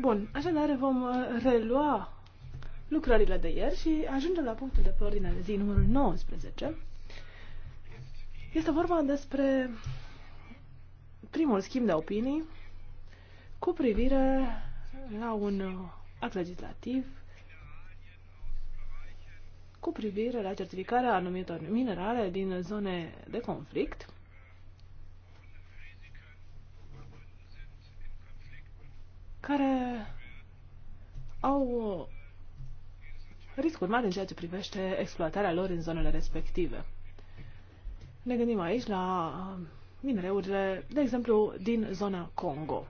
Bun, așadar vom uh, relua lucrările de ieri și ajungem la punctul de pe ordinea de zi numărul 19. Este vorba despre primul schimb de opinii cu privire la un uh, act legislativ cu privire la certificarea anumitor minerale din zone de conflict care au uh, riscuri mari în ceea ce privește exploatarea lor în zonele respective. Ne gândim aici la uh, minereurile, de exemplu, din zona Congo.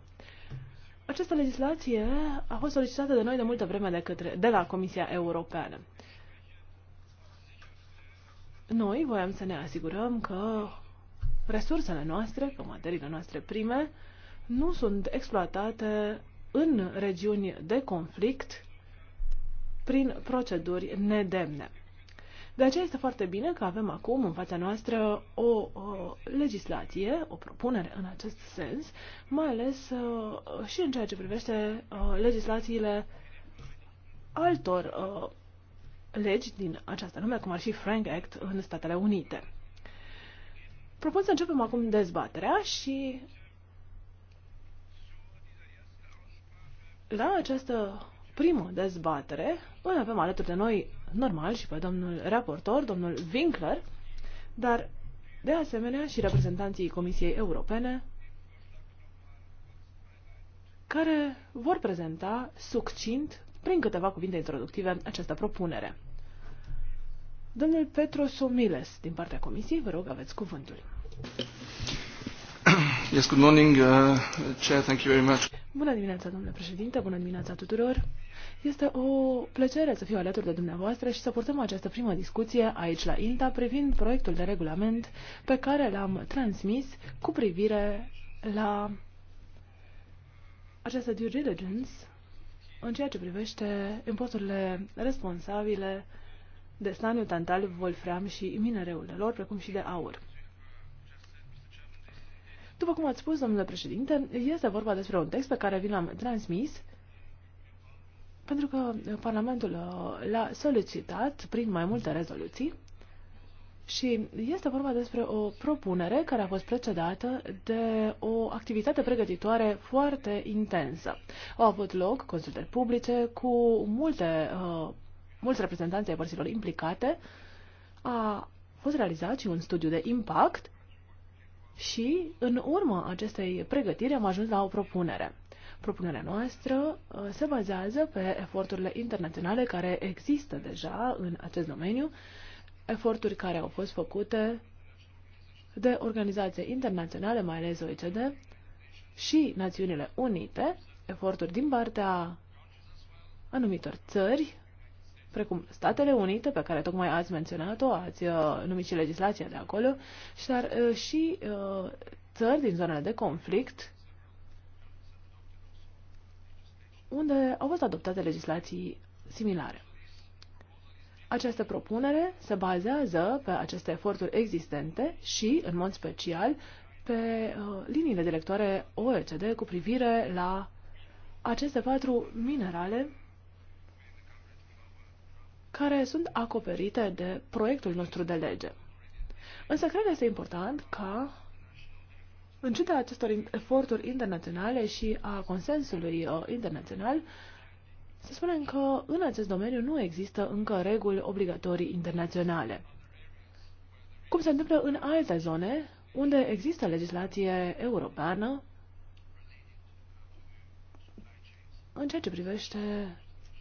Această legislație a fost solicitată de noi de multă vreme de, către, de la Comisia Europeană. Noi voiam să ne asigurăm că resursele noastre, că materiile noastre prime, nu sunt exploatate în regiuni de conflict prin proceduri nedemne. De aceea este foarte bine că avem acum în fața noastră o, o legislație, o propunere în acest sens, mai ales uh, și în ceea ce privește uh, legislațiile altor uh, legi din această lume, cum ar fi Frank Act în Statele Unite. Propun să începem acum dezbaterea și La această primă dezbatere îl avem alături de noi, normal, și pe domnul raportor, domnul Winkler, dar de asemenea și reprezentanții Comisiei Europene, care vor prezenta succint, prin câteva cuvinte introductive, această propunere. Domnul Petro Somiles, din partea Comisiei, vă rog, aveți cuvântul. Yes, good morning, uh, Chair. Thank you very much. Bună dimineața, domnule președinte, bună dimineața tuturor. Este o plăcere să fiu alături de dumneavoastră și să purtăm această primă discuție aici la INTA privind proiectul de regulament pe care l-am transmis cu privire la această due diligence în ceea ce privește importurile responsabile de staniu, tantal, wolfram și minereul lor, precum și de aur. După cum ați spus, domnule președinte, este vorba despre un text pe care vi l-am transmis pentru că Parlamentul uh, l-a solicitat prin mai multe rezoluții și este vorba despre o propunere care a fost precedată de o activitate pregătitoare foarte intensă. Au avut loc consultări publice cu multe, uh, mulți reprezentanți ai părților implicate. A fost realizat și un studiu de impact și în urma acestei pregătiri am ajuns la o propunere. Propunerea noastră uh, se bazează pe eforturile internaționale care există deja în acest domeniu, eforturi care au fost făcute de organizații internaționale, mai ales OECD și Națiunile Unite, eforturi din partea anumitor țări precum Statele Unite, pe care tocmai ați menționat-o, ați uh, numit și legislația de acolo, uh, și, dar uh, și țări din zonele de conflict, unde au fost adoptate legislații similare. Această propunere se bazează pe aceste eforturi existente și, în mod special, pe uh, liniile directoare OECD cu privire la aceste patru minerale care sunt acoperite de proiectul nostru de lege. Însă cred că este important ca, în ciuda acestor eforturi internaționale și a consensului uh, internațional, să spunem că în acest domeniu nu există încă reguli obligatorii internaționale. Cum se întâmplă în alte zone unde există legislație europeană în ceea ce privește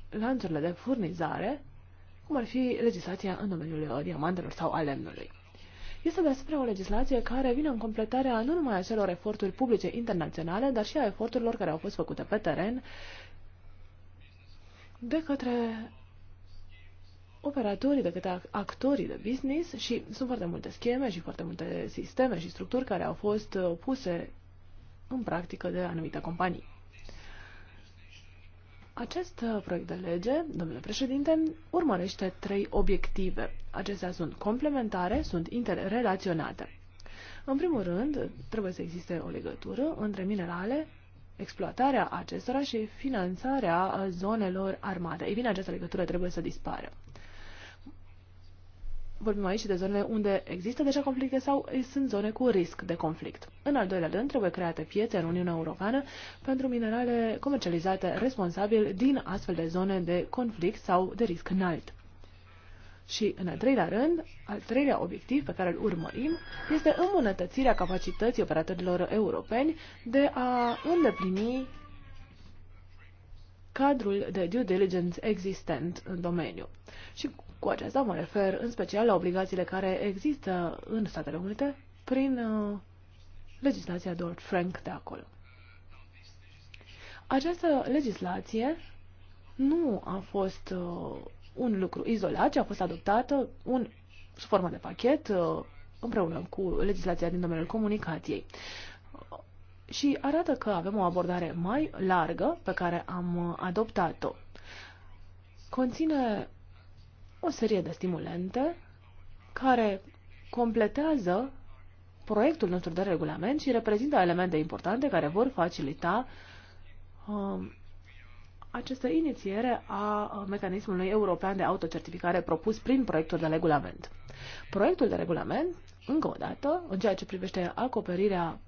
lanțurile de furnizare cum ar fi legislația în domeniul uh, diamantelor sau a lemnului. Este deasupra o legislație care vine în completarea nu numai a celor eforturi publice internaționale, dar și a eforturilor care au fost făcute pe teren de către operatorii, de către actorii de business și sunt foarte multe scheme și foarte multe sisteme și structuri care au fost uh, puse în practică de anumite companii. Acest uh, proiect de lege, domnule președinte, urmărește trei obiective. Acestea sunt complementare, sunt interrelaționate. În primul rând, trebuie să existe o legătură între minerale, exploatarea acestora și finanțarea uh, zonelor armate. Ei bine, această legătură trebuie să dispară vorbim aici de zonele unde există deja conflicte sau sunt zone cu risc de conflict. În al doilea rând, trebuie create piețe în Uniunea Europeană pentru minerale comercializate responsabil din astfel de zone de conflict sau de risc înalt. Și, în al treilea rând, al treilea obiectiv pe care îl urmărim este îmbunătățirea capacității operatorilor europeni de a îndeplini cadrul de due diligence existent în domeniu. Și cu aceasta mă refer în special la obligațiile care există în Statele Unite prin uh, legislația Dodd-Frank de acolo. Această legislație nu a fost uh, un lucru izolat, ci a fost adoptată un, sub formă de pachet uh, împreună cu legislația din domeniul comunicației și arată că avem o abordare mai largă pe care am adoptat-o. Conține o serie de stimulente care completează proiectul nostru de regulament și reprezintă elemente importante care vor facilita um, această inițiere a mecanismului european de autocertificare propus prin proiectul de regulament. Proiectul de regulament, încă o dată, în ceea ce privește acoperirea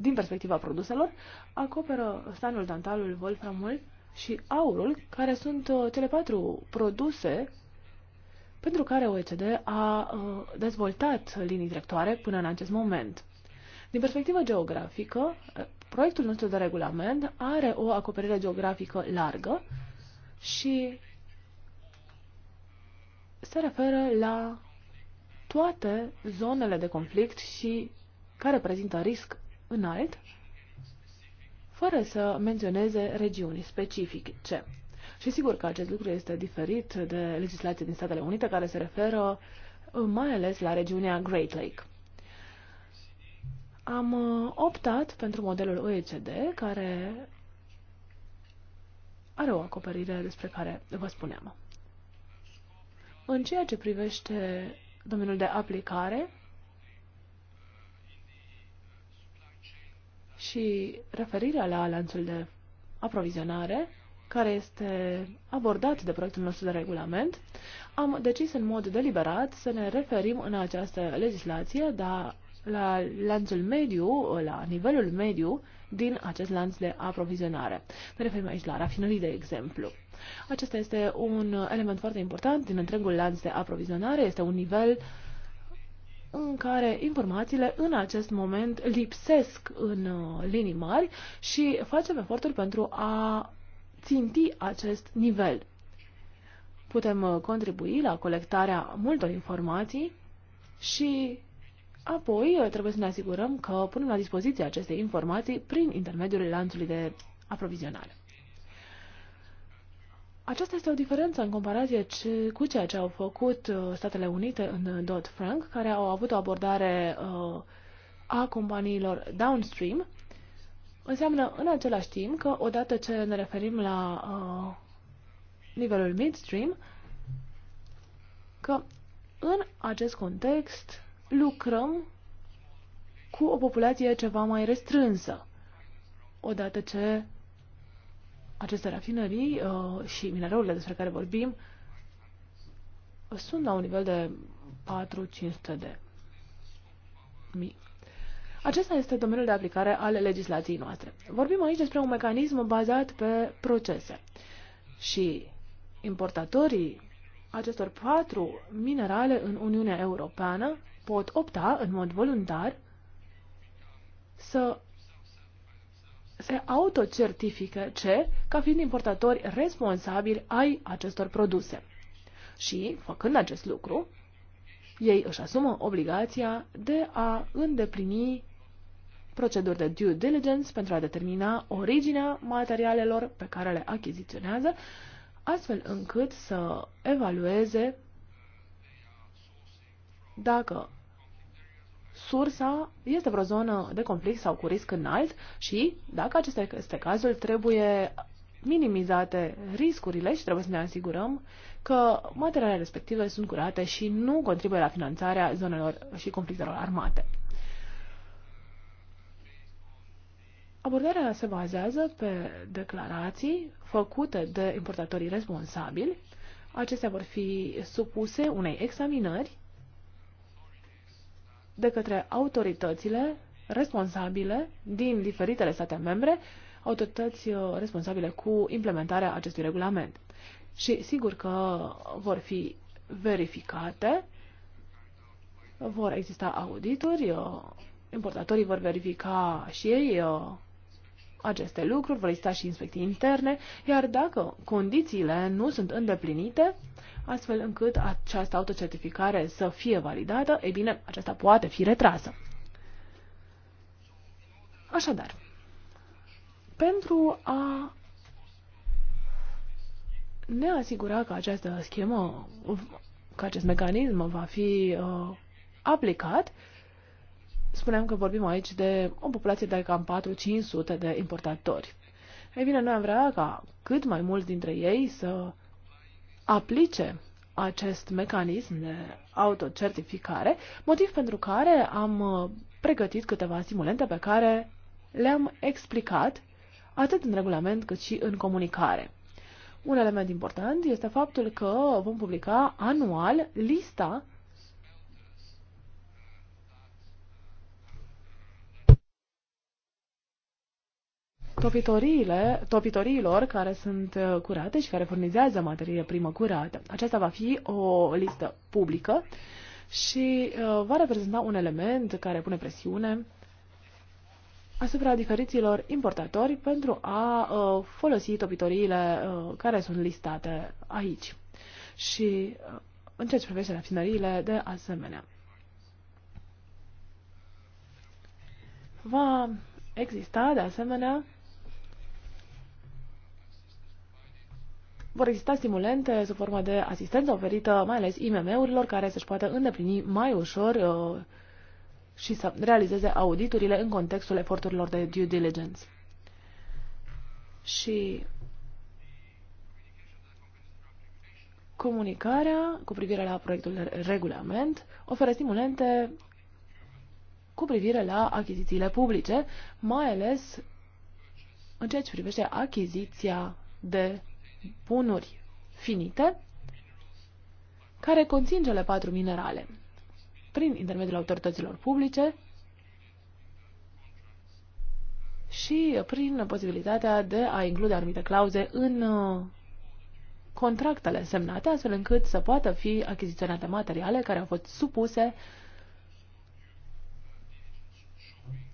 din perspectiva produselor, acoperă stanul, dantalul wolframul și aurul, care sunt uh, cele patru produse pentru care OECD a uh, dezvoltat linii directoare până în acest moment. Din perspectivă geografică, uh, proiectul nostru de regulament are o acoperire geografică largă și se referă la toate zonele de conflict și care prezintă risc înalt, fără să menționeze regiuni specifice. Și sigur că acest lucru este diferit de legislația din Statele Unite, care se referă uh, mai ales la regiunea Great Lake. Am uh, optat pentru modelul OECD, care are o acoperire despre care vă spuneam. În ceea ce privește domeniul de aplicare, și referirea la lanțul de aprovizionare, care este abordat de proiectul nostru de regulament, am decis în mod deliberat să ne referim în această legislație dar la lanțul mediu, la nivelul mediu din acest lanț de aprovizionare. Ne referim aici la rafinării, de exemplu. Acesta este un element foarte important din întregul lanț de aprovizionare, este un nivel uh, în care informațiile în acest moment lipsesc în uh, linii mari și facem eforturi pentru a ținti acest nivel. Putem uh, contribui la colectarea multor informații și apoi uh, trebuie să ne asigurăm că punem la dispoziție aceste informații prin intermediul lanțului de aprovizionare. Aceasta este o diferență în comparație cu ceea ce au făcut uh, Statele Unite în Dodd-Frank, care au avut o abordare uh, a companiilor downstream. Înseamnă în același timp că odată ce ne referim la uh, nivelul midstream, că în acest context lucrăm cu o populație ceva mai restrânsă. Odată ce aceste rafinării uh, și minereurile despre care vorbim sunt la un nivel de 4-500 de mii. Acesta este domeniul de aplicare al legislației noastre. Vorbim aici despre un mecanism bazat pe procese și importatorii acestor patru minerale în Uniunea Europeană pot opta în mod voluntar să se autocertifică ce ca fiind importatori responsabili ai acestor produse. Și, făcând acest lucru, ei își asumă obligația de a îndeplini proceduri de due diligence pentru a determina originea materialelor pe care le achiziționează, astfel încât să evalueze dacă sursa este vreo zonă de conflict sau cu risc înalt și, dacă acesta este cazul, trebuie minimizate riscurile și trebuie să ne asigurăm că materialele respective sunt curate și nu contribuie la finanțarea zonelor și conflictelor armate. Abordarea se bazează pe declarații făcute de importatorii responsabili. Acestea vor fi supuse unei examinări de către autoritățile responsabile din diferitele state membre, autorități uh, responsabile cu implementarea acestui regulament. Și sigur că vor fi verificate, vor exista audituri, uh, importatorii vor verifica și ei uh, aceste lucruri, vor exista și inspecții interne, iar dacă condițiile nu sunt îndeplinite, astfel încât această autocertificare să fie validată, ei bine, aceasta poate fi retrasă. Așadar, pentru a ne asigura că această schemă, că acest mecanism va fi uh, aplicat, uh, spuneam că vorbim aici de o populație de cam 4-500 de importatori. Ei bine, noi am vrea ca cât mai mulți dintre ei să aplice acest mecanism de autocertificare, motiv pentru care am uh, pregătit câteva stimulente pe care le-am explicat atât în regulament cât și în comunicare. Un element important este faptul că vom publica anual lista topitoriile, topitoriilor care sunt uh, curate și care furnizează materie primă curată. Aceasta va fi o listă publică și uh, va reprezenta un element care pune presiune asupra diferiților importatori pentru a uh, folosi topitoriile care sunt listate aici și în ceea ce privește rafinăriile de asemenea. Va exista, de asemenea, vor exista stimulente sub formă de asistență oferită mai ales IMM-urilor care să-și poată îndeplini mai ușor uh, și să realizeze auditurile în contextul eforturilor de due diligence. Și comunicarea cu privire la proiectul de regulament oferă stimulente cu privire la achizițiile publice, mai ales în ceea ce privește achiziția de bunuri finite care conțin cele patru minerale. Prin intermediul autorităților publice, și prin posibilitatea de a include anumite clauze în uh, contractele semnate, astfel încât să poată fi achiziționate materiale care au fost supuse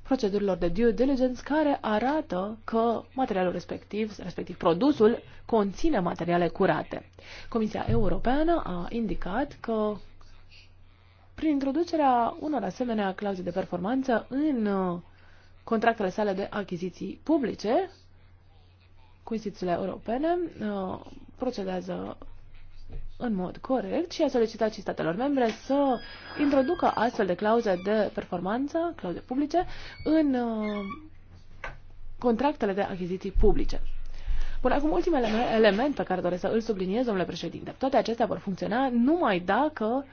procedurilor de due diligence care arată că materialul respectiv, respectiv produsul, conține materiale curate. Comisia Europeană a indicat că prin introducerea unor asemenea clauze de performanță în uh, contractele sale de achiziții publice, cu instituțiile europene uh, procedează în mod corect și a solicitat și statelor membre să introducă astfel de clauze de performanță, clauze publice, în uh, contractele de achiziții publice. Până acum, ultimele element pe care doresc să îl subliniez, domnule președinte, toate acestea vor funcționa numai dacă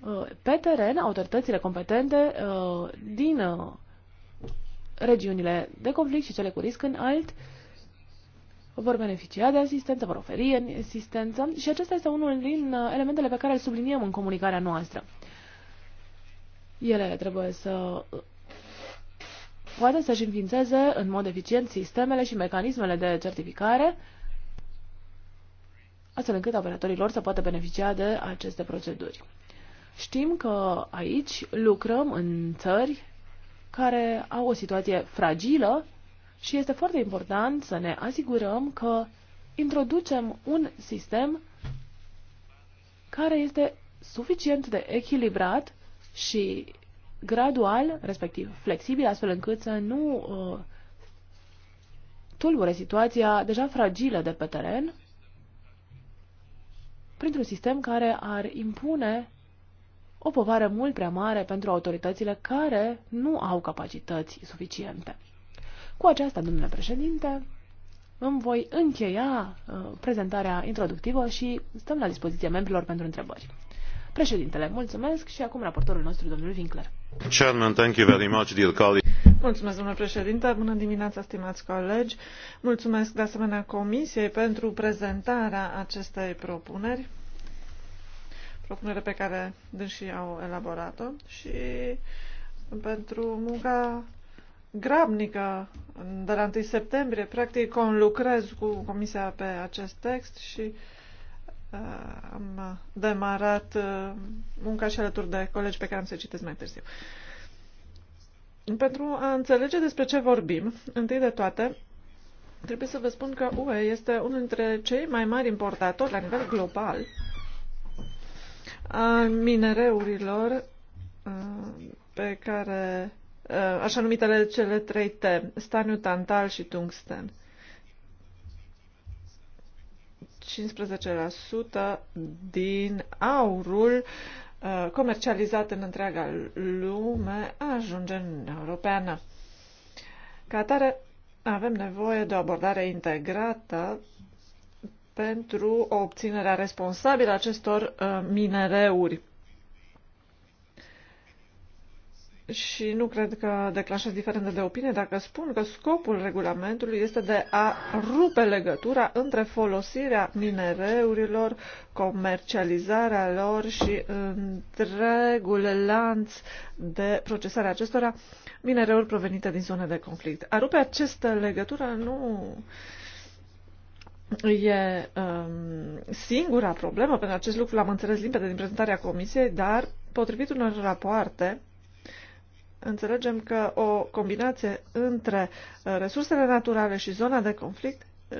uh, pe teren autoritățile competente uh, din regiunile de conflict și cele cu risc în alt vor beneficia de asistență, vor oferi asistență și acesta este unul din uh, elementele pe care îl subliniem în comunicarea noastră. Ele trebuie să uh, poată să-și înființeze în mod eficient sistemele și mecanismele de certificare, astfel încât operatorii lor să poată beneficia de aceste proceduri. Știm că aici lucrăm în țări care au o situație fragilă și este foarte important să ne asigurăm că introducem un sistem care este suficient de echilibrat și gradual, respectiv flexibil, astfel încât să nu uh, tulbure situația deja fragilă de pe teren printr-un sistem care ar impune o povară mult prea mare pentru autoritățile care nu au capacități suficiente. Cu aceasta, domnule președinte, îmi voi încheia uh, prezentarea introductivă și stăm la dispoziția membrilor pentru întrebări. Președintele, mulțumesc și acum raportorul nostru, domnul Winkler. Chairman, thank you very much, dear colleague. Mulțumesc, domnule președinte. Bună dimineața, stimați colegi. Mulțumesc de asemenea Comisiei pentru prezentarea acestei propuneri, propunere pe care dânsii au elaborat-o și pentru munca grabnică de la 1 septembrie. Practic conlucrez cu Comisia pe acest text și uh, am demarat uh, munca și alături de colegi pe care am să citesc mai târziu. Pentru a înțelege despre ce vorbim, întâi de toate, trebuie să vă spun că UE este unul dintre cei mai mari importatori la nivel global a minereurilor uh, pe care Uh, așa numitele cele trei T, staniu, tantal și tungsten. 15% din aurul uh, comercializat în întreaga lume ajunge în Europeană. Ca atare, avem nevoie de o abordare integrată pentru obținerea responsabilă acestor uh, minereuri și nu cred că declanșez diferent de opinie dacă spun că scopul regulamentului este de a rupe legătura între folosirea minereurilor, comercializarea lor și întregul lanț de procesare acestora minereuri provenite din zone de conflict. A rupe această legătură nu e um, singura problemă, pentru acest lucru l-am înțeles limpede din prezentarea comisiei, dar potrivit unor rapoarte, înțelegem că o combinație între uh, resursele naturale și zona de conflict uh,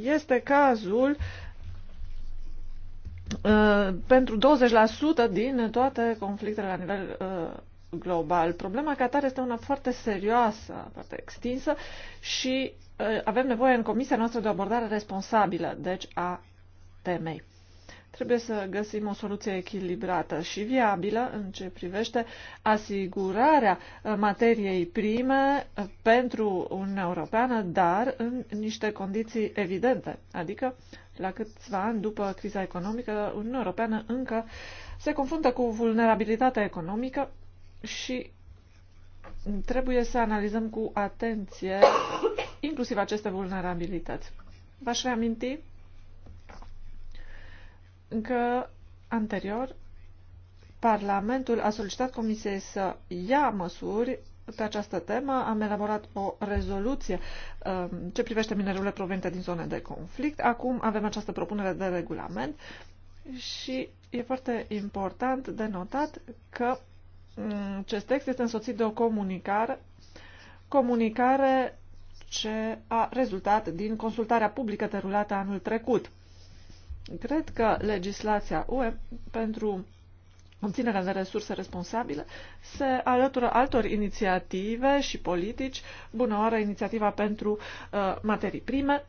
este cazul uh, pentru 20% din toate conflictele la nivel global. Problema Qatar este una foarte serioasă, foarte extinsă și avem nevoie în comisia noastră de o abordare responsabilă, deci a temei. Trebuie să găsim o soluție echilibrată și viabilă în ce privește asigurarea uh, materiei prime uh, pentru Uniunea Europeană, dar în niște condiții evidente, adică la câțiva ani după criza economică, Uniunea Europeană încă se confruntă cu vulnerabilitatea economică și trebuie să analizăm cu atenție inclusiv aceste vulnerabilități. V-aș reaminti încă anterior Parlamentul a solicitat Comisiei să ia măsuri pe această temă. Am elaborat o rezoluție um, ce privește minereurile provenite din zone de conflict. Acum avem această propunere de regulament și e foarte important de notat că um, acest text este însoțit de o comunicare, comunicare ce a rezultat din consultarea publică derulată anul trecut. Cred că legislația UE pentru obținerea de resurse responsabile se alătură altor inițiative și politici, bună oară inițiativa pentru uh, materii prime.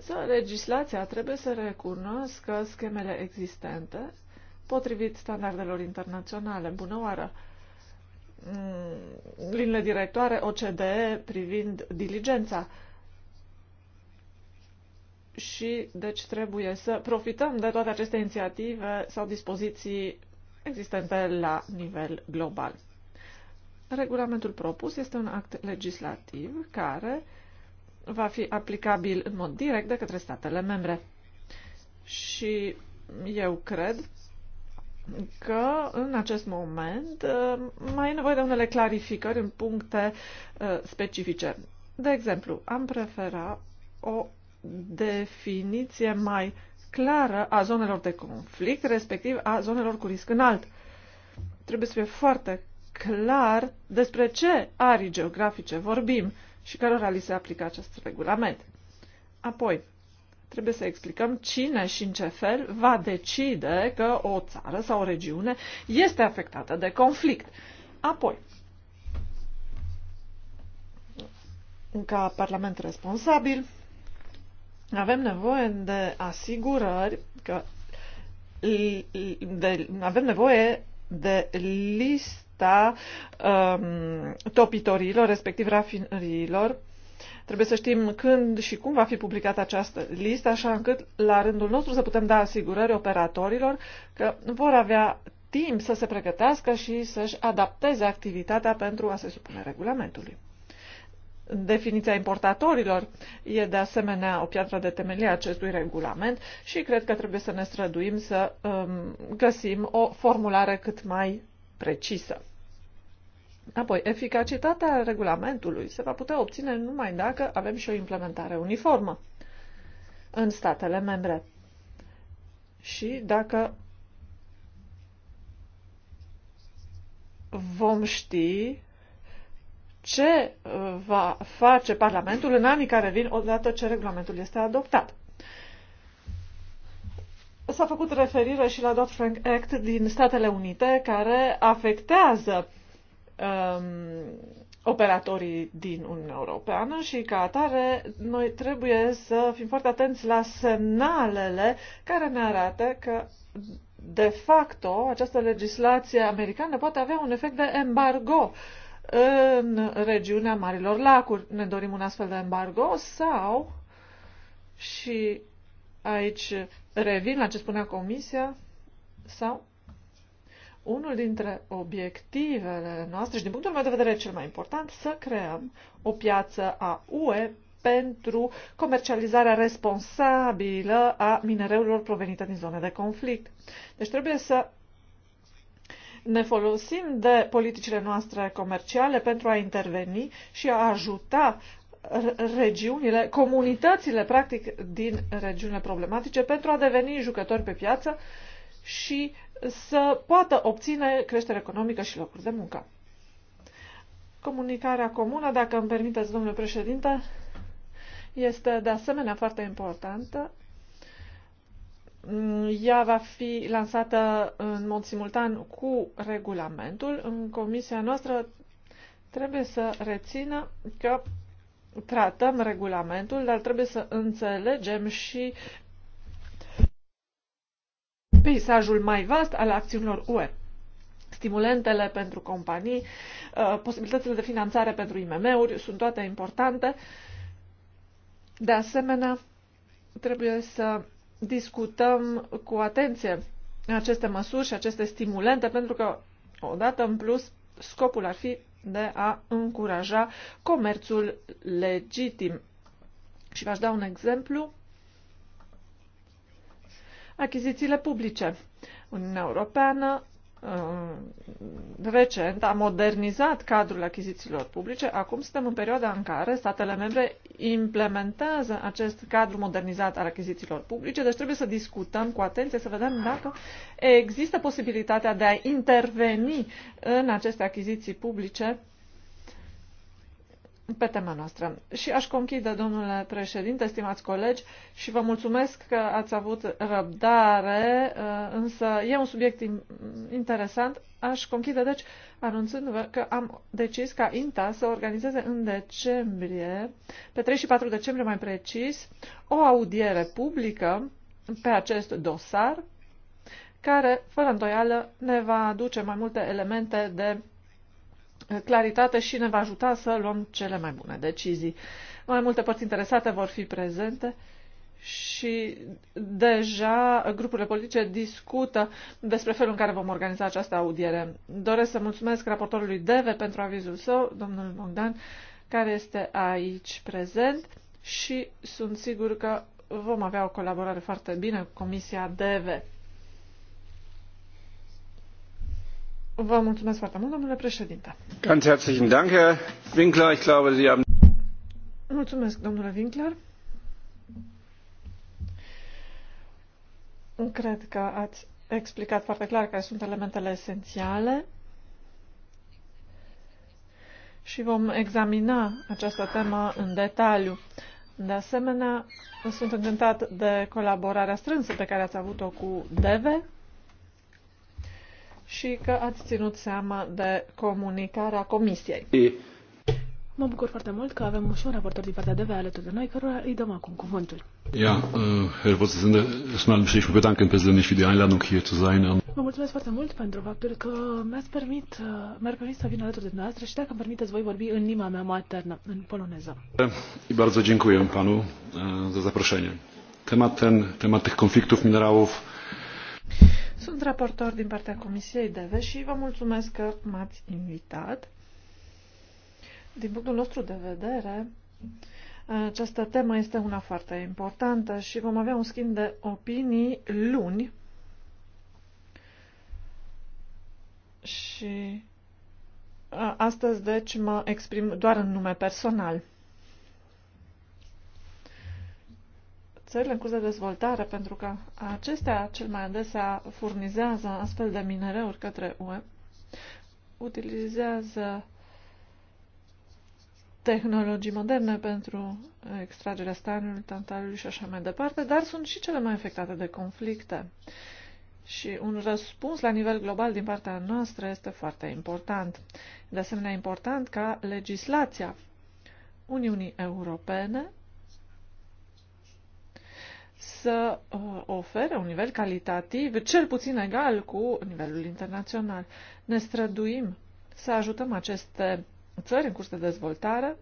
Să legislația trebuie să recunoască schemele existente potrivit standardelor internaționale, bună oară mm, linile directoare OCDE privind diligența. Uh, și deci trebuie să profităm de toate aceste inițiative sau dispoziții existente la nivel global. Regulamentul propus este un act legislativ care va fi aplicabil în mod direct de către statele membre. Și eu cred că în acest moment mai e nevoie de unele clarificări în puncte uh, specifice. De exemplu, am prefera o definiție mai clară a zonelor de conflict, respectiv a zonelor cu risc înalt. Trebuie să fie foarte clar despre ce arii geografice vorbim și cărora li se aplică acest regulament. Apoi, trebuie să explicăm cine și în ce fel va decide că o țară sau o regiune este afectată de conflict. Apoi, ca Parlament responsabil, avem nevoie de asigurări că de, avem nevoie de lista um, topitorilor, respectiv rafinărilor. Trebuie să știm când și cum va fi publicată această listă, așa încât la rândul nostru să putem da asigurări operatorilor că vor avea timp să se pregătească și să-și adapteze activitatea pentru a se supune regulamentului definiția importatorilor e de asemenea o piatră de temelie a acestui regulament și cred că trebuie să ne străduim să um, găsim o formulare cât mai precisă. Apoi, eficacitatea regulamentului se va putea obține numai dacă avem și o implementare uniformă în statele membre și dacă vom ști ce uh, va face Parlamentul în anii care vin odată ce regulamentul este adoptat. S-a făcut referire și la Dodd-Frank Act din Statele Unite, care afectează um, operatorii din Uniunea Europeană și ca atare noi trebuie să fim foarte atenți la semnalele care ne arată că de facto această legislație americană poate avea un efect de embargo uh, în regiunea Marilor Lacuri. Ne dorim un astfel de embargo sau, și aici revin la ce spunea Comisia, sau unul dintre obiectivele noastre și din punctul meu de vedere cel mai important, să creăm o piață a UE pentru comercializarea responsabilă a minereurilor provenite din zone de conflict. Deci trebuie să ne folosim de politicile noastre comerciale pentru a interveni și a ajuta regiunile, comunitățile, practic, din regiunile problematice pentru a deveni jucători pe piață și să poată obține creștere economică și locuri de muncă. Comunicarea comună, dacă îmi permiteți, domnule președinte, este de asemenea foarte importantă ea va fi lansată în mod simultan cu regulamentul. În comisia noastră trebuie să rețină că tratăm regulamentul, dar trebuie să înțelegem și peisajul mai vast al acțiunilor UE. Stimulentele pentru companii, uh, posibilitățile de finanțare pentru IMM-uri sunt toate importante. De asemenea, trebuie să discutăm cu atenție aceste măsuri și aceste stimulente, pentru că, odată în plus, scopul ar fi de a încuraja comerțul legitim. Și v-aș da un exemplu. Achizițiile publice. Uniunea Europeană Uh, recent a modernizat cadrul achizițiilor publice. Acum suntem în perioada în care statele membre implementează acest cadru modernizat al achizițiilor publice, deci trebuie să discutăm cu atenție, să vedem dacă există posibilitatea de a interveni în aceste achiziții publice pe tema noastră. Și aș conchide, domnule președinte, stimați colegi, și vă mulțumesc că ați avut răbdare, uh, însă e un subiect interesant. Aș conchide, deci, anunțându-vă că am decis ca INTA să organizeze în decembrie, pe 3 și 4 decembrie mai precis, o audiere publică pe acest dosar, care, fără îndoială, ne va aduce mai multe elemente de claritate și ne va ajuta să luăm cele mai bune decizii. Mai multe părți interesate vor fi prezente și deja grupurile politice discută despre felul în care vom organiza această audiere. Doresc să mulțumesc raportorului Deve pentru avizul său, domnul Bogdan, care este aici prezent și sunt sigur că vom avea o colaborare foarte bine cu Comisia Deve. Vă mulțumesc foarte mult, domnule președinte. Ganz herzlichen Dank, Herr Winkler. Ich glaube, Sie haben... Mulțumesc, domnule Winkler. Cred că ați explicat foarte clar care sunt elementele esențiale și vom examina această temă în detaliu. De asemenea, sunt încântat de colaborarea strânsă pe care ați avut-o cu DEVE și că ați ținut seama de comunicarea Comisiei. Mă bucur foarte mult că avem și un raportor din partea DV alături de noi, cărora îi dăm acum cuvântul. Ja, eh, Herr Vorsitzender, erstmal möchte ich mich bedanken persönlich für die Einladung hier zu sein. Ähm, Vă mulțumesc foarte mult pentru faptul că mi-ați permit, eh, mi permis să vin alături de dumneavoastră și dacă îmi permiteți voi vorbi în limba mea maternă, în poloneză. Eh, I bardzo dziękuję panu za zaproszenie. Temat ten, temat tych konfliktów minerałów sunt raportor din partea Comisiei DEVE și vă mulțumesc că m-ați invitat. Din punctul nostru de vedere, această temă este una foarte importantă și vom avea un schimb de opinii luni și astăzi, deci, mă exprim doar în nume personal. țările în curs de dezvoltare, pentru că acestea cel mai adesea furnizează astfel de minereuri către UE, utilizează tehnologii moderne pentru extragerea stanului, tantalului și așa mai departe, dar sunt și cele mai afectate de conflicte. Și un răspuns la nivel global din partea noastră este foarte important. De asemenea, important ca legislația Uniunii Europene să uh, ofere un nivel calitativ cel puțin egal cu nivelul internațional. Ne străduim să ajutăm aceste țări în curs de dezvoltare,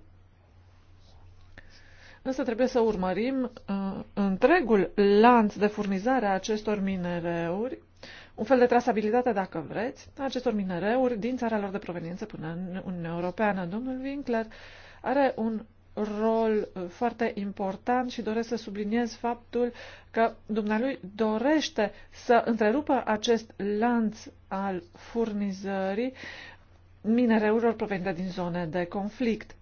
însă trebuie să urmărim uh, întregul lanț de furnizare a acestor minereuri, un fel de trasabilitate, dacă vreți, a acestor minereuri din țara lor de proveniență până în Uniunea Europeană. Domnul Winkler are un rol uh, foarte important și doresc să subliniez faptul că dumnealui dorește să întrerupă acest lanț al furnizării minereurilor provenite din zone de conflict.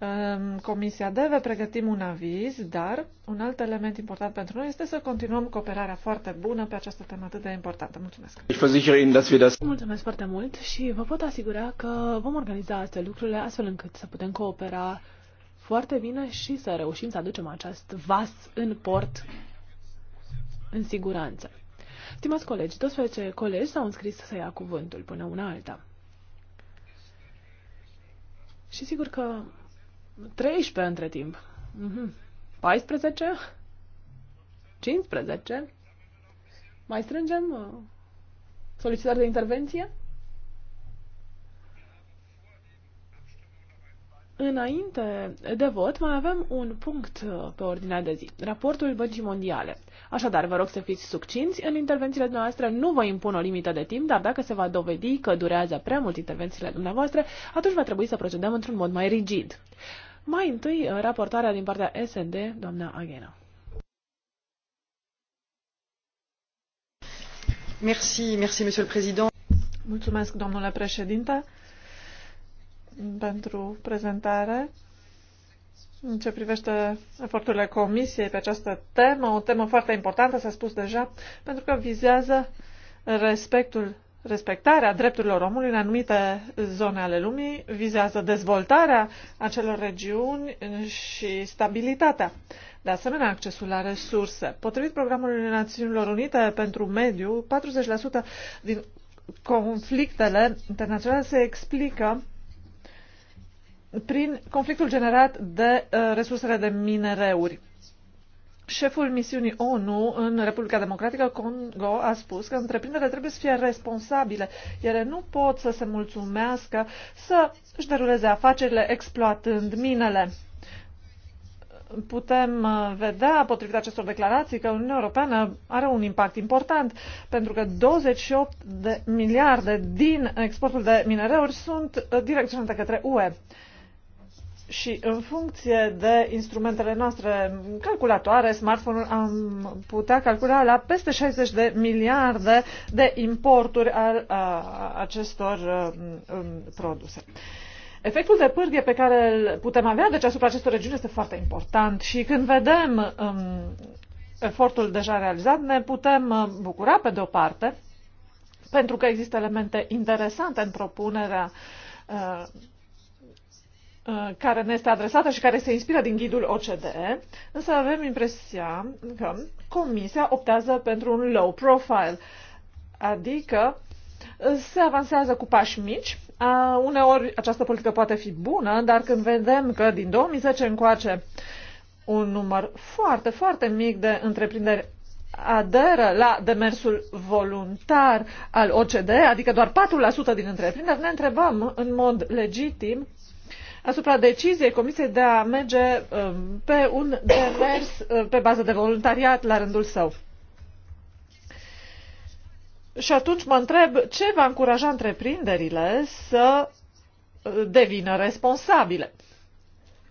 Ehm, Comisia DEVE pregătim un aviz, dar un alt element important pentru noi este să continuăm cooperarea foarte bună pe această temă atât de importantă. Mulțumesc! Mulțumesc foarte mult și vă pot asigura că vom organiza astea lucrurile astfel încât să putem coopera foarte bine și să reușim să aducem acest vas în port în siguranță. Stimați colegi, 12 colegi s-au înscris să ia cuvântul până una alta. Și sigur că 13 între timp. Mm-hmm. 14? 15? Mai strângem uh, solicitări de intervenție? Înainte de vot, mai avem un punct uh, pe ordinea de zi, raportul Băncii Mondiale. Așadar, vă rog să fiți succinți în intervențiile noastre, nu vă impun o limită de timp, dar dacă se va dovedi că durează prea mult intervențiile dumneavoastră, atunci va trebui să procedăm într-un mod mai rigid. Mai întâi, uh, raportarea din partea SND, doamna Agena. Merci, merci, monsieur le président. Mulțumesc, domnule președinte, pentru prezentare. În ce privește eforturile Comisiei pe această temă, o temă foarte importantă, s-a spus deja, pentru că vizează respectul respectarea drepturilor omului în anumite zone ale lumii vizează dezvoltarea acelor regiuni și stabilitatea. De asemenea, accesul la resurse. Potrivit programului Națiunilor Unite pentru mediu, 40% din conflictele internaționale se explică prin conflictul generat de uh, resursele de minereuri. Șeful misiunii ONU în Republica Democratică Congo a spus că întreprinderile trebuie să fie responsabile. Ele nu pot să se mulțumească să își deruleze afacerile exploatând minele. Putem uh, vedea, potrivit acestor declarații, că Uniunea Europeană are un impact important, pentru că 28 de miliarde din exportul de minereuri sunt uh, direcționate către UE și în funcție de instrumentele noastre calculatoare, smartphone-ul, am putea calcula la peste 60 de miliarde de importuri al a, acestor a, produse. Efectul de pârghie pe care îl putem avea deci asupra acestor regiuni este foarte important și când vedem um, efortul deja realizat, ne putem uh, bucura pe de o parte, pentru că există elemente interesante în propunerea uh, Uh, care ne este adresată și care se inspiră din ghidul OCDE, însă avem impresia că Comisia optează pentru un low profile, adică uh, se avansează cu pași mici. Uh, uneori această politică poate fi bună, dar când vedem că din 2010 încoace un număr foarte, foarte mic de întreprinderi aderă la demersul voluntar al OCDE, adică doar 4% din întreprinderi, ne întrebăm în mod legitim asupra deciziei Comisiei de a merge um, pe un demers uh, pe bază de voluntariat la rândul său. Și atunci mă întreb ce va încuraja întreprinderile să uh, devină responsabile.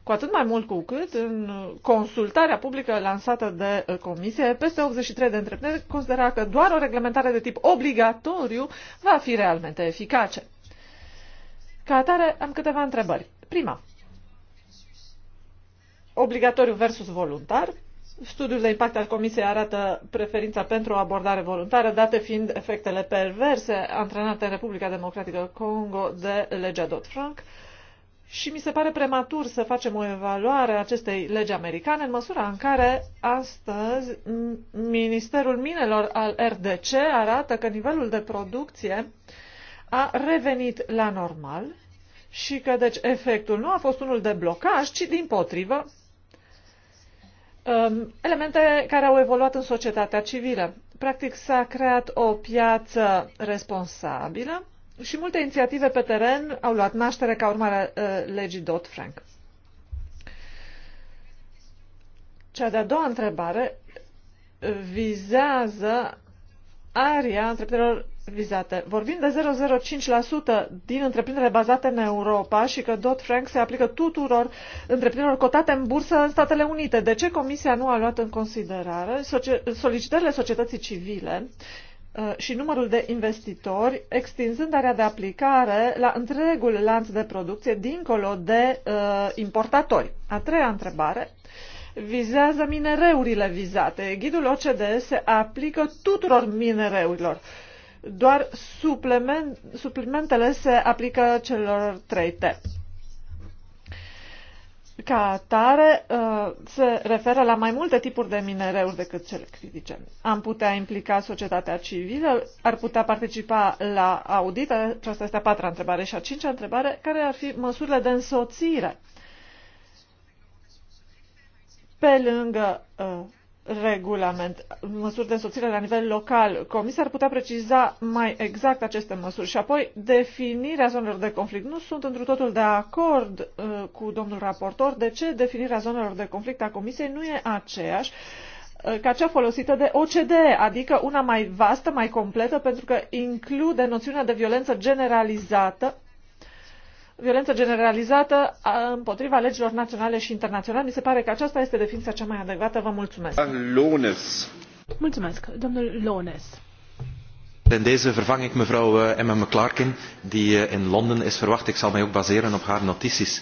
Cu atât mai mult cu cât în consultarea publică lansată de uh, comisie, peste 83 de întreprinderi considera că doar o reglementare de tip obligatoriu va fi realmente eficace. Ca atare, am câteva întrebări. Prima, obligatoriu versus voluntar. Studiul de impact al Comisiei arată preferința pentru o abordare voluntară, date fiind efectele perverse antrenate în Republica Democratică Congo de legea Dodd-Frank. Și mi se pare prematur să facem o evaluare a acestei legi americane în măsura în care astăzi Ministerul Minelor al RDC arată că nivelul de producție a revenit la normal și că deci efectul nu a fost unul de blocaj, ci din potrivă um, elemente care au evoluat în societatea civilă. Practic s-a creat o piață responsabilă și multe inițiative pe teren au luat naștere ca urmare a uh, legii Dodd-Frank. Cea de-a doua întrebare vizează aria întreprinderilor vizate. Vorbim de 0,05% din întreprinderile bazate în Europa și că Dodd-Frank se aplică tuturor întreprinderilor cotate în bursă în Statele Unite. De ce Comisia nu a luat în considerare solicitările societății civile uh, și numărul de investitori, extinzând area de aplicare la întregul lanț de producție dincolo de uh, importatori? A treia întrebare vizează minereurile vizate. Ghidul OCDE se aplică tuturor minereurilor. Uh, doar suplement, suplimentele se aplică celor trei T. Ca atare, uh, se referă la mai multe tipuri de minereuri decât cele critice. Am putea implica societatea civilă, ar putea participa la audit, aceasta este a patra întrebare, și a cincea întrebare, care ar fi măsurile de însoțire pe lângă uh, regulament, măsuri de însoțire la nivel local. Comisia ar putea preciza mai exact aceste măsuri și apoi definirea zonelor de conflict. Nu sunt într totul de acord uh, cu domnul raportor de ce definirea zonelor de conflict a Comisiei nu e aceeași uh, ca cea folosită de OCDE, adică una mai vastă, mai completă, pentru că include noțiunea de violență generalizată violență generalizată împotriva legilor naționale și internaționale. Mi se pare că aceasta este definiția cea mai adecvată. Vă mulțumesc. Lones. Mulțumesc, domnul Lones. In deze vervang ik mevrouw eh, Emma McClarkin, die eh, in Londen is verwacht. Ik zal mij ook baseren op haar notities.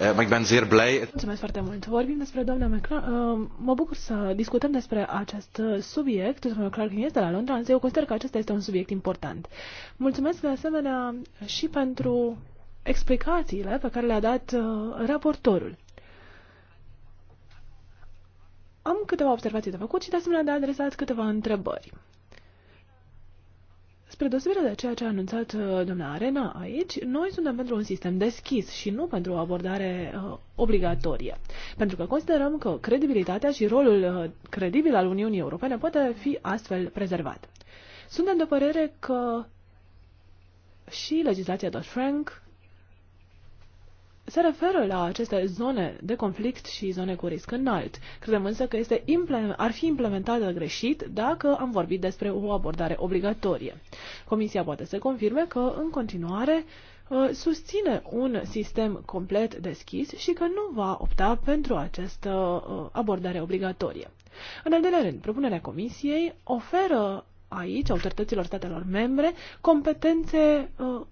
Eh, maar ik ben zeer blij. Mulțumesc foarte mult. Vorbim despre doamna McClarkin. Mă bucur să discutăm despre acest subiect. Doamna McClarkin este la Londra, însă eu consider că acesta este un subiect important. Mulțumesc de asemenea și pentru explicațiile pe care le-a dat uh, raportorul. Am câteva observații de făcut și de asemenea de adresat câteva întrebări. Spre deosebire de ceea ce a anunțat uh, doamna Arena aici, noi suntem pentru un sistem deschis și nu pentru o abordare uh, obligatorie. Pentru că considerăm că credibilitatea și rolul uh, credibil al Uniunii Europene poate fi astfel prezervat. Suntem de părere că și legislația Dodd-Frank se referă la aceste zone de conflict și zone cu risc înalt. Credem însă că este ar fi implementată greșit dacă am vorbit despre o abordare obligatorie. Comisia poate să confirme că, în continuare, ă, susține un sistem complet deschis și că nu va opta pentru această ă, abordare obligatorie. În al doilea rând, propunerea Comisiei oferă aici autorităților statelor membre competențe ă,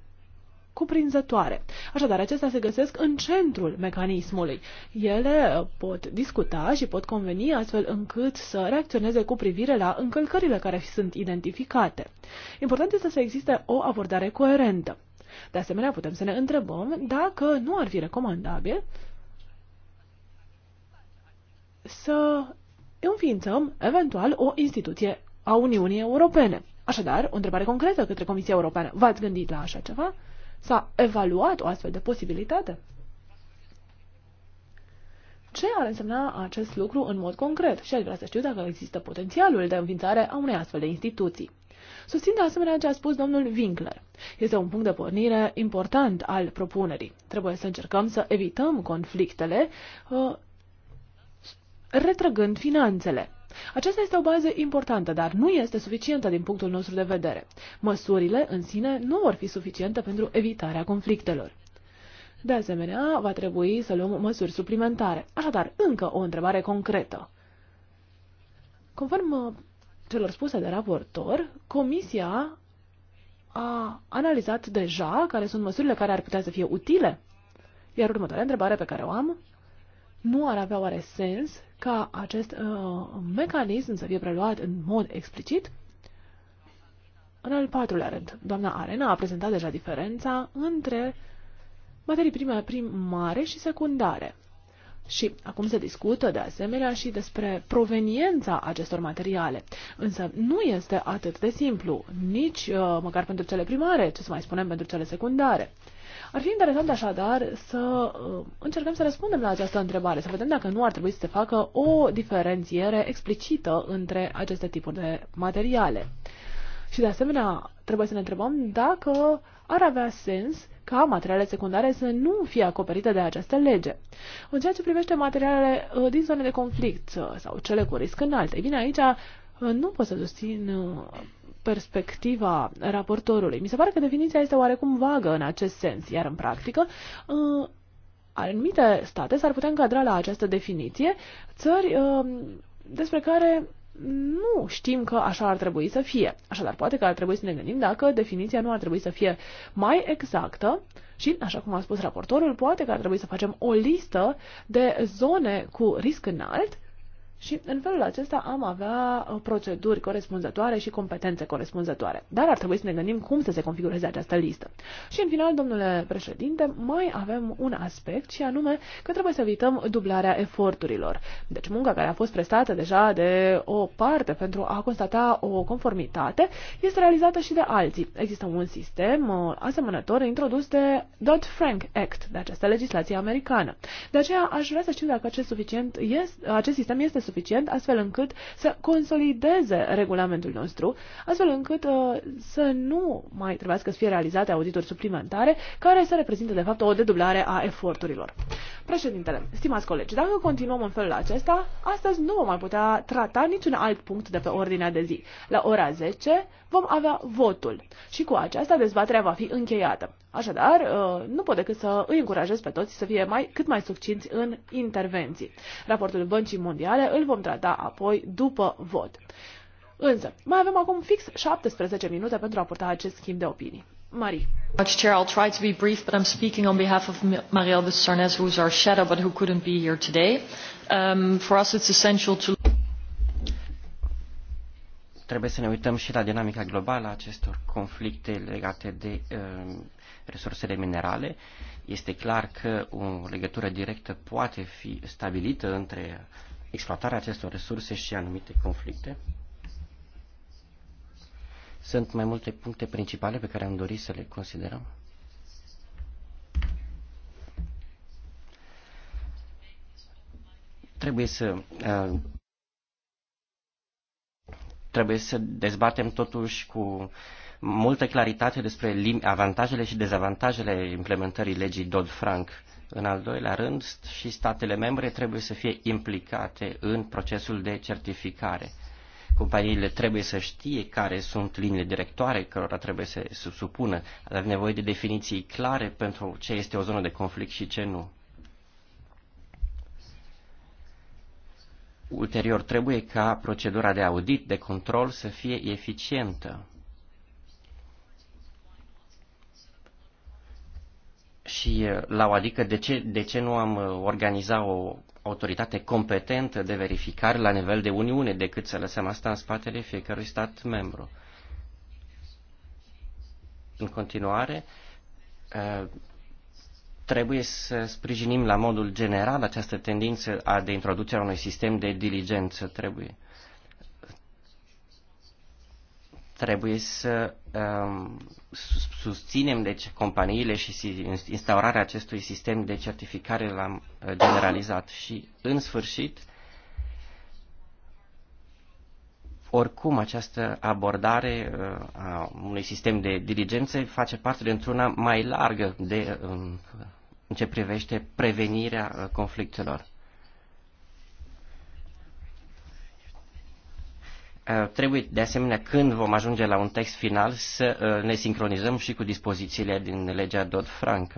cuprinzătoare. Așadar, acestea se găsesc în centrul mecanismului. Ele pot discuta și pot conveni astfel încât să reacționeze cu privire la încălcările care sunt identificate. Important este să existe o abordare coerentă. De asemenea, putem să ne întrebăm dacă nu ar fi recomandabil să înființăm eventual o instituție a Uniunii Europene. Așadar, o întrebare concretă către Comisia Europeană. V-ați gândit la așa ceva? S-a evaluat o astfel de posibilitate? Ce ar însemna acest lucru în mod concret și aș vrea să știu dacă există potențialul de înființare a unei astfel de instituții. Susțin de asemenea ce a spus domnul Winkler. Este un punct de pornire important al propunerii. Trebuie să încercăm să evităm conflictele uh, retrăgând finanțele. Aceasta este o bază importantă, dar nu este suficientă din punctul nostru de vedere. Măsurile în sine nu vor fi suficiente pentru evitarea conflictelor. De asemenea, va trebui să luăm măsuri suplimentare. Așadar, încă o întrebare concretă. Conform uh, celor spuse de raportor, Comisia a analizat deja care sunt măsurile care ar putea să fie utile. Iar următoarea întrebare pe care o am, nu ar avea oare sens ca acest uh, mecanism să fie preluat în mod explicit. În al patrulea rând, doamna Arena a prezentat deja diferența între materii prime primare și secundare. Și acum se discută de asemenea și despre proveniența acestor materiale. Însă nu este atât de simplu, nici uh, măcar pentru cele primare, ce să mai spunem pentru cele secundare. Ar fi interesant așadar să uh, încercăm să răspundem la această întrebare, să vedem dacă nu ar trebui să se facă o diferențiere explicită între aceste tipuri de materiale. Și de asemenea, trebuie să ne întrebăm dacă ar avea sens ca materialele secundare să nu fie acoperite de această lege. În ceea ce privește materialele uh, din zone de conflict uh, sau cele cu risc înalt, e bine, aici nu pot să susțin perspectiva raportorului. Mi se pare că definiția este oarecum vagă în acest sens, iar în practică uh, anumite state s-ar putea încadra la această definiție țări uh, despre care nu știm că așa ar trebui să fie. Așadar, poate că ar trebui să ne gândim dacă definiția nu ar trebui să fie mai exactă și, așa cum a spus raportorul, poate că ar trebui să facem o listă de zone cu risc înalt și în felul acesta am avea uh, proceduri corespunzătoare și competențe corespunzătoare. Dar ar trebui să ne gândim cum să se configureze această listă. Și în final, domnule președinte, mai avem un aspect și anume că trebuie să evităm dublarea eforturilor. Deci munca care a fost prestată deja de o parte pentru a constata o conformitate este realizată și de alții. Există un sistem uh, asemănător introdus de Dodd-Frank Act, de această legislație americană. De aceea aș vrea să știu dacă acest, suficient este, acest sistem este suficient suficient, astfel încât să consolideze regulamentul nostru, astfel încât uh, să nu mai trebuiască să fie realizate audituri suplimentare, care să reprezinte, de fapt, o dedublare a eforturilor. Președintele, stimați colegi, dacă continuăm în felul acesta, astăzi nu vom mai putea trata niciun alt punct de pe ordinea de zi. La ora 10 vom avea votul și cu aceasta dezbaterea va fi încheiată. Așadar, uh, nu pot decât să îi încurajez pe toți să fie mai, cât mai succinți în intervenții. Raportul Băncii Mondiale îl vom trata apoi după vot. Însă, mai avem acum fix 17 minute pentru a purta acest schimb de opinii. Marie. Much chair, I'll try to be brief, but I'm speaking on behalf of Marielle de Sarnez, who's our shadow, but who couldn't be here today. Um, for us, it's essential to trebuie să ne uităm și la dinamica globală a acestor conflicte legate de uh, resursele minerale. Este clar că o legătură directă poate fi stabilită între exploatarea acestor resurse și anumite conflicte. Sunt mai multe puncte principale pe care am dorit să le considerăm. Trebuie să uh, trebuie să dezbatem totuși cu multă claritate despre avantajele și dezavantajele implementării legii Dodd-Frank. În al doilea rând, și statele membre trebuie să fie implicate în procesul de certificare. Companiile trebuie să știe care sunt liniile directoare cărora trebuie să se supună. Avem nevoie de definiții clare pentru ce este o zonă de conflict și ce nu. Ulterior, trebuie ca procedura de audit, de control să fie eficientă. și la o adică de ce, de ce nu am organizat o autoritate competentă de verificare la nivel de Uniune decât să lăsăm asta în spatele fiecărui stat membru. În continuare, trebuie să sprijinim la modul general această tendință a de introducerea unui sistem de diligență. Trebuie Trebuie să um, susținem deci, companiile și instaurarea acestui sistem de certificare l-am uh, generalizat. Și, în sfârșit, oricum această abordare uh, a unui sistem de diligențe face parte dintr-una mai largă de, um, în ce privește prevenirea uh, conflictelor. Eh, trebuie, de asemenea, când vom ajunge la un text final, să eh, ne sincronizăm și cu dispozițiile din legea Dodd-Frank.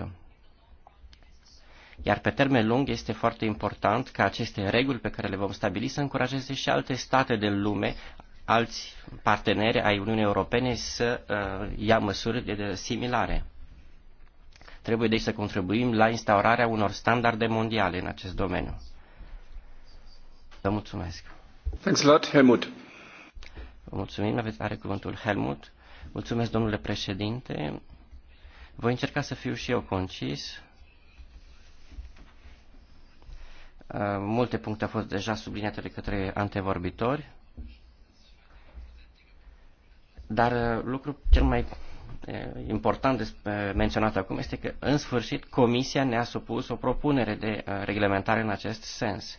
Iar pe termen lung este foarte important ca aceste reguli pe care le vom stabili să încurajeze și alte state din lume, alți parteneri ai Uniunii Europene să eh, ia măsuri de similare. Trebuie deci să contribuim la instaurarea unor standarde mondiale în acest domeniu. Vă mulțumesc. Thanks a lot, Helmut. Mulțumim, aveți, are cuvântul Helmut. Mulțumesc, domnule președinte. Voi încerca să fiu și eu concis. Uh, multe puncte au fost deja subliniate de către antevorbitori, dar uh, lucru cel mai uh, important menționat acum este că, în sfârșit, Comisia ne-a supus o propunere de reglementare în acest sens.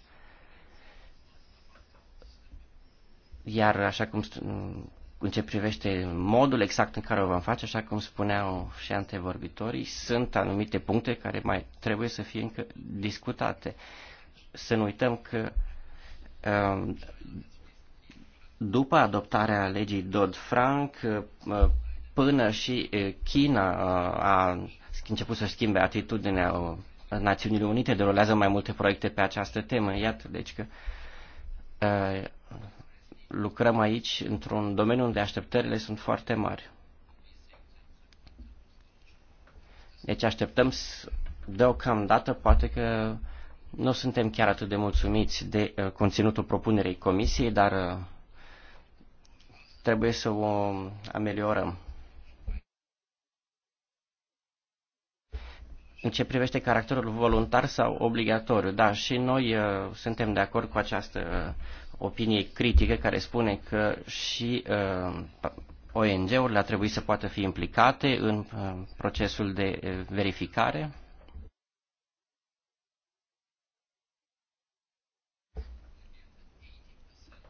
Iar așa cum în ce privește modul exact în care o vom face, așa cum spuneau și antevorbitorii, sunt anumite puncte care mai trebuie să fie încă discutate. Să nu uităm că um, după adoptarea legii Dodd-Frank, uh, până și uh, China uh, a început să schimbe atitudinea Națiunilor Unite, derulează mai multe proiecte pe această temă. Iată, deci că lucrăm aici într-un domeniu unde așteptările sunt foarte mari. Deci așteptăm deocamdată, poate că nu suntem chiar atât de mulțumiți de uh, conținutul propunerii comisiei, dar uh, trebuie să o ameliorăm. În ce privește caracterul voluntar sau obligatoriu, da, și noi uh, suntem de acord cu această uh, opinie critice care spune că și uh, ONG-urile ar trebui să poată fi implicate în uh, procesul de uh, verificare.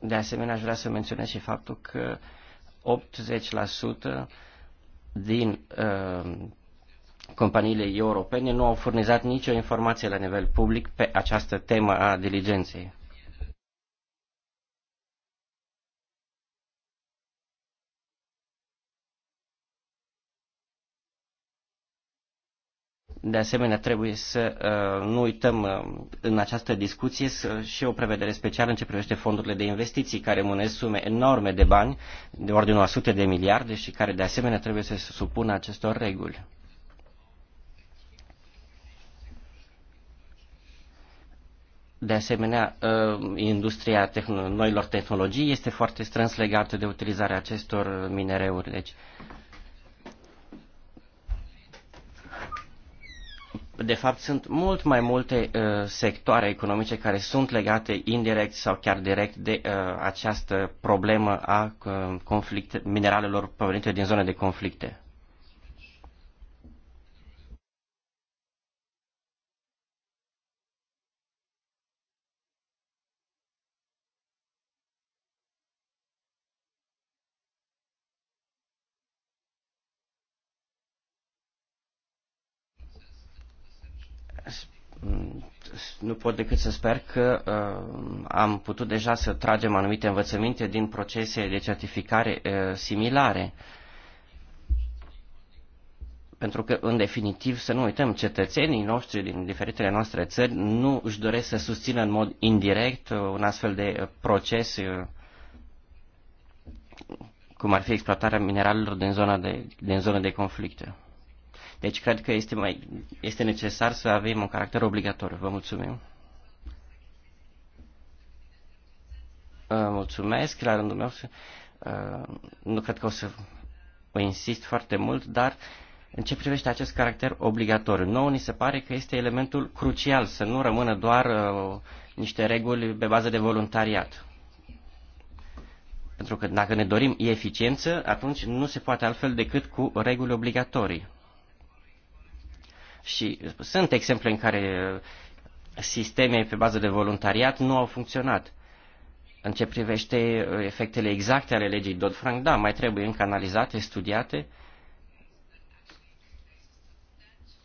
De asemenea, aș vrea să menționez și faptul că 80% din uh, companiile europene nu au furnizat nicio informație la nivel public pe această temă a diligenței. De asemenea, trebuie să uh, nu uităm uh, în această discuție și o prevedere specială în ce privește fondurile de investiții, care mânesc sume enorme de bani, de ordinul a sute de miliarde și care de asemenea trebuie să se supună acestor reguli. De asemenea, uh, industria tehn- noilor tehnologii este foarte strâns legată de utilizarea acestor minereuri. Deci, de fapt, sunt mult mai multe uh, sectoare economice care sunt legate indirect sau chiar direct de uh, această problemă a uh, conflict, mineralelor provenite din zone de conflicte. nu pot decât să sper că uh, am putut deja să tragem anumite învățăminte din procese de certificare uh, similare. Pentru că, în definitiv, să nu uităm, cetățenii noștri din diferitele noastre țări nu își doresc să susțină în mod indirect uh, un astfel de uh, proces, uh, cum ar fi exploatarea mineralelor din zona de, din zona de conflicte. Deci cred că este, mai, este necesar să avem un caracter obligatoriu. Vă mulțumim. Mulțumesc, la rândul meu. Uh, nu cred că o să o insist foarte mult, dar în ce privește acest caracter obligatoriu, nouă ni se pare că este elementul crucial, să nu rămână doar uh, niște reguli pe bază de voluntariat. Pentru că dacă ne dorim eficiență, atunci nu se poate altfel decât cu reguli obligatorii. Și sunt exemple în care sisteme pe bază de voluntariat nu au funcționat. În ce privește uh, efectele exacte ale legii Dodd-Frank, da, mai trebuie încă analizate, studiate,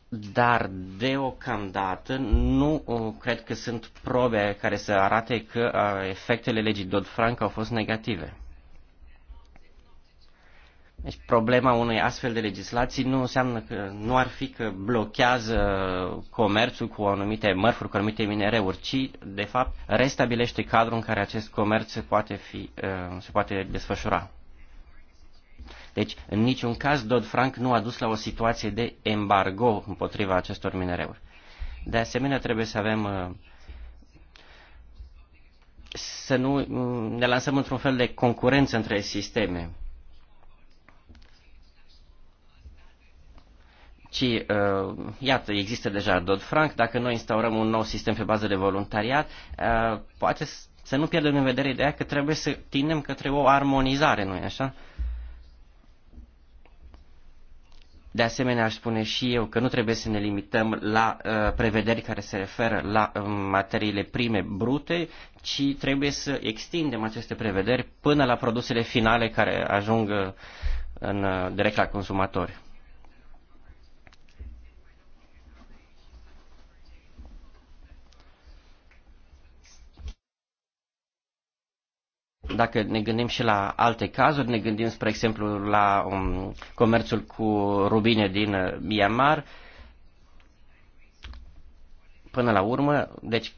dar deocamdată nu uh, cred că sunt probe care să arate că uh, efectele legii Dodd-Frank au fost negative. Deci problema unei astfel de legislații nu înseamnă că nu ar fi că blochează comerțul cu anumite mărfuri, cu anumite minereuri, ci de fapt restabilește cadrul în care acest comerț se poate, fi, uh, se poate desfășura. Deci, în niciun caz, Dodd-Frank nu a dus la o situație de embargo împotriva acestor minereuri. De asemenea, trebuie să avem uh, să nu uh, ne lansăm într-un fel de concurență între sisteme ci, uh, iată, există deja Dodd-Frank, dacă noi instaurăm un nou sistem pe bază de voluntariat, uh, poate să nu pierdem în vedere ideea că trebuie să tindem către o armonizare, nu-i așa? De asemenea, aș spune și eu că nu trebuie să ne limităm la uh, prevederi care se referă la uh, materiile prime brute, ci trebuie să extindem aceste prevederi până la produsele finale care ajung uh, în, uh, direct la consumatori. Dacă ne gândim și la alte cazuri, ne gândim, spre exemplu, la um, comerțul cu rubine din uh, Myanmar, până la urmă, deci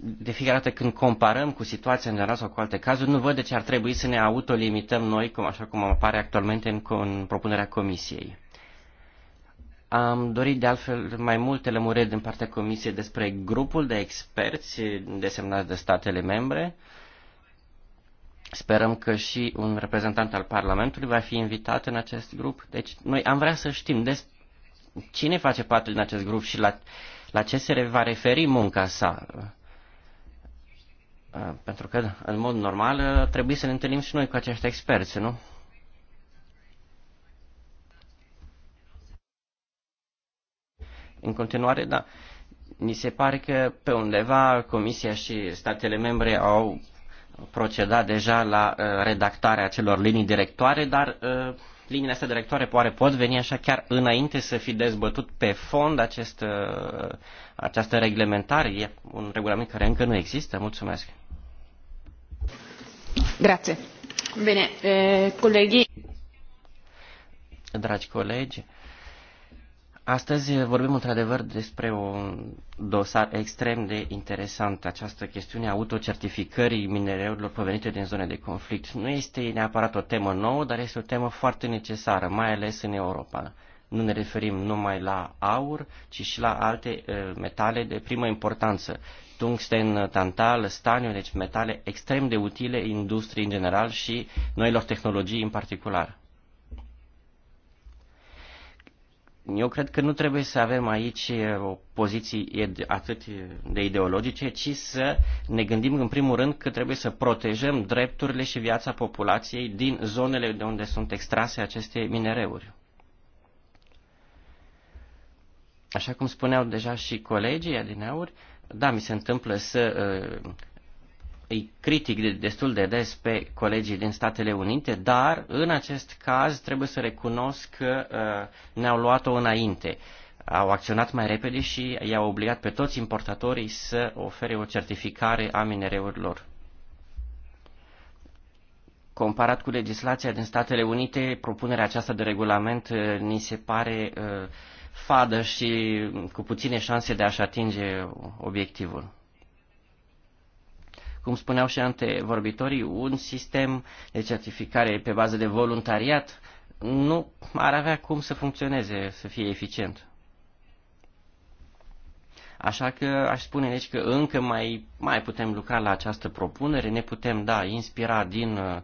de fiecare dată când comparăm cu situația în general sau cu alte cazuri, nu văd de ce ar trebui să ne autolimităm noi, cum, așa cum apare actualmente în, în propunerea comisiei. Am dorit de altfel mai multe lămuriri din partea comisiei despre grupul de experți desemnați de statele membre, uh, Sperăm că și un reprezentant al Parlamentului va fi invitat în acest grup. Deci noi am vrea să știm des cine face parte din acest grup și la, la ce se va referi munca sa. Pentru că, în mod normal, trebuie să ne întâlnim și noi cu acești experți, nu? În continuare, da, ni se pare că pe undeva Comisia și statele membre au proceda deja la uh, redactarea acelor linii directoare, dar uh, liniile astea directoare poate pot veni așa chiar înainte să fi dezbătut pe fond acest, uh, această reglementare. E un regulament care încă nu există. Mulțumesc. Grazie. Bine, eh, colegii. Dragi colegi, Astăzi vorbim într-adevăr despre un dosar extrem de interesant. Această chestiune a autocertificării minereurilor provenite din zone de conflict nu este neapărat o temă nouă, dar este o temă foarte necesară, mai ales în Europa. Nu ne referim numai la aur, ci și la alte eh, metale de primă importanță. Tungsten, tantal, staniu, deci metale extrem de utile industriei în general și noilor tehnologii în particular. eu cred că nu trebuie să avem aici o poziție atât de ideologice, ci să ne gândim în primul rând că trebuie să protejăm drepturile și viața populației din zonele de unde sunt extrase aceste minereuri. Așa cum spuneau deja și colegii adineauri, da, mi se întâmplă să uh, îi critic destul de des pe colegii din Statele Unite, dar în acest caz trebuie să recunosc că uh, ne-au luat-o înainte. Au acționat mai repede și i-au obligat pe toți importatorii să ofere o certificare a minereurilor. Comparat cu legislația din Statele Unite, propunerea aceasta de regulament uh, ni se pare uh, fadă și cu puține șanse de a-și atinge obiectivul cum spuneau și antevorbitorii, un sistem de certificare pe bază de voluntariat nu ar avea cum să funcționeze, să fie eficient. Așa că aș spune deci că încă mai, mai putem lucra la această propunere, ne putem, da, inspira din uh,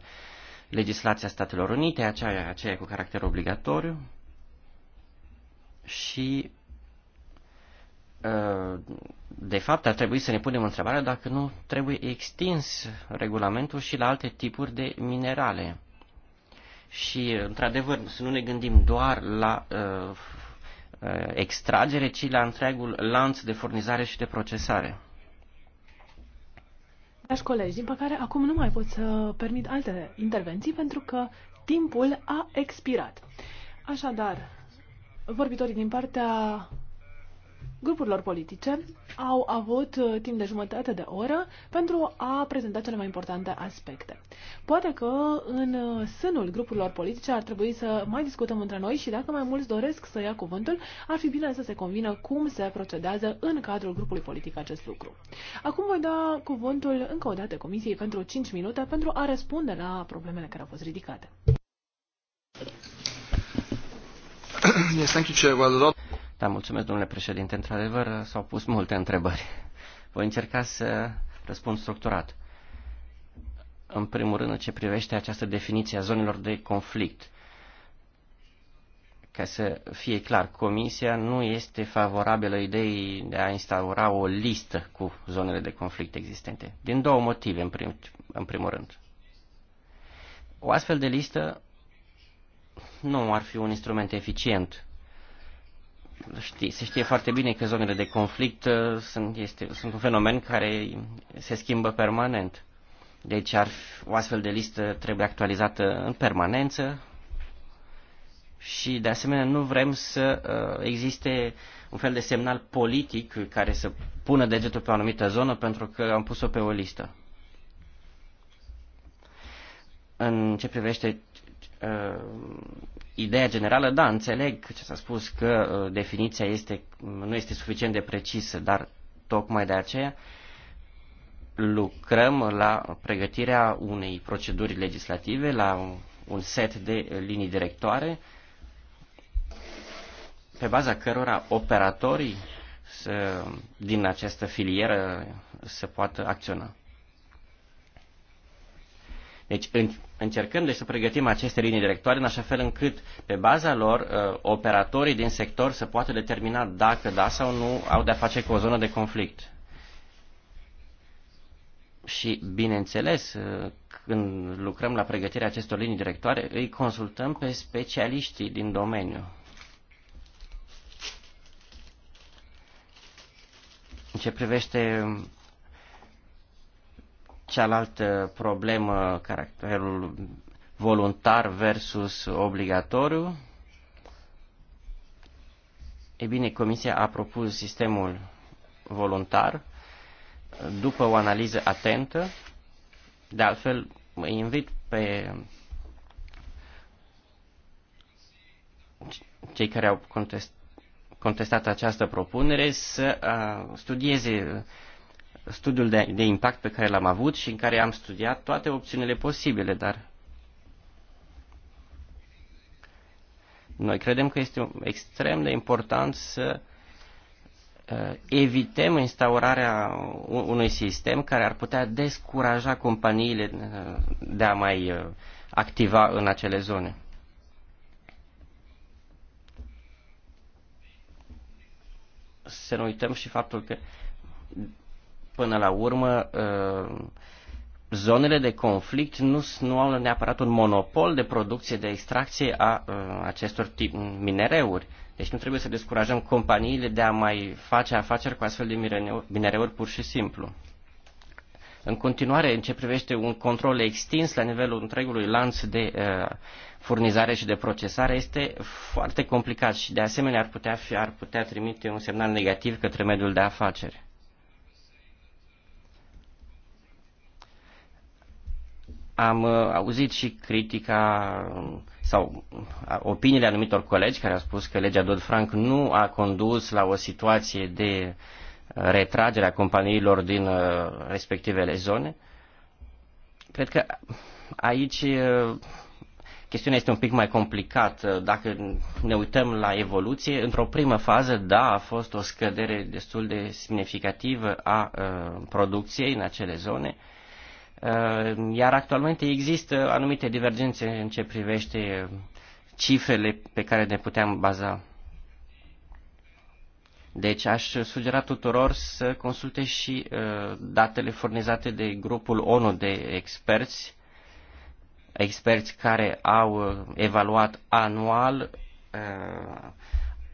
legislația Statelor Unite, aceea, aceea cu caracter obligatoriu, și de fapt, ar trebui să ne punem întrebarea dacă nu trebuie extins regulamentul și la alte tipuri de minerale. Și, într-adevăr, să nu ne gândim doar la uh, uh, extragere, ci la întregul lanț de furnizare și de procesare. Dragi colegi, din păcate, acum nu mai pot să permit alte intervenții pentru că timpul a expirat. Așadar, vorbitorii din partea grupurilor politice au avut uh, timp de jumătate de oră pentru a prezenta cele mai importante aspecte. Poate că în uh, sânul grupurilor politice ar trebui să mai discutăm între noi și dacă mai mulți doresc să ia cuvântul, ar fi bine să se convină cum se procedează în cadrul grupului politic acest lucru. Acum voi da cuvântul încă o dată Comisiei pentru 5 minute pentru a răspunde la problemele care au fost ridicate. Yes, thank you, Chair. Well, a lot... Da, mulțumesc, domnule președinte. Într-adevăr, s-au pus multe întrebări. Voi încerca să răspund structurat. În primul rând, ce privește această definiție a zonelor de conflict. Ca să fie clar, Comisia nu este favorabilă ideii de a instaura o listă cu zonele de conflict existente. Din două motive, în, prim, în primul rând. O astfel de listă nu ar fi un instrument eficient știe, se știe foarte bine că zonele de conflict uh, sunt, este, sunt un fenomen care se schimbă permanent. Deci ar, o astfel de listă trebuie actualizată în permanență și de asemenea nu vrem să uh, existe un fel de semnal politic care să pună degetul pe o anumită zonă pentru că am pus-o pe o listă. În ce privește uh, ideea generală, da, înțeleg ce s-a spus că uh, definiția este, nu este suficient de precisă, dar tocmai de aceea lucrăm la pregătirea unei proceduri legislative, la un set de linii directoare pe baza cărora operatorii să, din această filieră să poată acționa. Deci încercăm deci, să pregătim aceste linii directoare în așa fel încât pe baza lor uh, operatorii din sector să poată determina dacă da sau nu au de-a face cu o zonă de conflict. Și, bineînțeles, uh, când lucrăm la pregătirea acestor linii directoare, îi consultăm pe specialiștii din domeniu. În ce privește Cealaltă problemă, caracterul voluntar versus obligatoriu. E bine, Comisia a propus sistemul voluntar după o analiză atentă. De altfel, îi invit pe cei care au contestat această propunere să uh, studieze studiul de, de impact pe care l-am avut și în care am studiat toate opțiunile posibile, dar noi credem că este extrem de important să uh, evităm instaurarea unui sistem care ar putea descuraja companiile uh, de a mai uh, activa în acele zone. Să nu uităm și faptul că uh, Până la urmă, ă, zonele de conflict nu, nu au neapărat un monopol de producție, de extracție a ă, acestor tip, minereuri. Deci nu trebuie să descurajăm companiile de a mai face afaceri cu astfel de minereuri pur și simplu. În continuare, în ce privește un control extins la nivelul întregului lanț de uh, furnizare și de procesare, este foarte complicat și de asemenea ar putea, fi, ar putea trimite un semnal negativ către mediul de afaceri. Am uh, auzit și critica um, sau uh, opiniile anumitor colegi care au spus că legea Dodd-Frank nu a condus la o situație de uh, retragere a companiilor din respectivele zone. Cred că aici chestiunea este un pic mai complicată. Dacă ne uităm la evoluție, într-o primă fază, da, a fost o scădere destul de semnificativă a producției în acele zone, Uh, iar actualmente există anumite divergențe în ce privește cifrele pe care ne puteam baza. Deci aș sugera tuturor să consulte și uh, datele furnizate de grupul ONU de experți, experți care au uh, evaluat anual uh,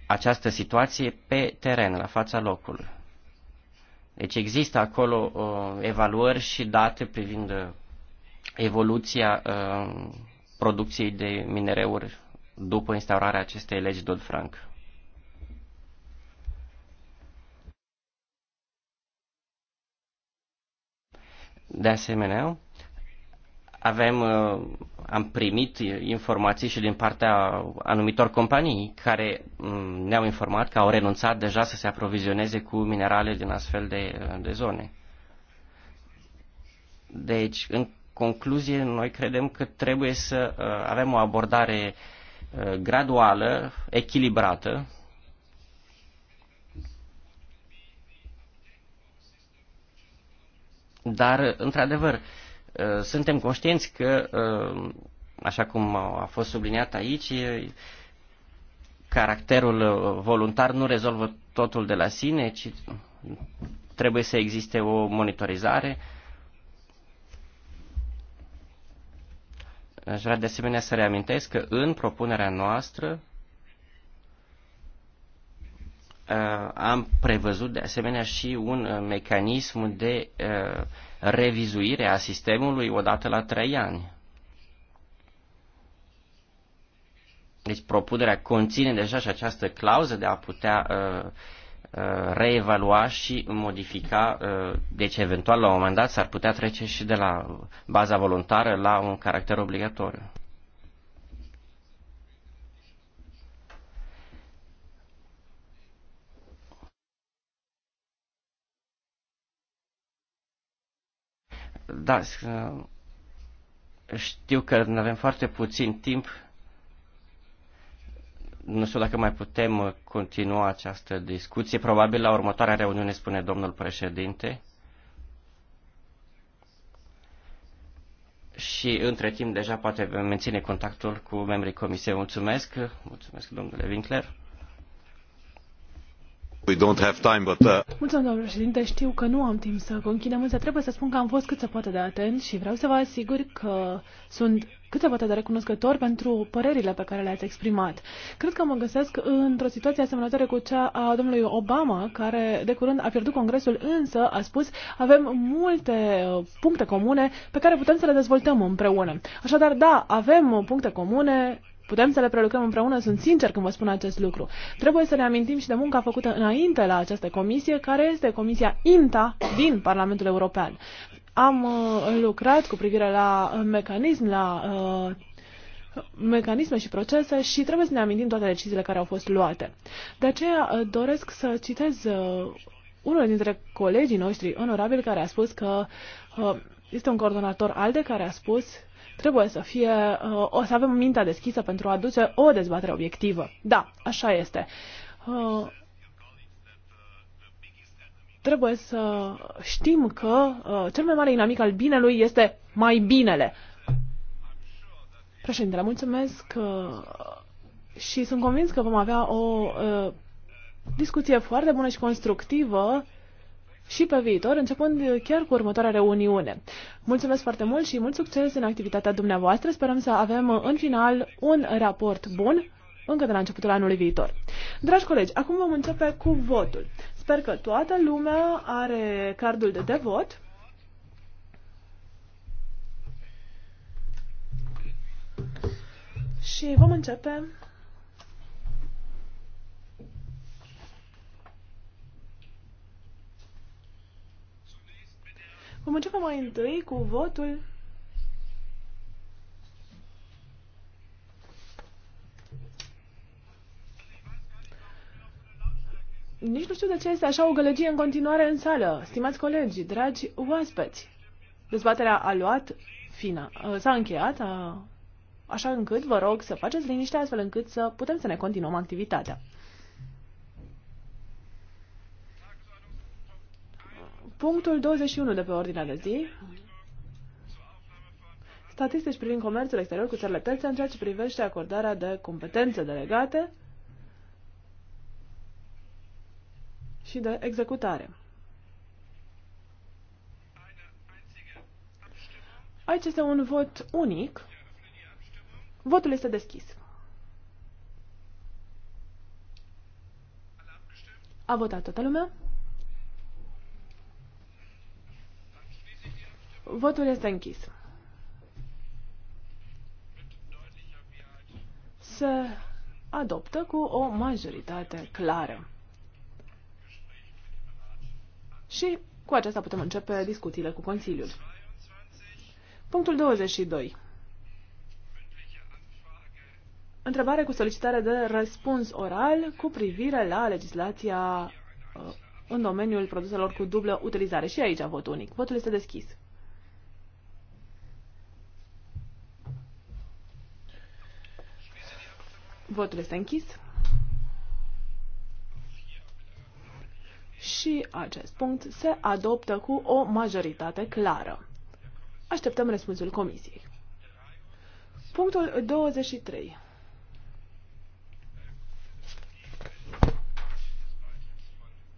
această situație pe teren, la fața locului. Deci există acolo uh, evaluări și date privind uh, evoluția uh, producției de minereuri după instaurarea acestei legi Dodd-Frank. De asemenea, avem, uh, am primit informații și din partea anumitor companii care mm, ne-au informat că au renunțat deja să se aprovizioneze cu minerale din astfel de, de zone. Deci, în concluzie, noi credem că trebuie să uh, avem o abordare uh, graduală, echilibrată, dar, într-adevăr, uh, Uh, suntem conștienți că, uh, așa cum a fost subliniat aici, caracterul uh, voluntar nu rezolvă totul de la sine, ci trebuie să existe o monitorizare. Aș vrea de asemenea să reamintesc că în propunerea noastră am prevăzut de asemenea și un mecanism de uh, revizuire a sistemului odată la trei ani. Deci propunerea conține deja și această clauză de a putea uh, uh, reevalua și modifica, uh, deci eventual la un moment dat s-ar putea trece și de la baza voluntară la un caracter obligatoriu. Da, știu că ne avem foarte puțin timp. Nu știu dacă mai putem continua această discuție. Probabil la următoarea reuniune, spune domnul președinte. Și între timp deja poate menține contactul cu membrii comisiei. Mulțumesc. Mulțumesc, domnule Winkler. We don't have time, but, uh, Mulțumesc, domnule președinte. Știu că nu am timp să conchidem, însă trebuie să spun că am fost cât se poate de atent și vreau să vă asigur că sunt cât se poate de recunoscător pentru părerile pe care le-ați exprimat. Cred că mă găsesc într-o situație asemănătoare cu cea a domnului Obama, care de curând a pierdut Congresul, însă a spus avem multe uh, puncte comune pe care putem să le dezvoltăm împreună. Așadar, da, avem puncte comune putem să le prelucrăm împreună, sunt sincer când vă spun acest lucru. Trebuie să ne amintim și de munca făcută înainte la această comisie, care este Comisia INTA din Parlamentul European. Am uh, lucrat cu privire la uh, mecanism, la uh, mecanisme și procese și trebuie să ne amintim toate deciziile care au fost luate. De aceea uh, doresc să citez uh, unul dintre colegii noștri onorabili care a spus că uh, este un coordonator ALDE care a spus Trebuie să fie, uh, o să avem mintea deschisă pentru a aduce o dezbatere obiectivă. Da, așa este. Uh, trebuie să știm că uh, cel mai mare inamic al binelui este mai binele. Președintele, mulțumesc și sunt convins că vom avea o discuție foarte bună și constructivă și pe viitor, începând chiar cu următoarea reuniune. Mulțumesc foarte mult și mult succes în activitatea dumneavoastră. Sperăm să avem în final un raport bun încă de la începutul anului viitor. Dragi colegi, acum vom începe cu votul. Sper că toată lumea are cardul de, de vot. Și vom începe Vom începe mai întâi cu votul Nici nu știu de ce este așa o gălăgie în continuare în sală. Stimați colegi, dragi oaspeți, dezbaterea a luat fina. Uh, s-a încheiat, a... Uh, așa încât vă rog să faceți liniște astfel încât să putem să ne continuăm activitatea. Punctul 21 de pe ordinea de zi. Statistici privind comerțul exterior cu țările terțe în ceea ce privește acordarea de competențe delegate și de executare. Aici este un vot unic. Votul este deschis. A votat toată lumea? Votul este închis. Se adoptă cu o majoritate clară. Și cu aceasta putem începe discuțiile cu Consiliul. Punctul 22. Întrebare cu solicitare de răspuns oral cu privire la legislația uh, în domeniul produselor cu dublă utilizare. Și aici vot unic. Votul este deschis. Votul este închis. Și acest punct se adoptă cu o majoritate clară. Așteptăm răspunsul comisiei. Punctul 23.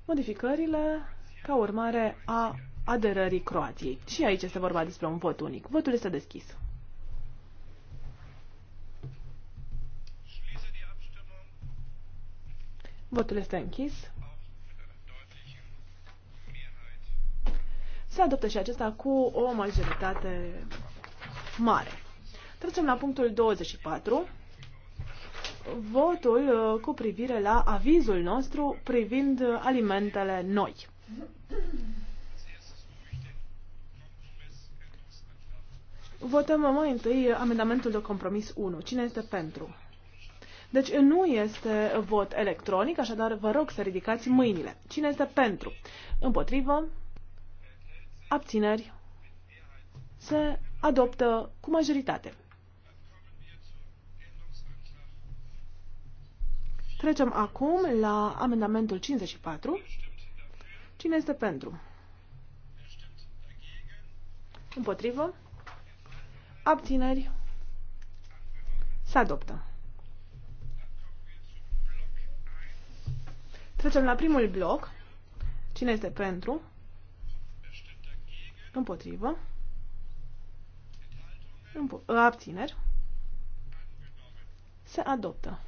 Modificările ca urmare a aderării Croației. Și aici este vorba despre un vot unic. Votul este deschis. Votul este închis. Se adoptă și acesta cu o majoritate mare. Trecem la punctul 24. Votul uh, cu privire la avizul nostru privind alimentele noi. Votăm mai întâi amendamentul de compromis 1. Cine este pentru? Deci nu este vot electronic, așadar vă rog să ridicați mâinile. Cine este pentru? Împotrivă? Abțineri? Se adoptă cu majoritate. Trecem acum la amendamentul 54. Cine este pentru? Împotrivă? Abțineri? Se adoptă. Trecem la primul bloc. Cine este pentru? Împotrivă. Împo abțineri. Se adoptă.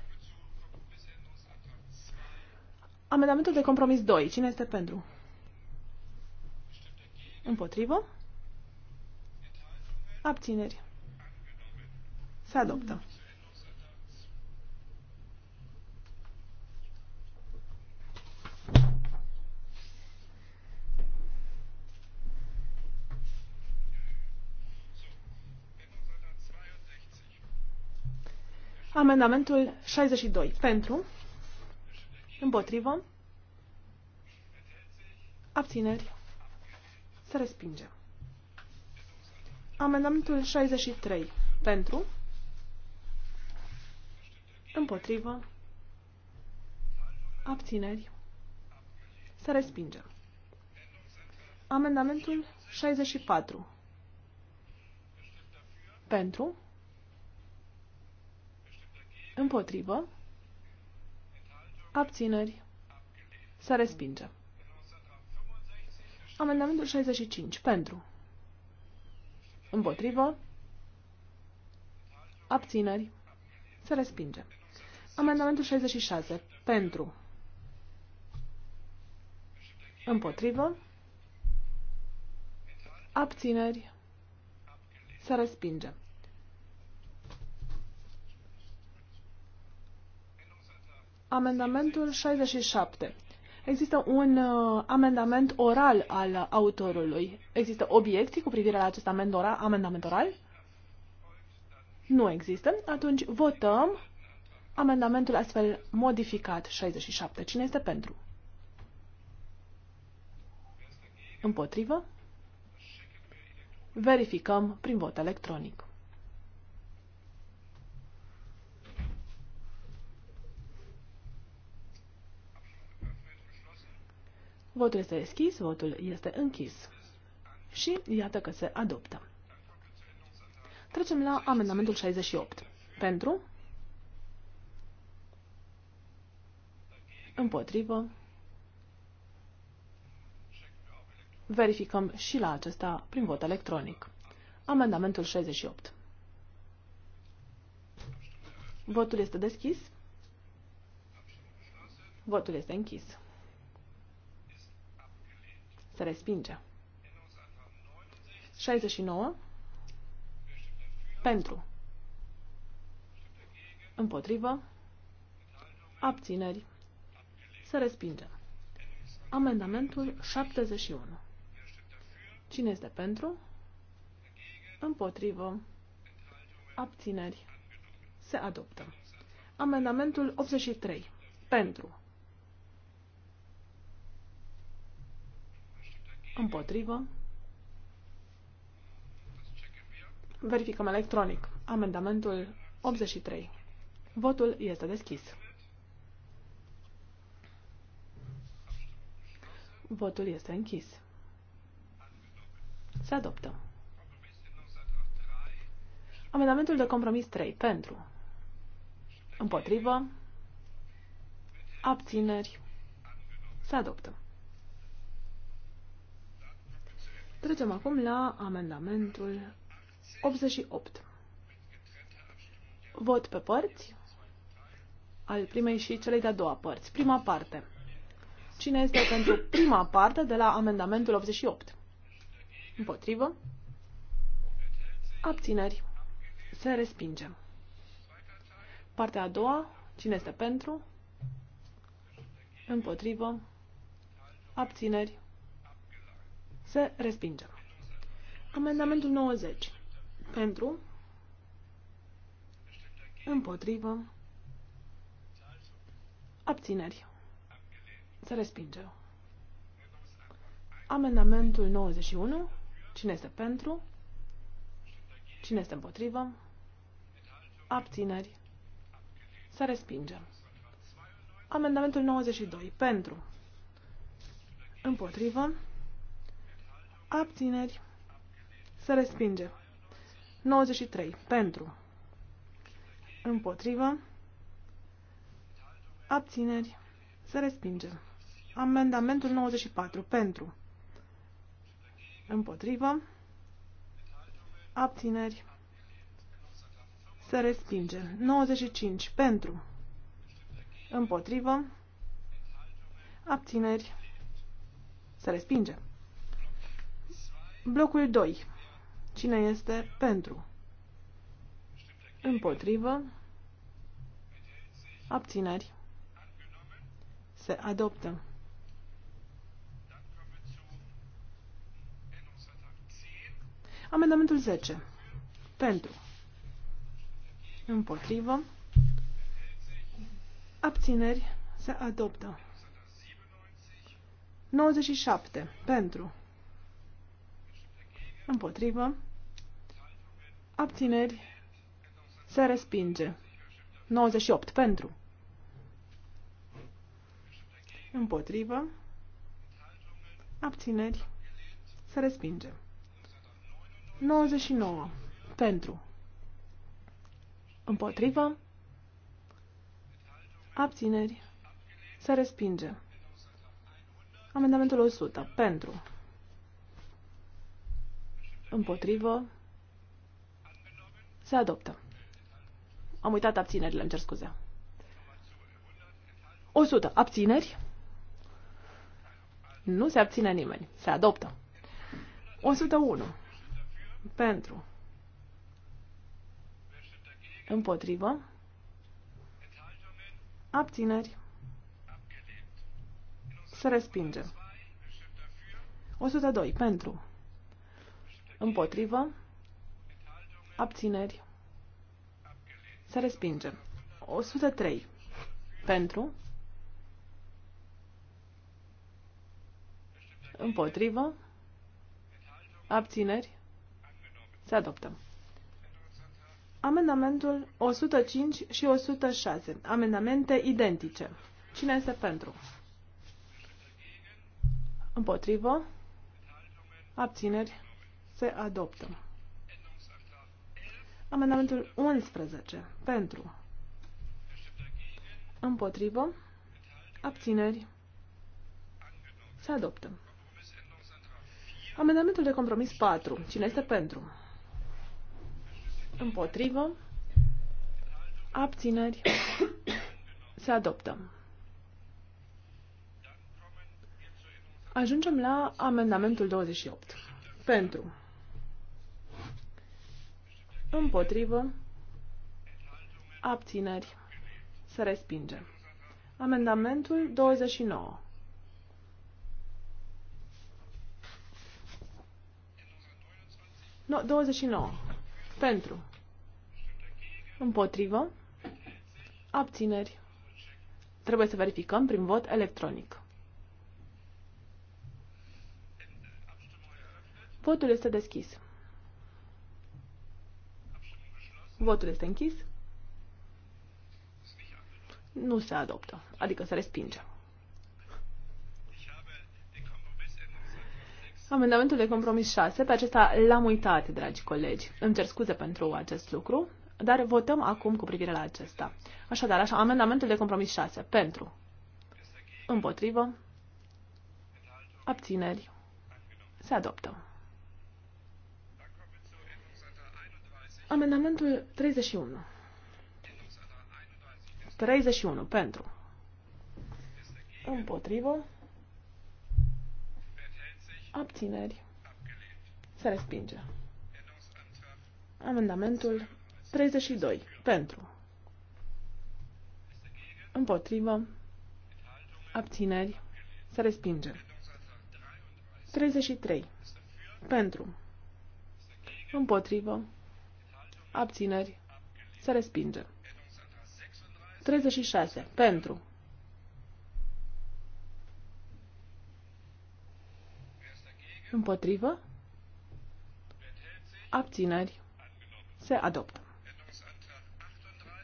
Amendamentul de compromis 2. Cine este pentru? Împotrivă. Abțineri. Se adoptă. Mm -hmm. Amendamentul 62. Pentru. Împotrivă. Abțineri. Se respinge. Amendamentul 63. Pentru. Împotrivă. Abțineri. Se respinge. Amendamentul 64. Pentru. Împotrivă. Abțineri. Se respinge. Amendamentul 65. Pentru. Împotrivă. Abțineri. Se respinge. Amendamentul 66. Pentru. Împotrivă. Abțineri. Se respinge. amendamentul 67. Există un uh, amendament oral al autorului. Există obiecții cu privire la acest amendament oral? Nu există. Atunci votăm amendamentul astfel modificat 67. Cine este pentru? Împotrivă? Verificăm prin vot electronic. Votul este deschis, votul este închis. Și iată că se adoptă. Trecem la amendamentul 68. Pentru? Împotrivă? Verificăm și la acesta prin vot electronic. Amendamentul 68. Votul este deschis. Votul este închis. Se respinge. 69. Pentru. Împotrivă. Abțineri. Se respinge. Amendamentul 71. Cine este pentru? Împotrivă. Abțineri. Se adoptă. Amendamentul 83. Pentru. Împotrivă. Verificăm electronic. Amendamentul 83. Votul este deschis. Votul este închis. Se adoptă. Amendamentul de compromis 3. Pentru. Împotrivă. Abțineri. Se adoptă. Trecem acum la amendamentul 88. Vot pe părți al primei și celei de-a doua părți. Prima parte. Cine este pentru prima parte de la amendamentul 88? Împotrivă? Abțineri. Se respinge. Partea a doua. Cine este pentru? Împotrivă? Abțineri. Se respinge. Amendamentul 90. Pentru. Împotrivă. Abțineri. Se respinge. Amendamentul 91. Cine este pentru? Cine este împotrivă? Abțineri. Se respinge. Amendamentul 92. Pentru. Împotrivă abțineri, se respinge. 93. Pentru, împotrivă, abțineri, se respinge. Amendamentul 94. Pentru, împotrivă, abțineri, se respinge. 95. Pentru, împotrivă, abțineri, se respinge. Blocul 2. Cine este pentru? Împotrivă. Abțineri. Se adoptă. Amendamentul 10. Pentru. Împotrivă. Abțineri. Se adoptă. 97. Pentru. Împotrivă. Abțineri. Se respinge. 98 pentru. Împotrivă. Abțineri. Se respinge. 99 pentru. Împotrivă. Abțineri. Se respinge. Amendamentul 100. Pentru. Împotrivă. Se adoptă. Am uitat abținerile, îmi cer scuze. 100. Abțineri? Nu se abține nimeni. Se adoptă. 101. Pentru. Împotrivă. Abțineri. Se respinge. 102. Pentru. Împotrivă. Abțineri. Se respinge. 103. Pentru. Împotrivă. Abțineri. Se adoptă. Amendamentul 105 și 106. Amendamente identice. Cine este pentru? Împotrivă. Abțineri. Se adoptă. Amendamentul 11. Pentru. Împotrivă. Abțineri. Se adoptă. Amendamentul de compromis 4. Cine este pentru? Împotrivă. Abțineri. Se adoptă. Ajungem la amendamentul 28. Pentru. Împotrivă. Abțineri. Se respinge. Amendamentul 29. No, 29. Pentru. Împotrivă. Abțineri. Trebuie să verificăm prin vot electronic. Votul este deschis. Votul este închis. Nu se adoptă, adică se respinge. Amendamentul de compromis 6, pe acesta l-am uitat, dragi colegi. Îmi cer scuze pentru acest lucru, dar votăm acum cu privire la acesta. Așadar, așa, amendamentul de compromis 6, pentru, împotrivă, abțineri, se adoptă. Amendamentul 31. 31. Pentru. Împotrivă. Abțineri. Se respinge. Amendamentul 32. Pentru. Împotrivă. Abțineri. Se respinge. 33. Pentru. Împotrivă. Abțineri. Se respinge. 36. Pentru. Împotrivă. Abțineri. Se adoptă.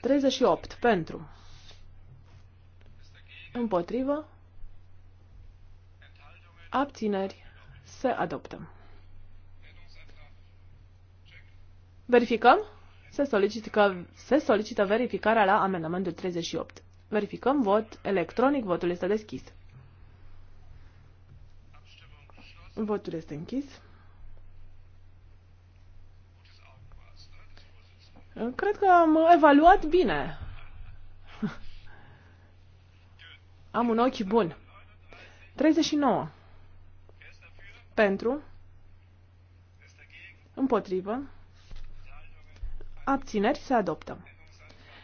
38. Pentru. Împotrivă. Abțineri. Se adoptă. Verificăm? Se solicită, că se solicită verificarea la amendamentul 38. Verificăm vot electronic, votul este deschis. Votul este închis. Cred că am evaluat bine. Am un ochi bun. 39. Pentru. Împotrivă. Abțineri se adoptă.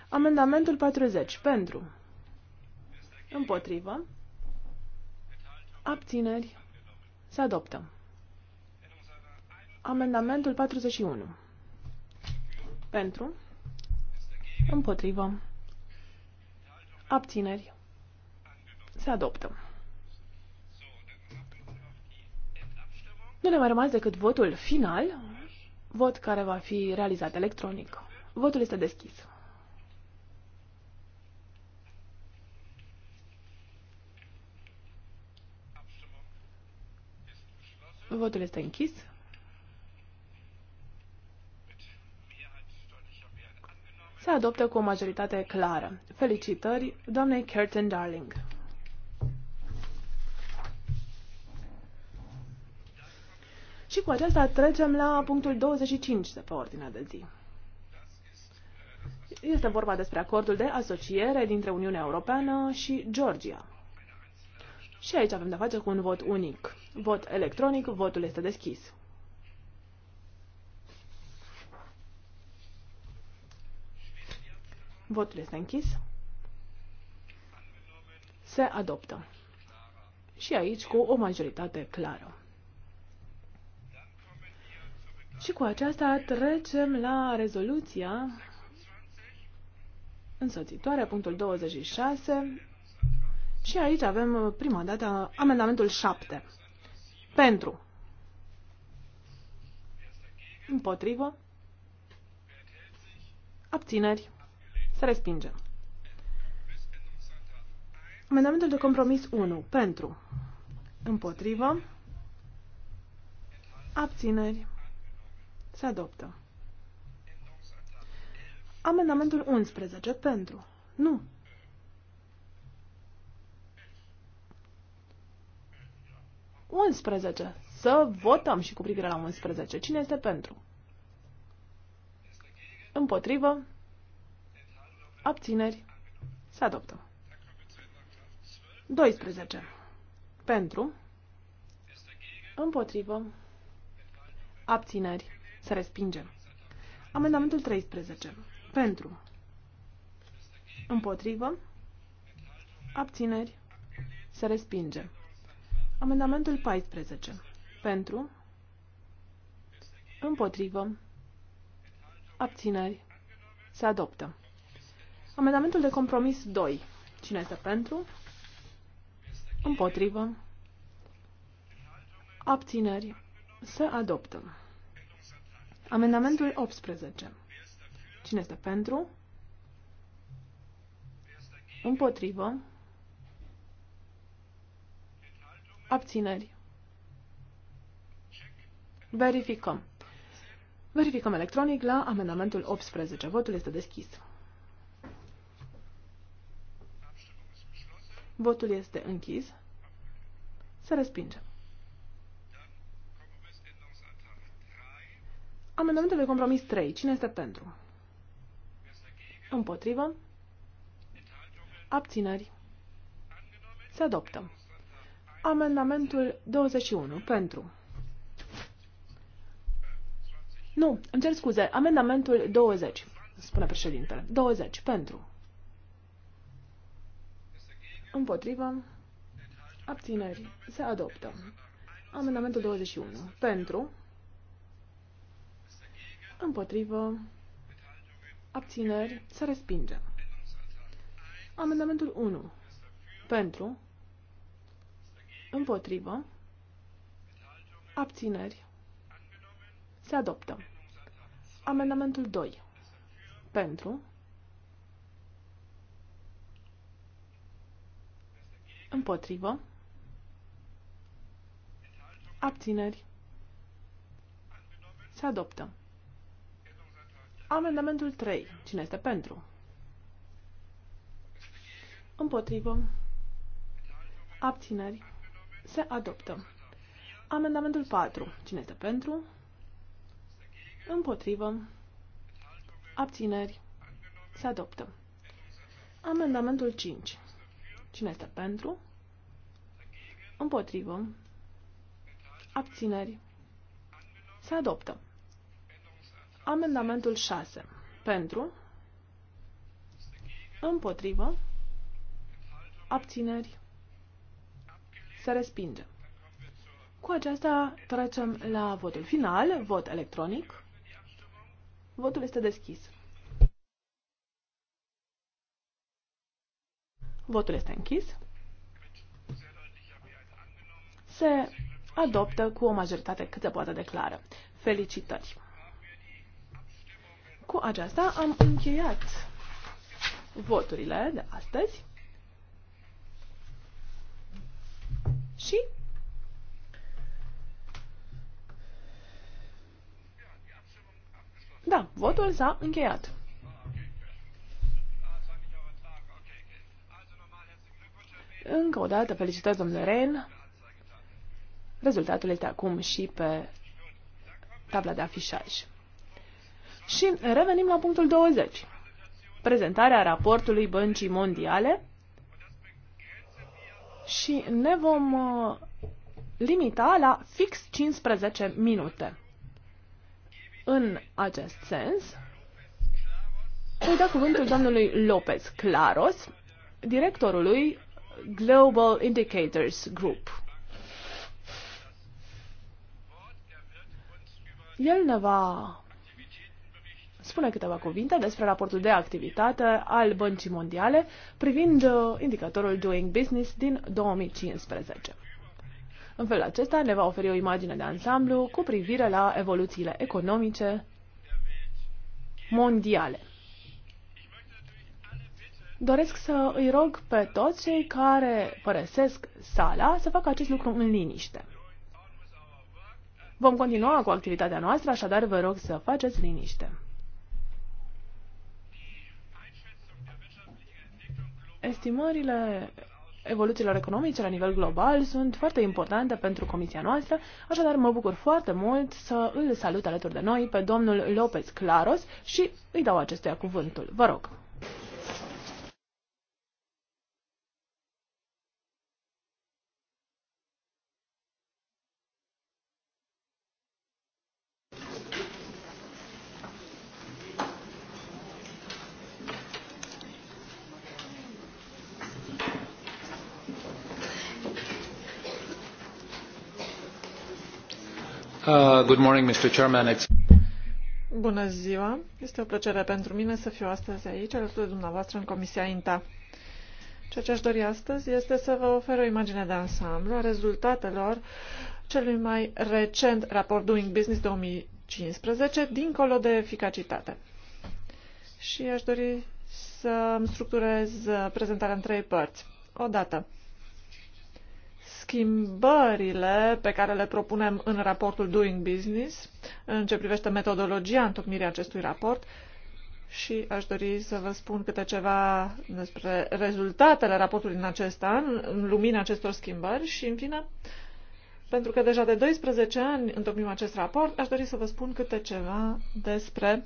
Amendamentul 40. Pentru. Împotrivă. Abțineri. Se adoptă. Amendamentul 41. Pentru. Împotrivă. Abțineri. Se adoptă. Nu ne mai rămas decât votul final. Vot care va fi realizat electronic. Votul este deschis. Votul este închis. Se adoptă cu o majoritate clară. Felicitări doamnei Curtin Darling. Și cu aceasta trecem la punctul 25 de pe ordinea de zi. Este vorba despre acordul de asociere dintre Uniunea Europeană și Georgia. Și aici avem de face cu un vot unic. Vot electronic, votul este deschis. Votul este închis. Se adoptă. Și aici cu o majoritate clară. Și cu aceasta trecem la rezoluția însoțitoare, punctul 26. Și aici avem uh, prima dată amendamentul 7. Pentru. Împotrivă. Abțineri. Se respinge. Amendamentul de compromis 1. Pentru. Împotrivă. Abțineri. Se adoptă. Amendamentul 11. Pentru. Nu. Unsprezece. Să votăm și cu privire la 11. Cine este pentru? Împotrivă. Abțineri. Se adoptă. 12. Pentru. Împotrivă. Abțineri să respingem. Amendamentul 13. Pentru. Împotrivă. Abțineri. Să respingem. Amendamentul 14. Pentru. Împotrivă. Abțineri. Se adoptă. Amendamentul de compromis 2. Cine este pentru? Împotrivă. Abțineri. Se adoptă. Amendamentul 18. Cine este pentru? Împotrivă. Abțineri. Verificăm. Verificăm electronic la amendamentul 18. Votul este deschis. Votul este închis. Se respinge. Amendamentul de compromis 3. Cine este pentru? Împotrivă. Abțineri. Se adoptă. Amendamentul 21. Pentru. Nu, îmi cer scuze. Amendamentul 20. Spune președintele. 20. Pentru. Împotrivă. Abțineri. Se adoptă. Amendamentul 21. Pentru. Împotrivă. Abțineri. Se respinge. Amendamentul 1. Pentru. Împotrivă. Abțineri. Se adoptă. Amendamentul 2. Pentru. Împotrivă. Abțineri. Se adoptă. Amendamentul 3. Cine este pentru? Împotrivă. Abțineri. Se adoptă. Amendamentul 4. Cine este pentru? Împotrivă. Abțineri. Se adoptă. Amendamentul 5. Cine este pentru? Împotrivă. Abțineri. Se adoptă. Amendamentul 6. Pentru. Împotrivă. Abțineri. Se respinge. Cu aceasta trecem la votul final, vot electronic. Votul este deschis. Votul este închis. Se adoptă cu o majoritate cât se poate declară. Felicitări! Cu aceasta am încheiat voturile de astăzi și Da, votul s-a încheiat. Încă o dată, felicitări, domnule Ren. Rezultatul este acum și pe tabla de afișaj. Și revenim la punctul 20. Prezentarea raportului Băncii Mondiale și ne vom uh, limita la fix 15 minute. În acest sens, îi da cuvântul domnului Lopez Claros, directorului Global Indicators Group. El ne va spune câteva cuvinte despre raportul de activitate al Băncii Mondiale privind uh, indicatorul Doing Business din 2015. În felul acesta ne va oferi o imagine de ansamblu cu privire la evoluțiile economice mondiale. Doresc să îi rog pe toți cei care părăsesc sala să facă acest lucru în liniște. Vom continua cu activitatea noastră, așadar vă rog să faceți liniște. Estimările evoluțiilor economice la nivel global sunt foarte importante pentru comisia noastră, așadar mă bucur foarte mult să îl salut alături de noi pe domnul Lopez Claros și îi dau acestuia cuvântul. Vă rog. Uh, good morning, Mr. Chairman. Bună ziua! Este o plăcere pentru mine să fiu astăzi aici, alături de dumneavoastră, în Comisia INTA. Ceea ce aș dori astăzi este să vă ofer o imagine de ansamblu a rezultatelor celui mai recent raport Doing Business 2015, dincolo de eficacitate. Și aș dori să structurez uh, prezentarea în trei părți. O dată, schimbările pe care le propunem în raportul Doing Business, în ce privește metodologia întocmirii acestui raport, și aș dori să vă spun câte ceva despre rezultatele raportului în acest an, în lumina acestor schimbări și, în fine, pentru că deja de 12 ani întocmim acest raport, aș dori să vă spun câte ceva despre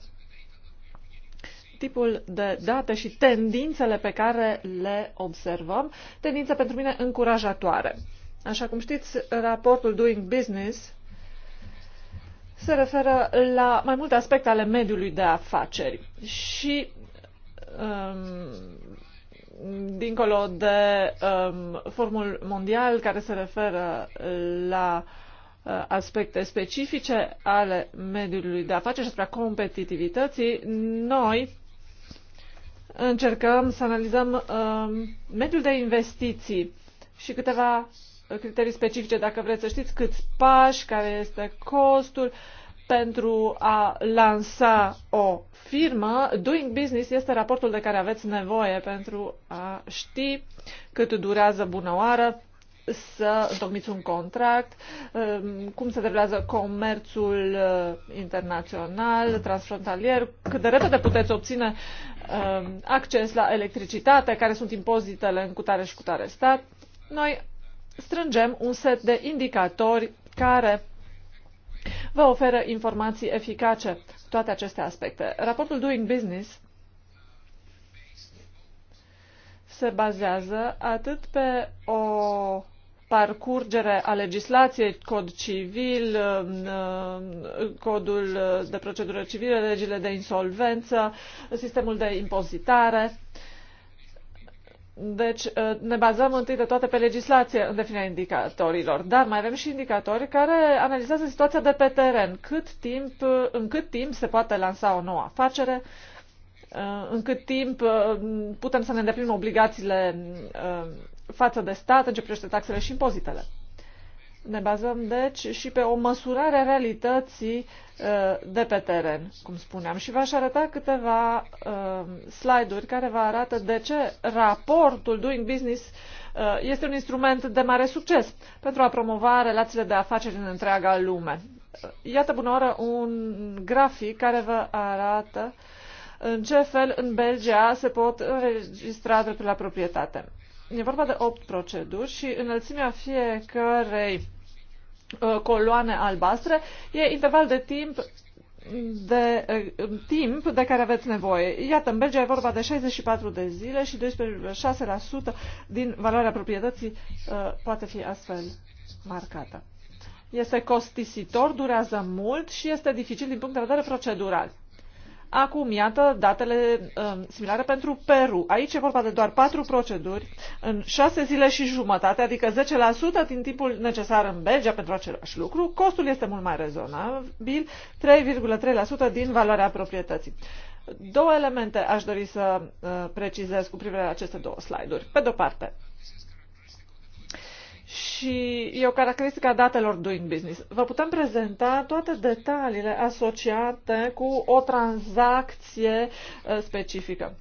tipul de date și tendințele pe care le observăm, tendințe pentru mine încurajatoare. Așa cum știți, raportul Doing Business se referă la mai multe aspecte ale mediului de afaceri și um, dincolo de um, formul mondial care se referă la uh, aspecte specifice ale mediului de afaceri și asupra competitivității, noi încercăm să analizăm um, mediul de investiții și câteva criterii specifice, dacă vreți să știți câți pași, care este costul pentru a lansa o firmă, Doing Business este raportul de care aveți nevoie pentru a ști cât durează bună oară, să întocmiți un contract, um, cum se derulează comerțul uh, internațional, transfrontalier, cât de repede puteți obține um, acces la electricitate, care sunt impozitele în cutare și cutare stat. Noi strângem un set de indicatori care vă oferă informații eficace, toate aceste aspecte. Raportul Doing Business se bazează atât pe o parcurgere a legislației, cod civil, codul de procedură civilă, legile de insolvență, sistemul de impozitare deci uh, ne bazăm întâi de toate pe legislație în definirea indicatorilor, dar mai avem și indicatori care analizează situația de pe teren, cât timp, uh, în cât timp se poate lansa o nouă afacere, uh, în cât timp putem să ne îndeplinim obligațiile față de stat, în ce privește taxele și impozitele. Ne bazăm, deci, și pe o măsurare a realității uh, de pe teren, cum spuneam. Și v-aș arăta câteva uh, slide-uri care vă arată de ce raportul Doing Business uh, este un instrument de mare succes pentru a promova relațiile de afaceri în întreaga lume. Iată, bună oră, un grafic care vă arată în ce fel în Belgia se pot înregistra dreptul la proprietate. E vorba de 8 proceduri și înălțimea fiecărei Uh, coloane albastre, e interval de timp de uh, timp de care aveți nevoie. Iată, în Belgia e vorba de 64 de zile și 12,6% din valoarea proprietății uh, poate fi astfel marcată. Este costisitor, durează mult și este dificil din punct de vedere procedural. Acum, iată datele uh, similare pentru Peru. Aici e vorba de doar patru proceduri în șase zile și jumătate, adică 10% din timpul necesar în Belgia pentru același lucru. Costul este mult mai rezonabil, 3,3% din valoarea proprietății. Două elemente aș dori să uh, precizez cu privire la aceste două slide-uri. Pe de-o parte, și e o caracteristică a datelor doing business. Vă putem prezenta toate detaliile asociate cu o tranzacție uh, specifică.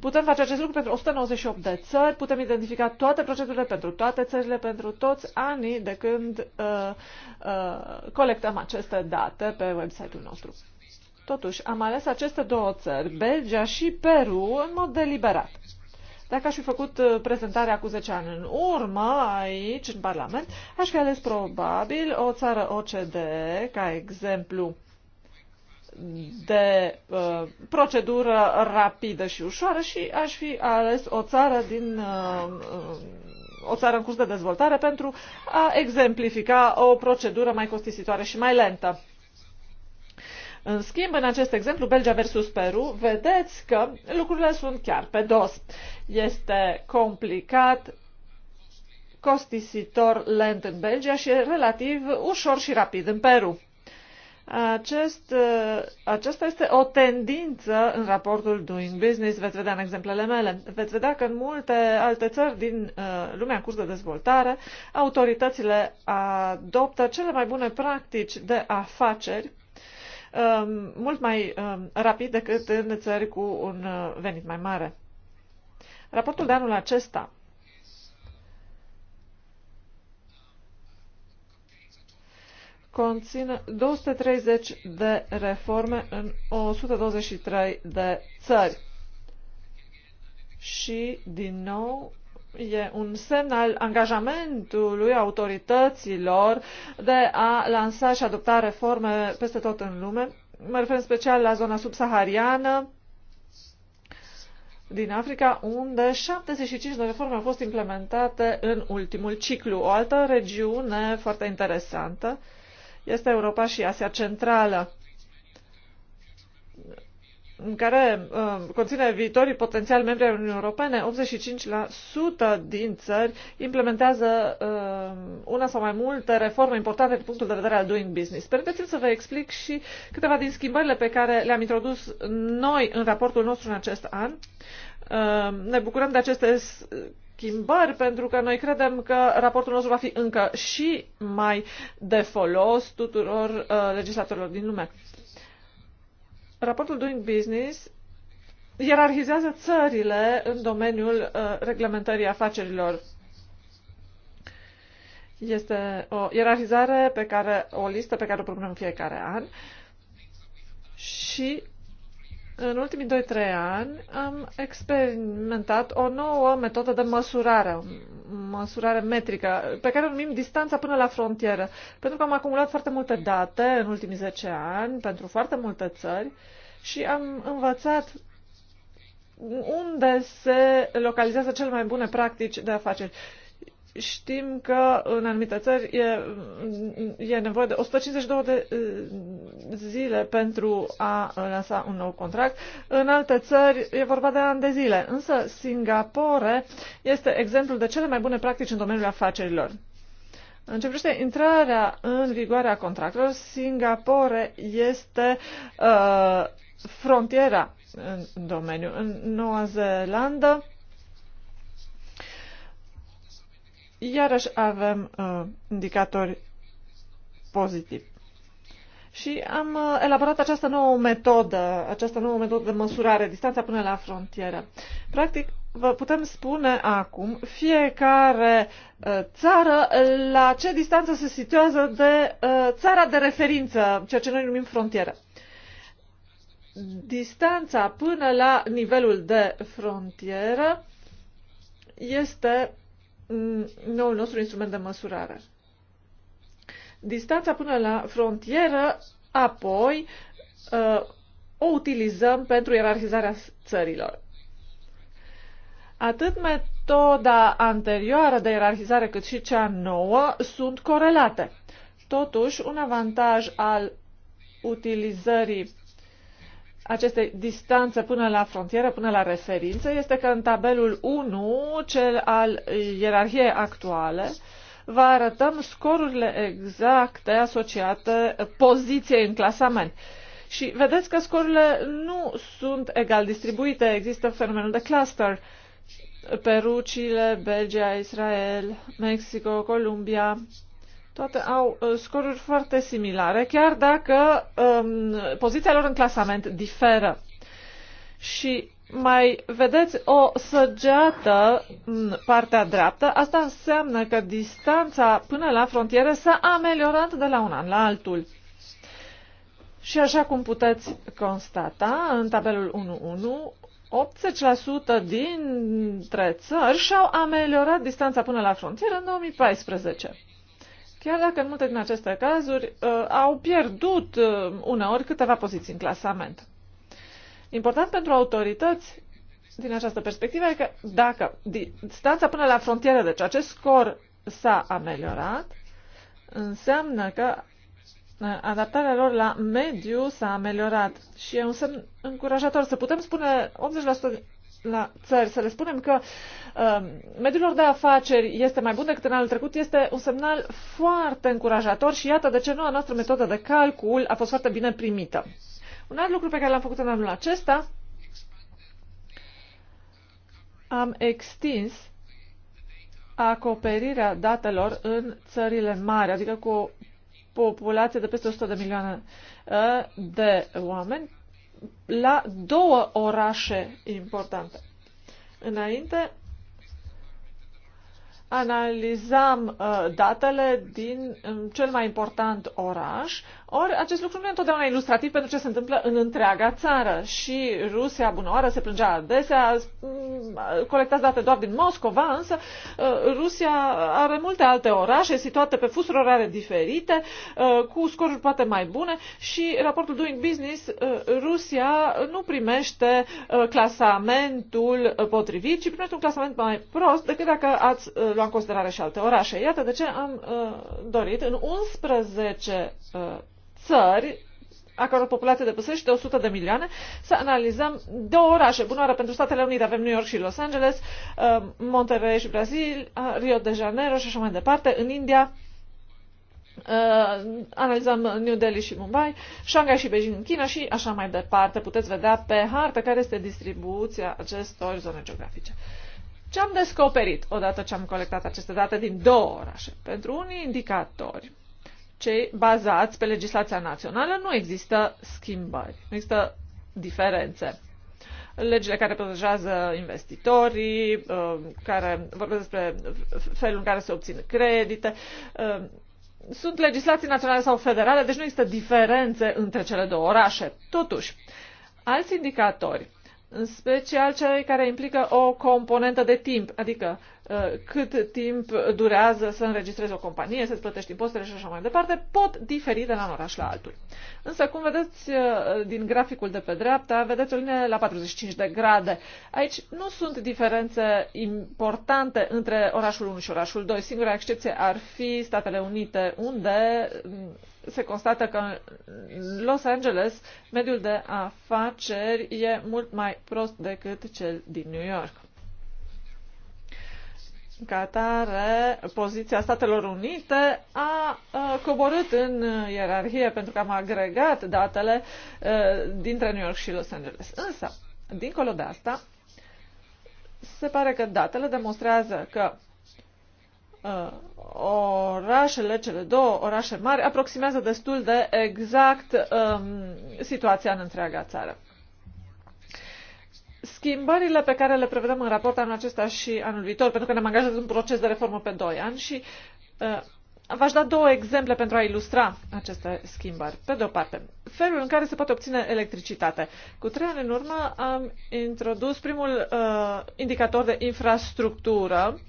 Putem face acest lucru pentru 198 de țări, putem identifica toate procedurile pentru toate țările, pentru toți anii de când uh, uh, colectăm aceste date pe website-ul nostru. Totuși, am ales aceste două țări, Belgia și Peru, în mod deliberat. Dacă aș fi făcut uh, prezentarea cu 10 ani în urmă, aici, în Parlament, aș fi ales probabil o țară OCD ca exemplu de uh, procedură rapidă și ușoară și aș fi ales o țară din uh, uh, o țară în curs de dezvoltare pentru a exemplifica o procedură mai costisitoare și mai lentă. În schimb, în acest exemplu, Belgia versus Peru, vedeți că lucrurile sunt chiar pe dos. Este complicat, costisitor, lent în Belgia și relativ ușor și rapid în Peru. Acest, uh, aceasta este o tendință în raportul Doing Business, veți vedea în exemplele mele. Veți vedea că în multe alte țări din uh, lumea în curs de dezvoltare, autoritățile adoptă cele mai bune practici de afaceri Um, mult mai um, rapid decât în țări cu un uh, venit mai mare. Raportul de anul acesta conține 230 de reforme în 123 de țări. Și, din nou, e un semn al angajamentului autorităților de a lansa și adopta reforme peste tot în lume. Mă refer în special la zona subsahariană din Africa, unde 75 de reforme au fost implementate în ultimul ciclu. O altă regiune foarte interesantă este Europa și Asia Centrală în care uh, conține viitorii potențial membri ai Uniunii Europene, 85% din țări implementează uh, una sau mai multe reforme importante din punctul de vedere al doing business. Permiteți-mi să vă explic și câteva din schimbările pe care le-am introdus noi în raportul nostru în acest an. Uh, ne bucurăm de aceste schimbări pentru că noi credem că raportul nostru va fi încă și mai de folos tuturor uh, legislatorilor din lume. Uh, Raportul Doing Business ierarhizează țările în domeniul uh, reglementării afacerilor. Este o ierarhizare pe care, o listă pe care o propunem fiecare an și în ultimii 2-3 ani am experimentat o nouă metodă de măsurare, măsurare metrică, pe care o numim distanța până la frontieră, pentru că am acumulat foarte multe date în ultimii 10 ani pentru foarte multe țări și am învățat unde se localizează cele mai bune practici de afaceri Știm că în anumite țări e, e nevoie de 152 de zile pentru a lansa un nou contract. În alte țări e vorba de ani de zile. Însă Singapore este exemplul de cele mai bune practici în domeniul afacerilor. În ce privește intrarea în vigoare a contractelor, Singapore este uh, frontiera în domeniu. În Noua Zeelandă, iarăși avem uh, indicatori pozitivi. Și am uh, elaborat această nouă metodă, această nouă metodă de măsurare, distanța până la frontieră. Practic, vă putem spune acum fiecare uh, țară la ce distanță se situează de uh, țara de referință, ceea ce noi numim frontieră. Distanța până la nivelul de frontieră este Mm, noul nostru instrument de măsurare. Distanța până la frontieră, apoi uh, o utilizăm pentru ierarhizarea țărilor. Atât metoda anterioară de ierarhizare cât și cea nouă sunt corelate. Totuși, un avantaj al utilizării aceste distanțe până la frontieră, până la referință, este că în tabelul 1, cel al ierarhiei actuale, vă arătăm scorurile exacte asociate poziției în clasament. Și vedeți că scorurile nu sunt egal distribuite, există fenomenul de cluster. Peru, Chile, Belgia, Israel, Mexico, Columbia, toate au uh, scoruri foarte similare, chiar dacă um, poziția lor în clasament diferă. Și mai vedeți o săgeată în partea dreaptă, asta înseamnă că distanța până la frontieră s-a ameliorat de la un an la altul. Și așa cum puteți constata, în tabelul 1.1, 80% dintre țări și-au ameliorat distanța până la frontieră în 2014 chiar dacă în multe din aceste cazuri uh, au pierdut uh, uneori câteva poziții în clasament. Important pentru autorități din această perspectivă e că dacă distanța până la frontieră, deci acest scor s-a ameliorat, înseamnă că uh, adaptarea lor la mediu s-a ameliorat și e un semn încurajator. Să putem spune la țări, să le spunem că uh, mediul lor de afaceri este mai bun decât în anul trecut, este un semnal foarte încurajator și iată de ce noua noastră metodă de calcul a fost foarte bine primită. Un alt lucru pe care l-am făcut în anul acesta, am extins acoperirea datelor în țările mari, adică cu o populație de peste 100 de milioane uh, de oameni la două orașe importante. Înainte analizam uh, datele din um, cel mai important oraș, ori acest lucru nu e întotdeauna ilustrativ pentru ce se întâmplă în întreaga țară. Și Rusia, bună oară, se plângea adesea, mm, colectați date doar din Moscova, însă uh, Rusia are multe alte orașe situate pe fusuri orare diferite, uh, cu scoruri poate mai bune și raportul Doing Business, uh, Rusia nu primește clasamentul potrivit, ci primește un clasament mai prost decât dacă ați lua în considerare și alte orașe. Iată de ce am dorit în 11 țări a o populație de 100 de milioane, să analizăm două orașe. Bună oară pentru Statele Unite, avem New York și Los Angeles, uh, Monterrey și Brazil, uh, Rio de Janeiro și așa mai departe. În India uh, analizăm New Delhi și Mumbai, Shanghai și Beijing în China și așa mai departe. Puteți vedea pe hartă care este distribuția acestor zone geografice. Ce am descoperit odată ce am colectat aceste date din două orașe? Pentru unii indicatori, cei bazați pe legislația națională nu există schimbări, nu există diferențe. Legile care protejează investitorii, uh, care vorbesc despre felul în care se obțin credite, uh, sunt legislații naționale sau federale, deci nu există diferențe între cele două orașe. Totuși, alți indicatori, în special cei care implică o componentă de timp, adică Uh, cât timp durează să înregistrezi o companie, să-ți plătești impozitele și așa mai departe, pot diferi de la un oraș la altul. Însă, cum vedeți uh, din graficul de pe dreapta, vedeți o linie la 45 de grade. Aici nu sunt diferențe importante între orașul 1 și orașul 2. Singura excepție ar fi Statele Unite, unde mm, se constată că în Los Angeles mediul de afaceri e mult mai prost decât cel din New York. Ca atare, poziția Statelor Unite a coborât în ierarhie pentru că am agregat datele dintre New York și Los Angeles. Însă, dincolo de asta, se pare că datele demonstrează că uh, orașele, cele două orașe mari, aproximează destul de exact um, situația în întreaga țară schimbările pe care le prevedem în raport anul acesta și anul viitor, pentru că ne-am angajat în proces de reformă pe 2 ani și uh, v-aș da două exemple pentru a ilustra aceste schimbări. Pe de o parte, felul în care se poate obține electricitate. Cu trei ani în urmă am introdus primul uh, indicator de infrastructură.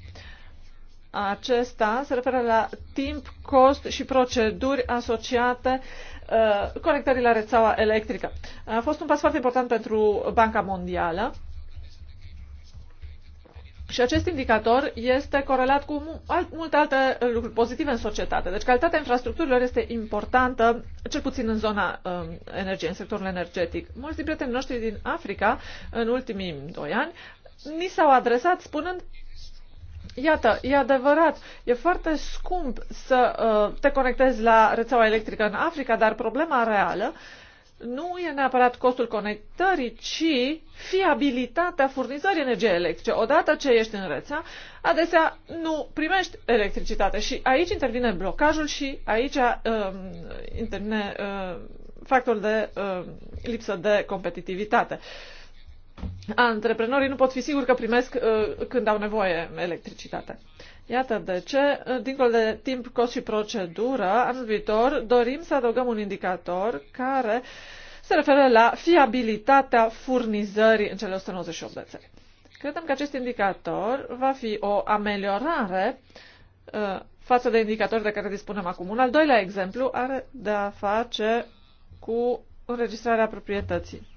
Acesta se referă la timp, cost și proceduri asociate uh, Uh, conectării la rețeaua electrică. A fost un pas foarte important pentru Banca Mondială și acest indicator este corelat cu multe alte lucruri pozitive în societate. Deci calitatea infrastructurilor este importantă, cel puțin în zona um, uh, energiei, în sectorul energetic. Mulți din prietenii noștri din Africa, în ultimii doi ani, ni s-au adresat spunând Iată, e adevărat, e foarte scump să uh, te conectezi la rețeaua electrică în Africa, dar problema reală nu e neapărat costul conectării, ci fiabilitatea furnizării energiei electrice. Odată ce ești în rețea, adesea nu primești electricitate și aici intervine blocajul și aici uh, intervine uh, factorul de uh, lipsă de competitivitate. Uh, antreprenorii nu pot fi siguri că primesc uh, când au nevoie electricitate. Iată de ce, uh, dincolo de timp, cost și procedură, anul viitor dorim să adăugăm un indicator care se referă la fiabilitatea furnizării în cele 198 de țări. Credem că acest indicator va fi o ameliorare uh, față de indicatori de care dispunem acum. Un al doilea exemplu are de a face cu înregistrarea proprietății.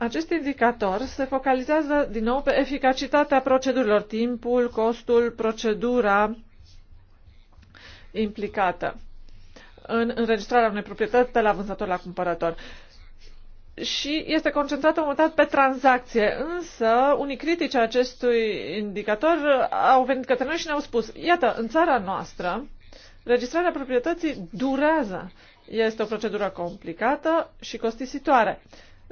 Acest indicator se focalizează din nou pe eficacitatea procedurilor, timpul, costul, procedura implicată în înregistrarea unei proprietăți de la vânzător la cumpărător. Și este concentrată momentan pe tranzacție, însă unii critici acestui indicator au venit către noi și ne-au spus, iată, în țara noastră, registrarea proprietății durează. Este o procedură complicată și costisitoare.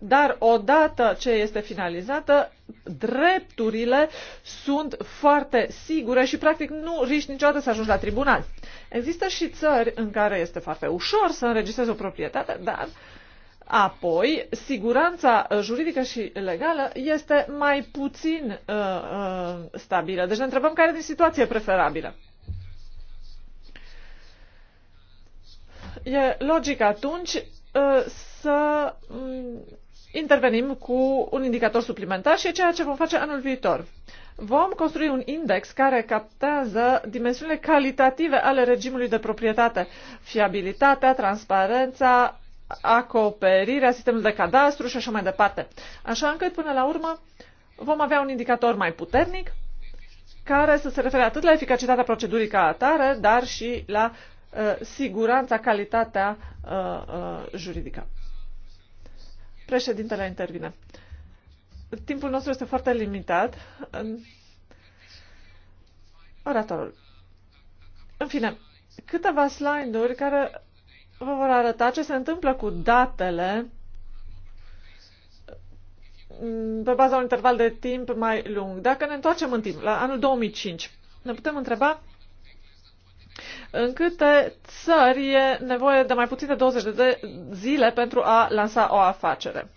Dar odată ce este finalizată, drepturile sunt foarte sigure și practic nu riști niciodată să ajungi la tribunal. Există și țări în care este foarte ușor să înregistrezi o proprietate, dar apoi siguranța juridică și legală este mai puțin uh, uh, stabilă. Deci ne întrebăm care din situație preferabilă. E logic atunci uh, să mm, intervenim cu un indicator suplimentar și e ceea ce vom face anul viitor. Vom construi un index care captează dimensiunile calitative ale regimului de proprietate, fiabilitatea, transparența, acoperirea sistemului de cadastru și așa mai departe. Așa încât, până la urmă, vom avea un indicator mai puternic care să se refere atât la eficacitatea procedurii ca atare, dar și la uh, siguranța, calitatea uh, uh, juridică. Președintele intervine. Timpul nostru este foarte limitat. Oratorul. În fine, câteva slide-uri care vă vor arăta ce se întâmplă cu datele pe baza unui interval de timp mai lung. Dacă ne întoarcem în timp, la anul 2005, ne putem întreba în câte țări e nevoie de mai puțin de 20 de zile pentru a lansa o afacere?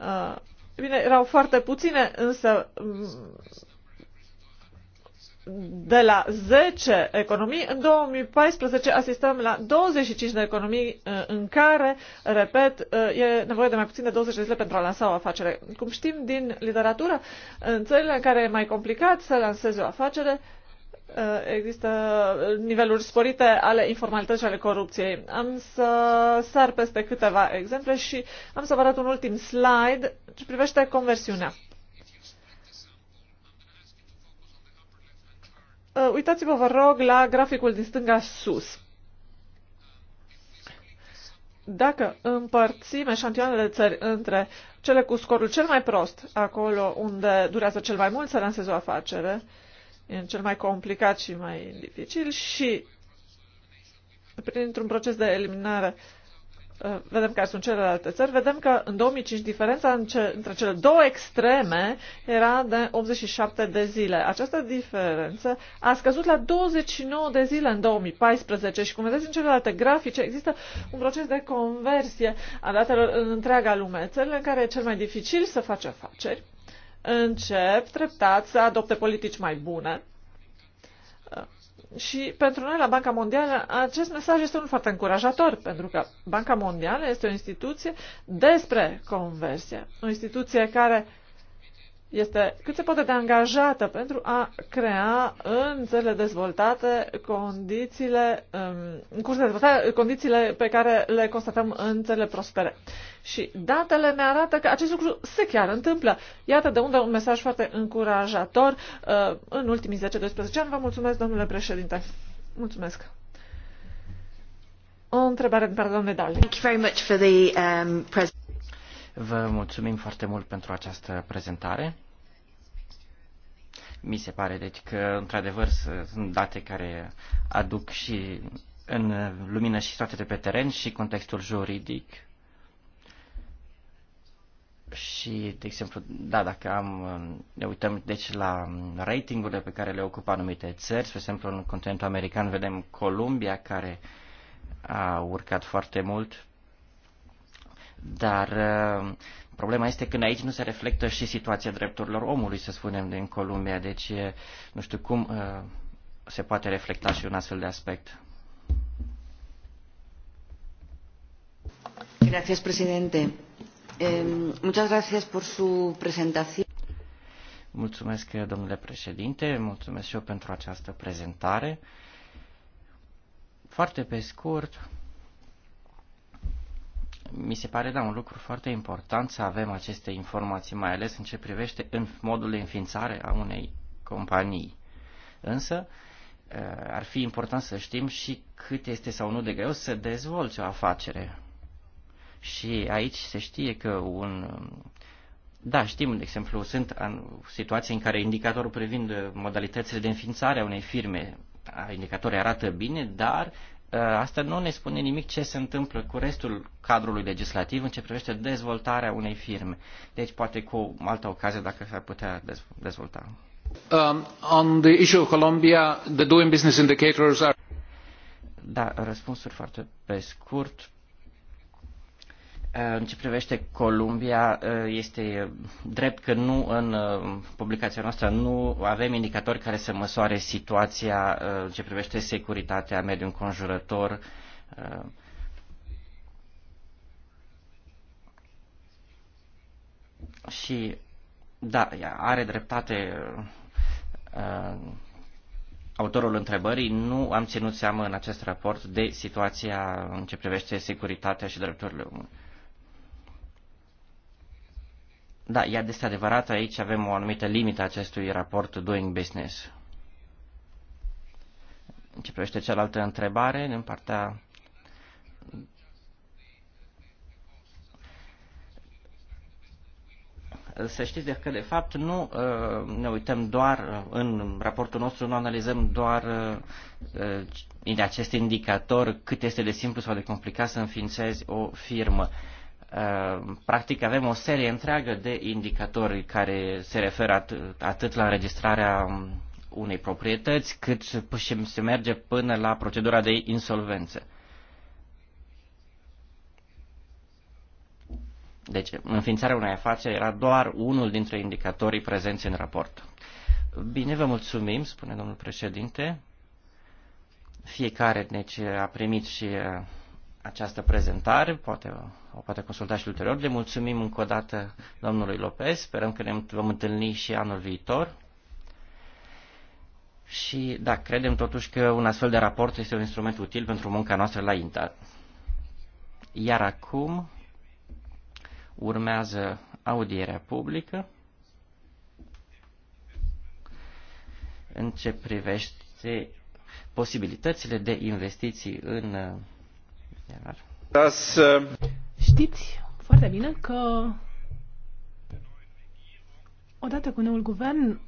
Uh, bine, erau foarte puține, însă mm, de la 10 economii, în 2014 asistăm la 25 de economii uh, în care, repet, uh, e nevoie de mai puțin de 20 de zile pentru a lansa o afacere. Cum știm din literatură, în țările în care e mai complicat să lansezi o afacere, Uh, există niveluri sporite ale informalității și ale corupției. Am să sar peste câteva exemple și am să vă arăt un ultim slide ce privește conversiunea. Uh, uitați-vă, vă rog, la graficul din stânga sus. Dacă împărțim eșantioanele de țări între cele cu scorul cel mai prost, acolo unde durează cel mai mult să lansezi o afacere, uh, în cel mai complicat și mai dificil și printr-un proces de eliminare uh, vedem care sunt celelalte țări, vedem că în 2005 diferența între cele două extreme era de 87 de zile. Această diferență a scăzut la 29 de zile în 2014 și cum vedeți în celelalte grafice există un proces de conversie a datelor în întreaga lume. Țările în care e cel mai dificil să faci afaceri încep treptat să adopte politici mai bune. Și pentru noi la Banca Mondială acest mesaj este unul foarte încurajator, pentru că Banca Mondială este o instituție despre conversie, o instituție care uh, este cât se poate de angajată pentru a crea în țările dezvoltate condițiile, um, în curs de dezvoltare, condițiile pe care le constatăm în țările prospere. Și datele ne arată că acest lucru se chiar întâmplă. Iată de unde un mesaj foarte încurajator uh, în ultimii 10-12 ani. Vă mulțumesc, domnule președinte. Mulțumesc. O întrebare din partea Dali. Thank you very much for the, um, Vă mulțumim foarte mult pentru această prezentare. Mi se pare, deci, că, într-adevăr, sunt date care aduc și în lumină și situația de pe teren și contextul juridic. Și, de exemplu, da, dacă am, ne uităm deci la ratingurile pe care le ocupă anumite țări, spre exemplu, în continentul american vedem Columbia, care a urcat foarte mult dar uh, problema este când aici nu se reflectă și situația drepturilor omului, să spunem, din Columbia. Deci nu știu cum uh, se poate reflecta și un astfel de aspect. Gracias, presidente. Eh, muchas gracias por su presentación. Mulțumesc, domnule președinte, mulțumesc și eu pentru această prezentare. Foarte pe scurt, mi se pare, da, un lucru foarte important să avem aceste informații, mai ales în ce privește în modul de înființare a unei companii. Însă, eh, ar fi important să știm și cât este sau nu de greu să dezvolți o afacere. Și aici se știe că un... Da, știm, de exemplu, sunt situații în care indicatorul privind modalitățile de înființare a unei firme, indicatorii arată bine, dar Ă, asta nu ne spune nimic ce se întâmplă cu restul cadrului legislativ în ce privește dezvoltarea unei firme. Deci poate cu altă ocazie dacă s-ar putea dezvolta. Um, on the issue of Colombia, the doing business indicators are... Da, răspunsuri foarte pe scurt în ce privește Columbia, eh, este drept că nu în eh, publicația noastră nu avem indicatori care să măsoare situația eh, în ce privește securitatea mediului înconjurător. Și da, are dreptate autorul întrebării, nu am ținut seamă în acest raport de situația în ce privește securitatea și drepturile omului. Da, ea este adevărat, aici avem o anumită limită acestui raport Doing Business. În ce privește cealaltă întrebare, din partea să știți că de fapt nu uh, ne uităm doar uh, în raportul nostru, nu analizăm doar din uh, acest indicator cât este de simplu sau de complicat să înființezi o firmă. Uh, practic avem o serie întreagă de indicatori care se referă atât la înregistrarea um, unei proprietăți, cât și se merge până la procedura de insolvență. Deci, înființarea unei afaceri era doar unul dintre indicatorii prezenți în raport. Bine, vă mulțumim, spune domnul președinte. Fiecare deci, a primit și uh, această prezentare, poate, o poate consulta și ulterior. Le mulțumim încă o dată domnului Lopez, sperăm că ne vom întâlni și anul viitor. Și da, credem totuși că un astfel de raport este un instrument util pentru munca noastră la INTA. Iar acum urmează audierea publică în ce privește posibilitățile de investiții în Das, uh, Știți foarte bine că odată cu noul guvern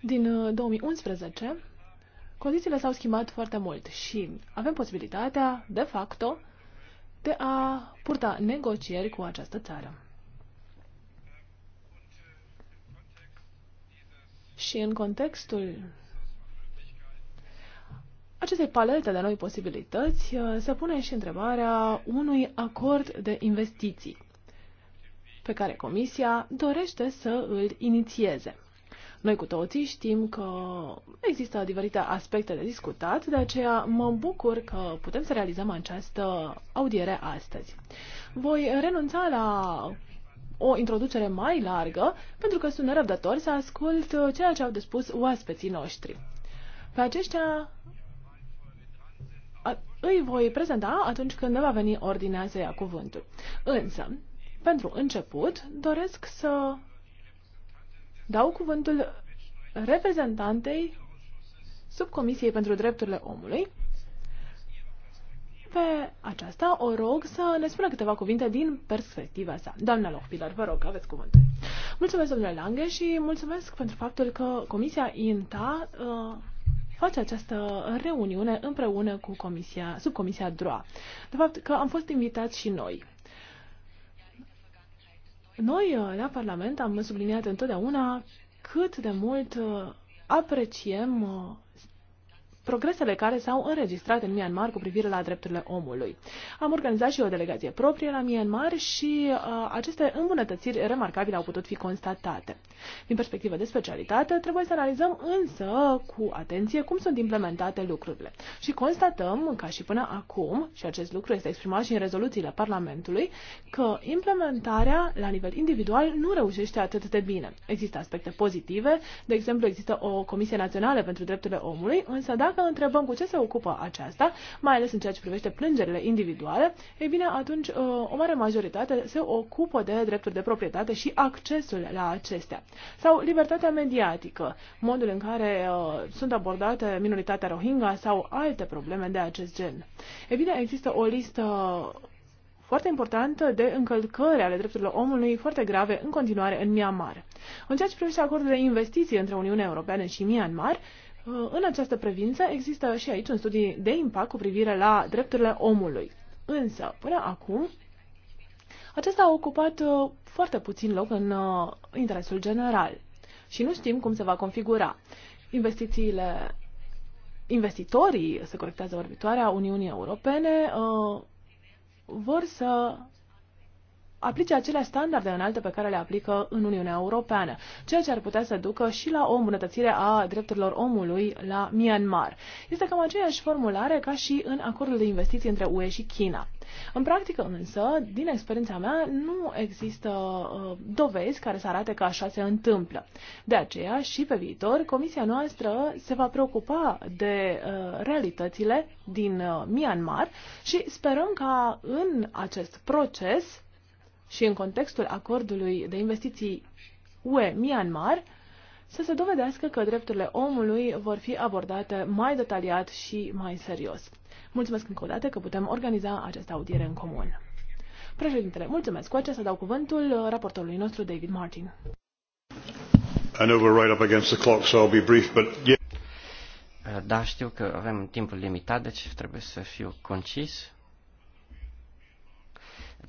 din 2011, uh, condițiile s-au schimbat foarte mult și avem posibilitatea, de facto, de a purta negocieri cu această țară. Și în contextul acestei palete de noi posibilități uh, se pune și întrebarea unui acord de investiții pe care Comisia dorește să îl inițieze. Noi cu toții știm că există diferite aspecte de discutat, de aceea mă bucur că putem să realizăm această audiere astăzi. Voi renunța la o introducere mai largă, pentru că sunt nerăbdător să ascult ceea ce au de spus oaspeții noștri. Pe aceștia îi voi prezenta atunci când ne va veni ordinea să ia cuvântul. Însă, pentru început, doresc să dau cuvântul reprezentantei Subcomisiei pentru Drepturile Omului. Pe aceasta o rog să ne spună câteva cuvinte din perspectiva sa. Doamna Lohpilar, vă rog, aveți cuvântul. Mulțumesc, domnule Lange, și mulțumesc pentru faptul că Comisia INTA uh, face această reuniune împreună cu comisia, subcomisia DROA. De fapt că am fost invitați și noi. Noi, uh, la Parlament, am subliniat întotdeauna cât de mult uh, apreciem uh, progresele care s-au înregistrat în Myanmar cu privire la drepturile omului. Am organizat și o delegație proprie la Myanmar și uh, aceste îmbunătățiri remarcabile au putut fi constatate. Din perspectivă de specialitate, trebuie să analizăm însă cu atenție cum sunt implementate lucrurile. Și constatăm, ca și până acum, și acest lucru este exprimat și în rezoluțiile Parlamentului, că implementarea la nivel individual nu reușește atât de bine. Există aspecte pozitive, de exemplu există o Comisie Națională pentru Drepturile Omului, însă dacă dacă întrebăm cu ce se ocupă aceasta, mai ales în ceea ce privește plângerile individuale, ei bine, atunci uh, o mare majoritate se ocupă de drepturi de proprietate și accesul la acestea. Sau libertatea mediatică, modul în care uh, sunt abordate minoritatea Rohingya sau alte probleme de acest gen. Ei bine, există o listă foarte importantă de încălcări ale drepturilor omului foarte grave în continuare în Myanmar. În ceea ce privește acordul de investiții între Uniunea Europeană și Myanmar, Uh, în această privință există și aici un studiu de impact cu privire la drepturile omului. Însă, până acum, acesta a ocupat uh, foarte puțin loc în uh, interesul general și nu știm cum se va configura. Investițiile, investitorii, se corectează orbitoarea Uniunii Europene, vor să aplice acelea standarde înalte pe care le aplică în Uniunea Europeană, ceea ce ar putea să ducă și la o îmbunătățire a drepturilor omului la Myanmar. Este cam aceeași formulare ca și în acordul de investiții între UE și China. În practică însă, din experiența mea, nu există uh, dovezi care să arate că așa se întâmplă. De aceea și pe viitor, comisia noastră se va preocupa de uh, realitățile din uh, Myanmar și sperăm ca în acest proces și în contextul acordului de investiții UE-Myanmar să se dovedească că drepturile omului vor fi abordate mai detaliat și mai serios. Mulțumesc încă o dată că putem organiza această audiere în comun. Președintele, mulțumesc. Cu acesta dau cuvântul raportorului nostru, David Martin. Da, știu că avem timpul limitat, deci trebuie să fiu concis.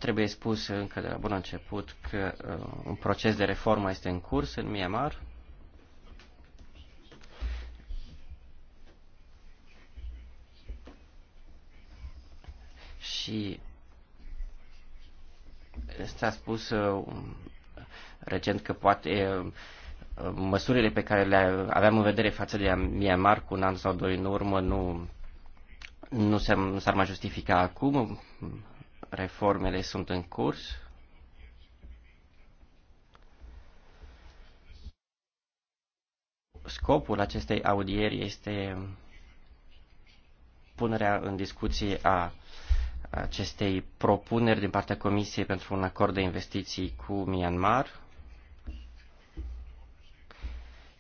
Trebuie spus încă de la bun început că uh, un proces de reformă este în curs în Myanmar. Și s-a spus uh, recent că poate uh, măsurile pe care le aveam în vedere față de Myanmar cu un an sau doi în urmă nu, nu, se, nu s-ar mai justifica acum reformele sunt în curs. Scopul acestei audieri este punerea în discuție a acestei propuneri din partea Comisiei pentru un acord de investiții cu Myanmar,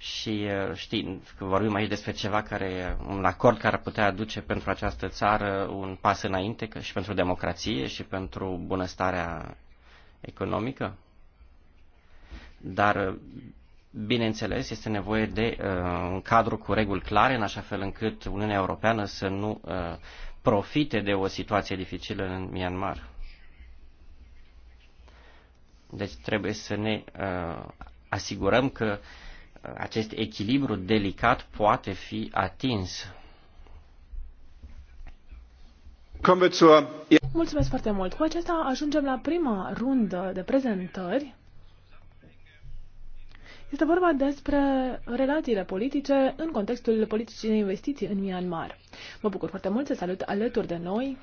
și uh, știind că vorbim aici despre ceva care, un acord care ar putea aduce pentru această țară un pas înainte că și pentru democrație și pentru bunăstarea economică. Dar, uh, bineînțeles, este nevoie de uh, un cadru cu reguli clare, în așa fel încât Uniunea Europeană să nu uh, profite de o situație dificilă în Myanmar. Deci trebuie să ne uh, asigurăm că uh, acest echilibru delicat poate fi atins. Mulțumesc foarte mult. Cu acesta ajungem la prima rundă de prezentări. Este vorba despre relațiile politice în contextul politicii de investiții în Myanmar. Mă bucur foarte mult să salut alături de noi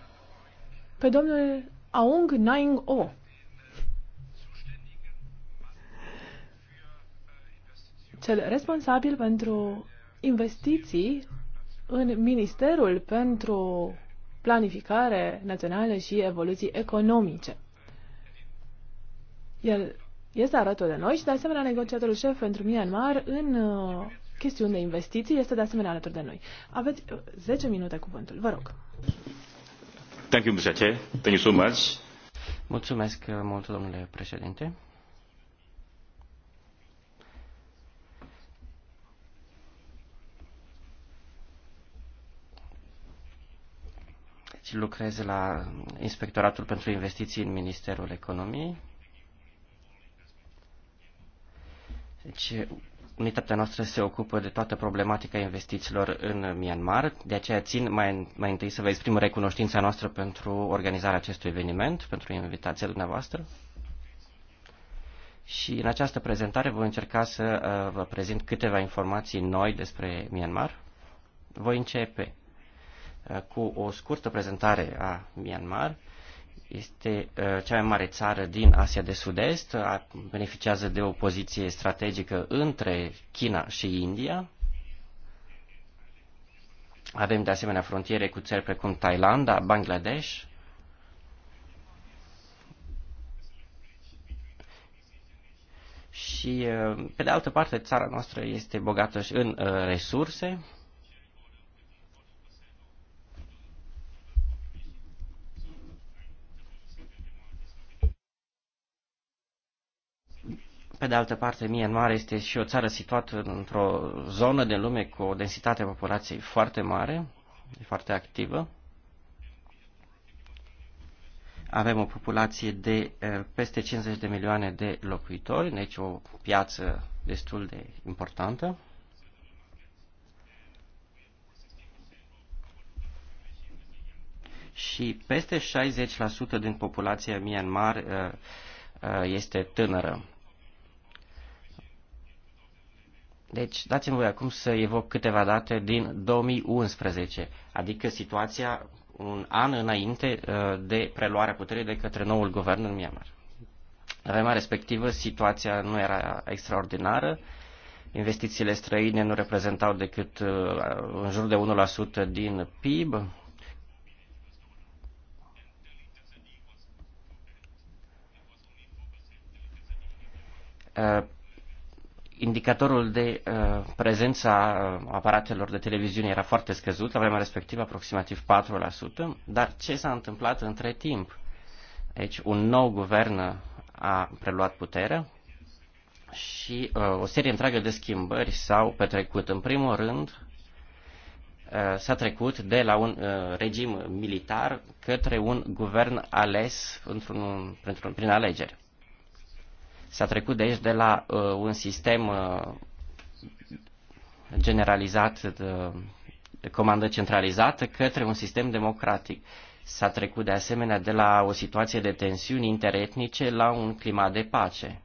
pe domnul Aung Naing O, cel responsabil pentru investiții în Ministerul pentru Planificare Națională și Evoluții Economice. El este arătul de noi și, de asemenea, negociatorul șef pentru Myanmar în uh, chestiuni de investiții este, de asemenea, alături de noi. Aveți 10 uh, minute cuvântul. Vă rog. Thank you, Mr. Thank you so much. Mulțumesc mult, domnule președinte. lucrez la Inspectoratul pentru Investiții în Ministerul Economiei. Deci, unitatea noastră se ocupă de toată problematica investițiilor în Myanmar, de aceea țin mai, mai întâi să vă exprim recunoștința noastră pentru organizarea acestui eveniment, pentru invitația dumneavoastră. Și în această prezentare voi încerca să uh, vă prezint câteva informații noi despre Myanmar. Voi începe Eh, cu o scurtă prezentare a Myanmar. Este eh, cea mai mare țară din Asia de Sud-Est, beneficiază de o poziție strategică între China și India. Avem de asemenea frontiere cu țări precum Thailanda, Bangladesh, și eh, pe de altă parte țara noastră este bogată și în resurse Pe de altă parte, Myanmar este și o țară situată într-o zonă de lume cu o densitate a populației foarte mare, foarte activă. Avem o populație de eh, peste 50 de milioane de locuitori, deci o piață destul de importantă. Și peste 60% din populația Myanmar eh, eh, este tânără. Deci, dați-mi voi acum să evoc câteva date din 2011, adică situația un an înainte uh, de preluarea puterii de către noul guvern în Myanmar. La vremea respectivă, situația nu era extraordinară, investițiile străine nu reprezentau decât uh, în jur de 1% din PIB, uh, indicatorul de uh, prezență a uh, aparatelor de televiziune era foarte scăzut, la vremea respectivă aproximativ 4%, dar ce s-a întâmplat între timp? Aici deci, un nou guvern a preluat puterea și uh, o serie întreagă de schimbări s-au petrecut. În primul rând, uh, s-a trecut de la un uh, regim militar către un guvern ales printr-un, printr-un, prin alegeri. S-a trecut de aici de la uh, un sistem uh, generalizat de, de comandă centralizată către un sistem democratic. S-a trecut de asemenea de la o situație de tensiuni interetnice la un climat de pace.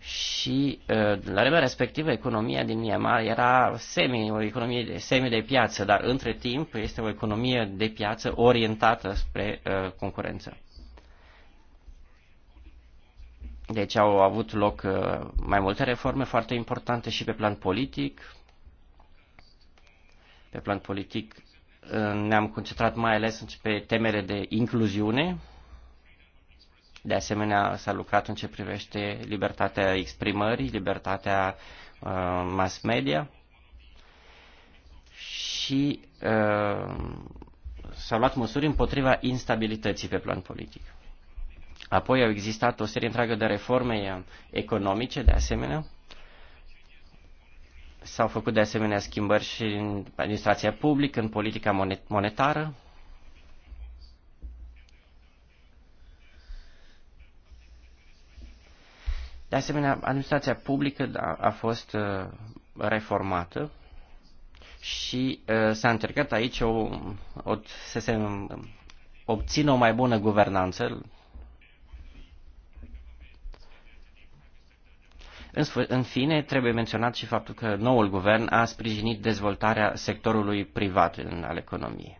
Și uh, la vremea respectivă, economia din Myanmar era semi, o economie semi de piață, dar între timp este o economie de piață orientată spre uh, concurență. Deci au avut loc uh, mai multe reforme foarte importante și pe plan politic. Pe plan politic uh, ne-am concentrat mai ales pe temele de incluziune. De asemenea, s-a lucrat în ce privește libertatea exprimării, libertatea uh, mass media și s-au luat măsuri împotriva instabilității pe plan politic. Apoi au existat o serie întreagă de reforme economice, de asemenea. S-au făcut de asemenea schimbări și în administrația publică, în politica monetară. De asemenea, administrația publică a, da, a fost uh, reformată și uh, s-a încercat aici o, o, să se obțină o mai bună guvernanță În fine, trebuie menționat și faptul că noul guvern a sprijinit dezvoltarea sectorului privat în al economiei.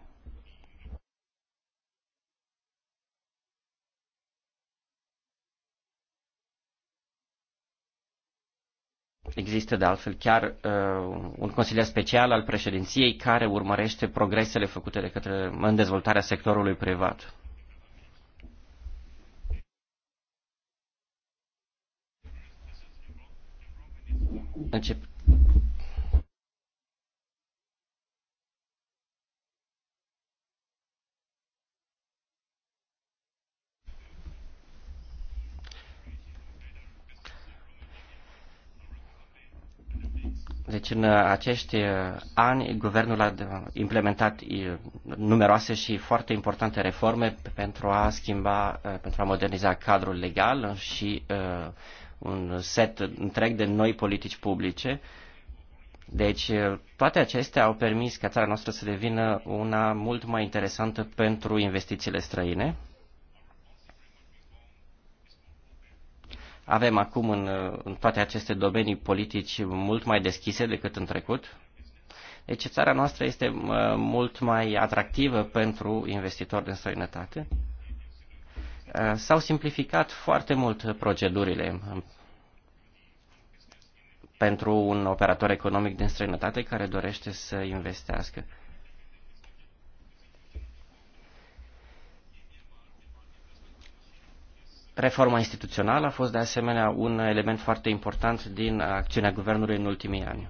Există, de altfel, chiar uh, un consilier special al președinției care urmărește progresele făcute de către, în dezvoltarea sectorului privat. Încep. Deci în acești uh, ani guvernul a implementat numeroase și foarte importante reforme pentru a schimba, uh, pentru a moderniza cadrul legal și uh, un set întreg de noi politici publice. Deci toate acestea au permis ca țara noastră să devină una mult mai interesantă pentru investițiile străine. Avem acum în, în toate aceste domenii politici mult mai deschise decât în trecut. Deci țara noastră este mult mai atractivă pentru investitori din străinătate. Uh, s-au simplificat foarte mult procedurile um, pentru un operator economic din străinătate care dorește să investească. Reforma instituțională a fost de asemenea un element foarte important din acțiunea guvernului în ultimii ani.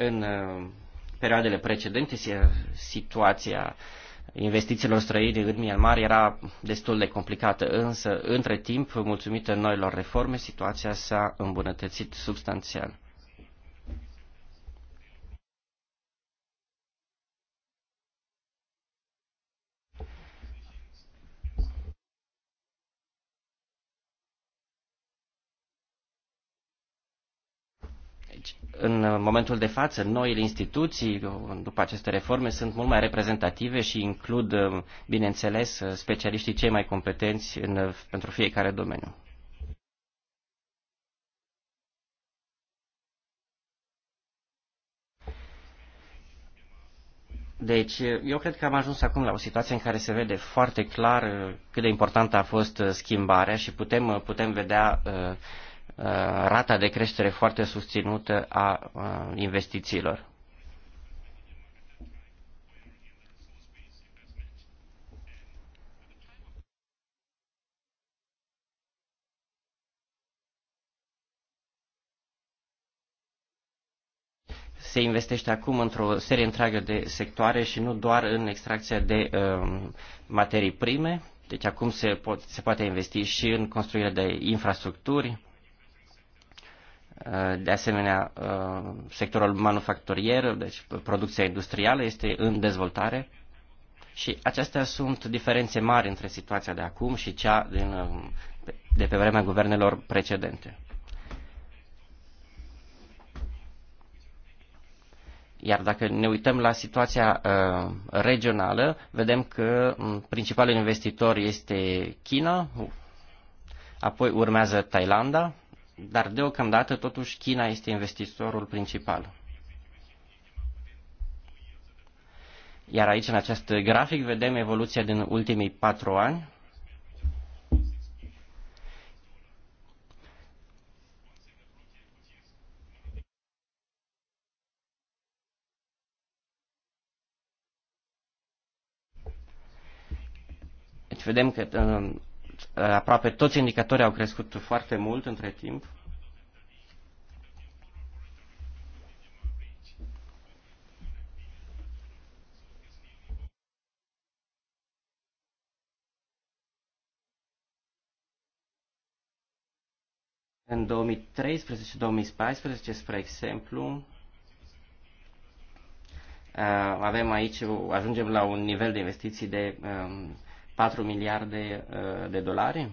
în uh, perioadele precedente uh, situația investițiilor străine în Myanmar era destul de complicată, însă între timp, mulțumită noilor reforme, situația s-a îmbunătățit substanțial. Deci, în uh, momentul de față, noile instituții, uh, după aceste reforme, sunt mult mai reprezentative și includ, uh, bineînțeles, specialiștii cei mai competenți în, pentru fiecare domeniu. Deci, eu cred că am ajuns acum la o situație în care se vede foarte clar cât de importantă a fost schimbarea și putem, putem vedea uh, Uh, rata de creștere foarte susținută a uh, investițiilor. se investește acum într-o serie întreagă de sectoare și nu doar în extracția de um, materii prime. Deci acum se, pot, se poate investi și în construirea de infrastructuri, Uh, de asemenea, uh, sectorul manufacturier, deci producția industrială, este în dezvoltare și acestea sunt diferențe mari între situația de acum și cea din, uh, de pe vremea guvernelor precedente. Iar dacă ne uităm la situația uh, regională, vedem că um, principalul investitor este China, apoi urmează Thailanda, dar deocamdată totuși China este investitorul principal. Iar aici, în acest grafic, vedem evoluția din ultimii patru ani. Deci vedem că uh, Uh, aproape toți indicatorii au crescut foarte mult între timp. În 2013-2014, spre exemplu, uh, avem aici, ajungem la un nivel de investiții de um, 4 miliarde uh, de dolari?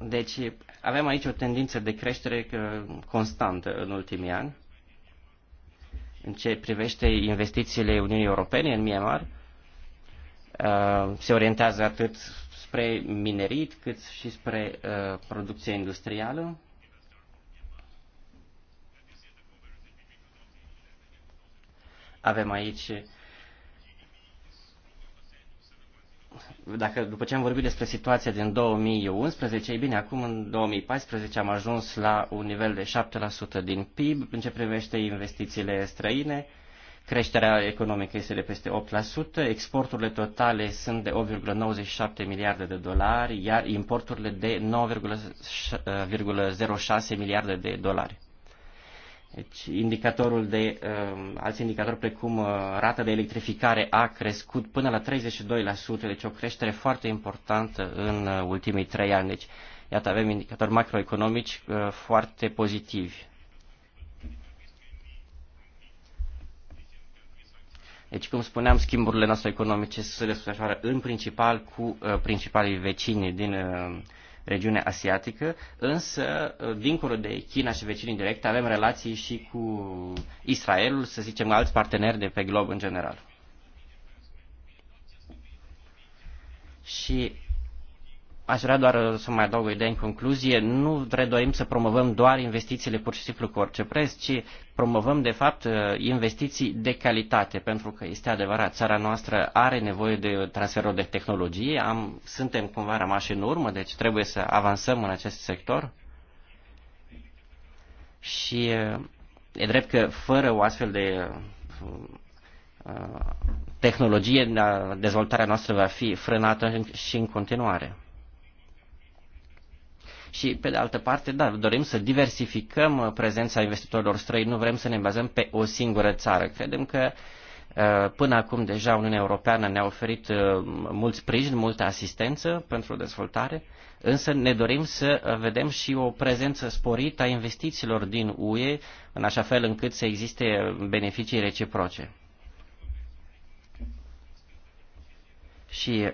Deci avem aici o tendință de creștere uh, constantă în ultimii ani în ce privește investițiile Uniunii Europene în Myanmar. Uh, se orientează atât spre minerit cât și spre producție industrială. avem aici dacă, după ce am vorbit despre situația din 2011, ei bine, acum în 2014 am ajuns la un nivel de 7% din PIB în ce privește investițiile străine, creșterea economică este de peste 8%, exporturile totale sunt de 8,97 miliarde de dolari, iar importurile de 9,06 miliarde de dolari. Deci, indicatorul de, uh, alți indicatori precum uh, rata de electrificare a crescut până la 32%, deci o creștere foarte importantă în uh, ultimii trei ani. Deci, iată, avem indicatori macroeconomici uh, foarte pozitivi. Deci, cum spuneam, schimburile noastre economice se desfășoară în principal cu uh, principalii vecini din uh, regiune asiatică, însă, uh, dincolo de China și vecinii direct, avem relații și cu Israelul, să zicem, alți parteneri de pe glob în general. Și Aș vrea doar uh, să mai adaug o idee în concluzie. Nu dorim să promovăm doar investițiile pur și simplu cu orice preț, ci promovăm, de fapt, uh, investiții de calitate, pentru că este adevărat, țara noastră are nevoie de transferul de tehnologie, am, suntem cumva rămași în urmă, deci trebuie să avansăm în acest sector. Și uh, e drept că fără o astfel de tehnologie, dezvoltarea noastră va fi frânată și în continuare. Și, pe de altă parte, da, dorim să diversificăm uh, prezența investitorilor străini, nu vrem să ne bazăm pe o singură țară. Credem că uh, Până acum deja Uniunea Europeană ne-a oferit uh, mult sprijin, multă asistență pentru dezvoltare, însă ne dorim să vedem și o prezență sporită a investițiilor din UE, în așa fel încât să existe beneficii reciproce. Și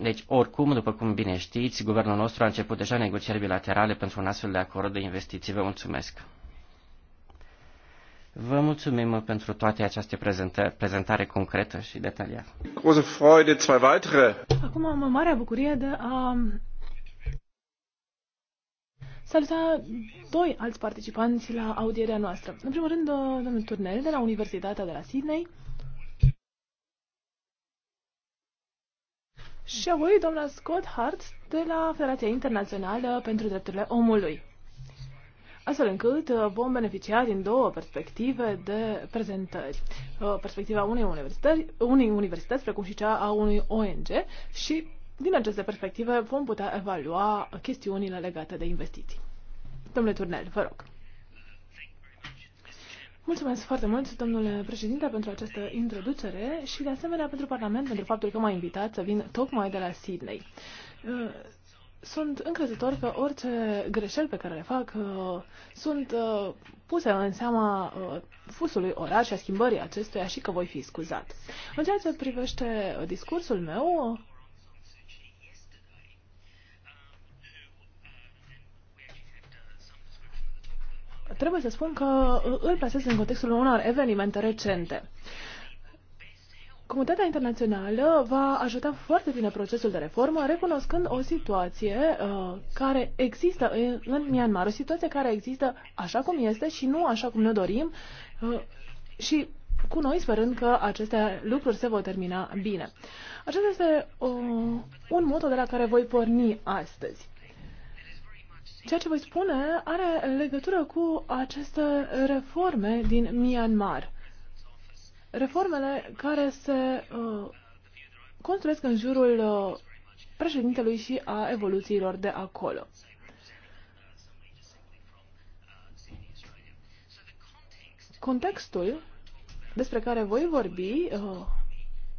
deci, oricum, după cum bine știți, guvernul nostru a început deja negocieri bilaterale pentru un astfel de acord de investiții. Vă mulțumesc! Vă mulțumim pentru toate aceste prezentă, prezentare concretă și detaliată. Acum am o mare bucurie de a saluta doi alți participanți la audierea noastră. În primul rând, domnul Turnel de la Universitatea de la Sydney, și apoi doamna Scott Hart de la Federația Internațională pentru Drepturile Omului. Astfel încât uh, vom beneficia din două perspective de prezentări. Uh, perspectiva unei universități, unei universități precum și cea a unui ONG și din aceste perspective vom putea evalua chestiunile legate de investiții. Domnule Turnel, vă rog. Mulțumesc foarte mult, domnule președinte, pentru această introducere și, de asemenea, pentru Parlament, pentru faptul că m-a invitat să vin tocmai de la Sydney. Uh, sunt încrezător că orice greșeli pe care le fac uh, sunt uh, puse în seama fusului orar și a schimbării acestuia și că voi fi scuzat. În ceea ce privește discursul meu, trebuie să spun că uh, îl plasez în contextul unor evenimente recente. Comunitatea internațională va ajuta foarte bine procesul de reformă, recunoscând o situație uh, care există în, în Myanmar, o situație care există așa cum este și nu așa cum ne dorim uh, și cu noi sperând că aceste lucruri se vor termina bine. Acesta este uh, un moto de la care voi porni astăzi. Ceea ce voi spune are legătură cu aceste reforme din Myanmar. Reformele care se uh, construiesc în jurul uh, președintelui și a evoluțiilor de acolo. Contextul despre care voi vorbi uh,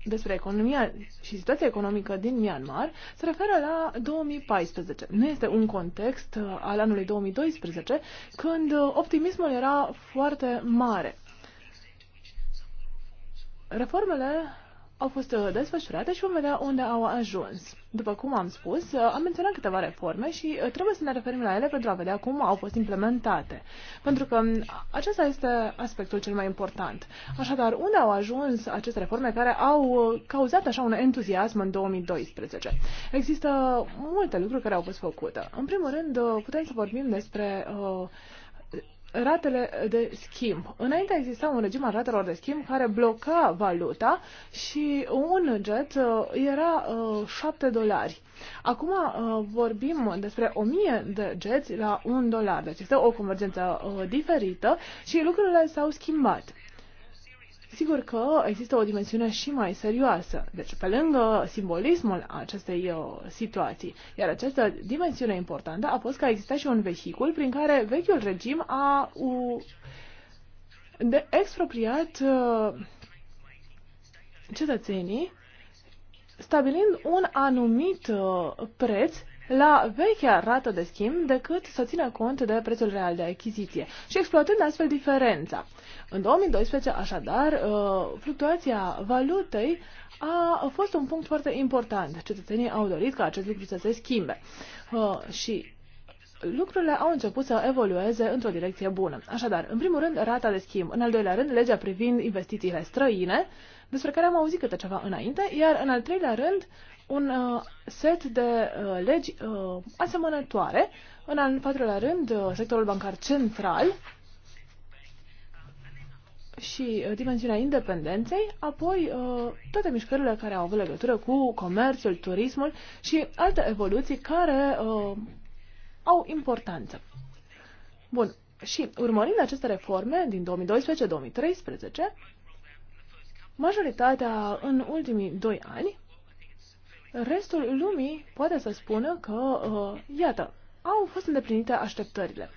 despre economia și situația economică din Myanmar se referă la 2014. Nu este un context uh, al anului 2012, când uh, optimismul era foarte mare. Reformele au fost uh, desfășurate și vom vedea unde au ajuns. După cum am spus, uh, am menționat câteva reforme și uh, trebuie să ne referim la ele pentru a vedea cum au fost implementate. Pentru că acesta este aspectul cel mai important. Așadar, unde au ajuns aceste reforme care au cauzat așa un entuziasm în 2012? Există multe lucruri care au fost făcute. În primul rând, putem să vorbim despre uh, ratele de schimb. Înainte exista un regim al ratelor de schimb care bloca valuta și un jet uh, era 7 uh, dolari. Acum uh, vorbim despre 1000 de jeți la 1 dolar, deci este o convergență diferită și lucrurile s-au schimbat. Sigur că există o dimensiune și mai serioasă, deci pe lângă simbolismul acestei uh, situații, iar această dimensiune importantă a fost că exista și un vehicul prin care vechiul regim a u... de expropriat uh, cetățenii stabilind un anumit uh, preț la vechea rată de schimb decât să țină cont de prețul real de achiziție și exploatând astfel diferența. În 2012, așadar, uh, fluctuația valutei a fost un punct foarte important. Cetățenii au dorit ca acest lucru să se schimbe uh, și lucrurile au început să evolueze într-o direcție bună. Așadar, în primul rând, rata de schimb, în al doilea rând, legea privind investițiile străine, despre care am auzit câte ceva înainte, iar în al treilea rând, un uh, set de uh, legi uh, asemănătoare. În al patrulea rând, uh, sectorul bancar central și uh, dimensiunea independenței, apoi uh, toate mișcările care au avut legătură cu comerțul, turismul și alte evoluții care uh, au importanță. Bun. Și urmărind aceste reforme din 2012-2013, majoritatea în ultimii doi ani restul lumii poate să spună că, uh, iată, au fost îndeplinite așteptările.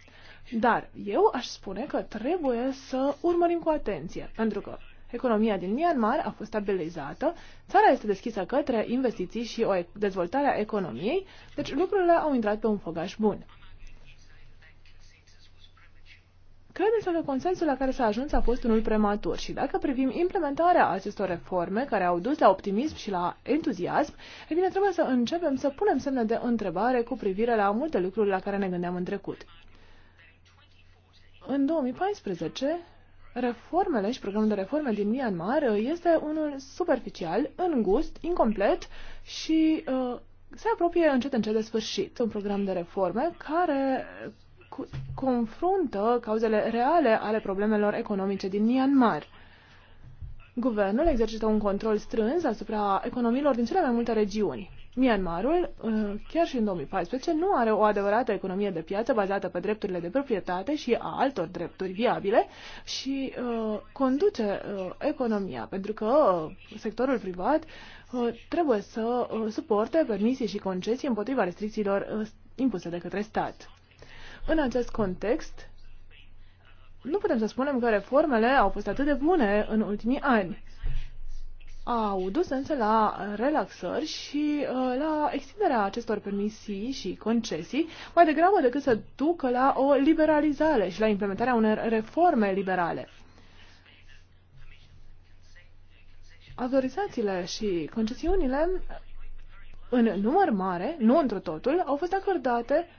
Dar eu aș spune că trebuie să urmărim cu atenție, pentru că economia din Myanmar a fost stabilizată, țara este deschisă către investiții și o dezvoltare a economiei, deci lucrurile au intrat pe un făgaș bun. Cred însă că consensul la care s-a ajuns a fost unul prematur și dacă privim implementarea acestor reforme care au dus la optimism și la entuziasm, e bine, trebuie să începem să punem semne de întrebare cu privire la multe lucruri la care ne gândeam în trecut. În 2014, reformele și programul de reforme din Myanmar este unul superficial, îngust, incomplet și uh, se apropie încet încet de sfârșit. Un program de reforme care confruntă cauzele reale ale problemelor economice din Myanmar. Guvernul exercită un control strâns asupra economiilor din cele mai multe regiuni. Myanmarul, uh, chiar și în 2014, nu are o adevărată economie de piață bazată pe drepturile de proprietate și a altor drepturi viabile și uh, conduce uh, economia, pentru că uh, sectorul privat uh, trebuie să uh, suporte permisii și concesii împotriva restricțiilor uh, impuse de către stat. În acest context, nu putem să spunem că reformele au fost atât de bune în ultimii ani. Au dus însă la relaxări și uh, la extinderea acestor permisii și concesii, mai degrabă decât să ducă la o liberalizare și la implementarea unor reforme liberale. Autorizațiile și concesiunile în număr mare, nu într totul, au fost acordate uh,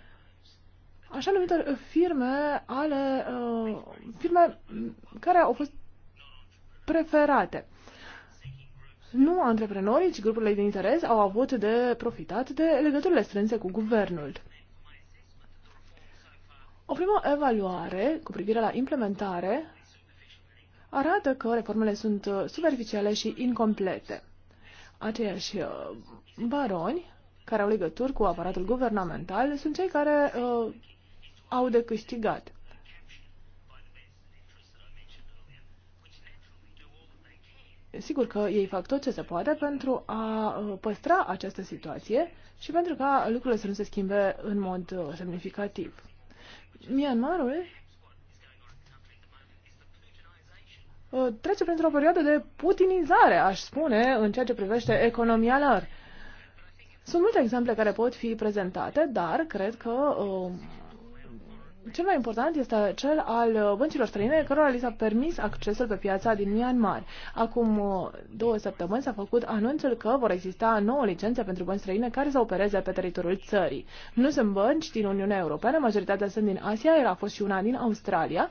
așa numite firme ale uh, firme care au fost preferate. Nu antreprenorii, ci grupurile de interes au avut de profitat de legăturile strânse cu guvernul. O primă evaluare cu privire la implementare arată că reformele sunt uh, superficiale și incomplete. Aceiași uh, baroni care au legături cu aparatul guvernamental sunt cei care uh, au de câștigat. Sigur că ei fac tot ce se poate pentru a uh, păstra această situație și pentru ca lucrurile să nu se schimbe în mod uh, semnificativ. Myanmarul uh, trece printr-o perioadă de putinizare, aș spune, în ceea ce privește economia lor. Sunt multe exemple care pot fi prezentate, dar cred că uh, cel mai important este cel al uh, băncilor străine cărora li s-a permis accesul pe piața din Myanmar. Acum uh, două săptămâni s-a făcut anunțul că vor exista nouă licențe pentru bănci străine care să opereze pe teritoriul țării. Nu sunt bănci din Uniunea Europeană, majoritatea sunt din Asia, era a fost și una din Australia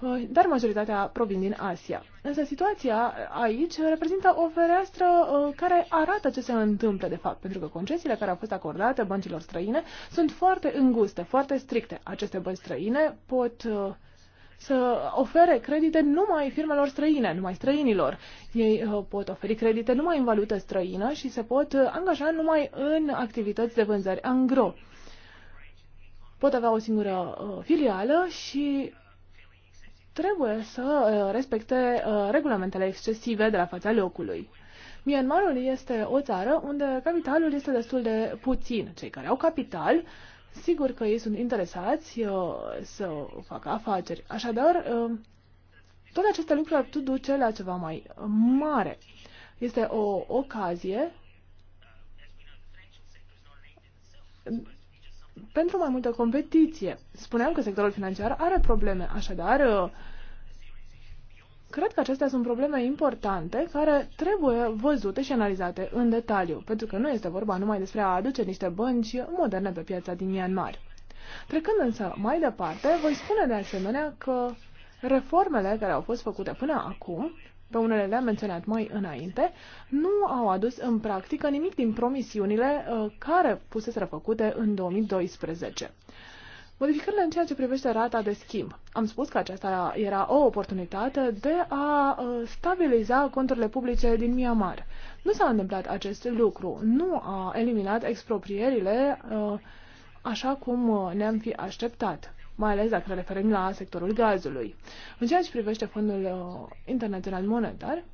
Uh, dar majoritatea provin din Asia. Însă situația aici reprezintă o fereastră uh, care arată ce se întâmplă de fapt, pentru că concesiile care au fost acordate băncilor străine sunt foarte înguste, foarte stricte. Aceste bănci străine pot uh, să ofere credite numai firmelor străine, numai străinilor. Ei pot oferi credite numai în valută străină și se pot angaja numai în activități de vânzări angro. Pot avea o singură filială și trebuie să uh, respecte uh, regulamentele excesive de la fața locului. Myanmarul este o țară unde capitalul este destul de puțin. Cei care au capital, sigur că ei sunt interesați uh, să facă afaceri. Așadar, toate aceste lucruri ar putea duce la ceva mai mare. Este o ocazie pentru mai multă competiție. Spuneam că sectorul financiar are probleme, așadar Cred că acestea sunt probleme importante care trebuie văzute și analizate în detaliu, pentru că nu este vorba numai despre a aduce niște bănci moderne pe piața din Myanmar. Trecând însă mai departe, voi spune de asemenea că reformele care au fost făcute până acum, pe unele le-am menționat mai înainte, nu au adus în practică nimic din promisiunile uh, care fuseseră făcute în 2012. Modificările în ceea ce privește rata de schimb. Am spus că aceasta era o oportunitate de a uh, stabiliza conturile publice din Myanmar. Nu s-a întâmplat acest lucru. Nu a eliminat exproprierile uh, așa cum uh, ne-am fi așteptat mai ales dacă ne referim la sectorul gazului. În ceea ce privește Fondul Internațional Monetar,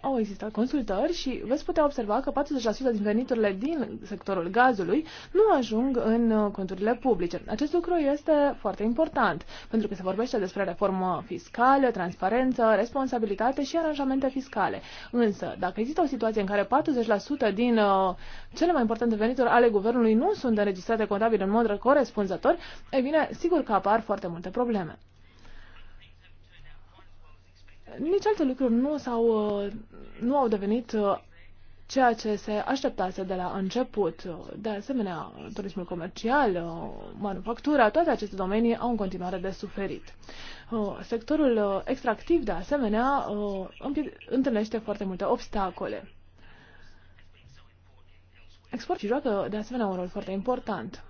au existat consultări și veți putea observa că 40% din veniturile din sectorul gazului nu ajung în uh, conturile publice. Acest lucru este foarte important, pentru că se vorbește despre reformă fiscală, transparență, responsabilitate și aranjamente fiscale. Însă, dacă există o situație în care 40% din uh, cele mai importante venituri ale guvernului nu sunt înregistrate contabil în mod corespunzător, e bine, sigur că apar foarte multe probleme nici alte lucruri nu, s-au, uh, nu au devenit uh, ceea ce se așteptase de la început. De asemenea, turismul comercial, uh, manufactura, toate aceste domenii au în continuare de suferit. Sectorul extractiv, de asemenea, întâlnește foarte multe obstacole. Exportul joacă, de asemenea, un rol foarte important.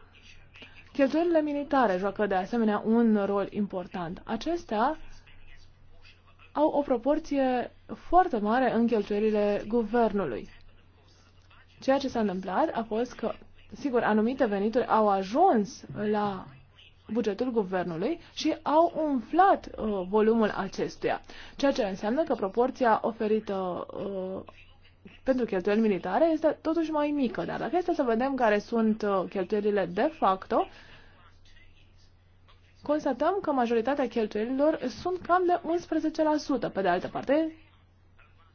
Cheltuielile militare joacă, de asemenea, un rol important. Acestea au o proporție foarte mare în cheltuielile guvernului. Ceea ce s-a întâmplat a fost că, sigur, anumite venituri au ajuns la bugetul guvernului și au umflat uh, volumul acestuia, ceea ce înseamnă că proporția oferită uh, pentru cheltuieli militare este totuși mai mică, dar dacă este să vedem care sunt uh, cheltuielile de facto, uh, constatăm că majoritatea cheltuielilor sunt cam de 11%, pe de altă parte,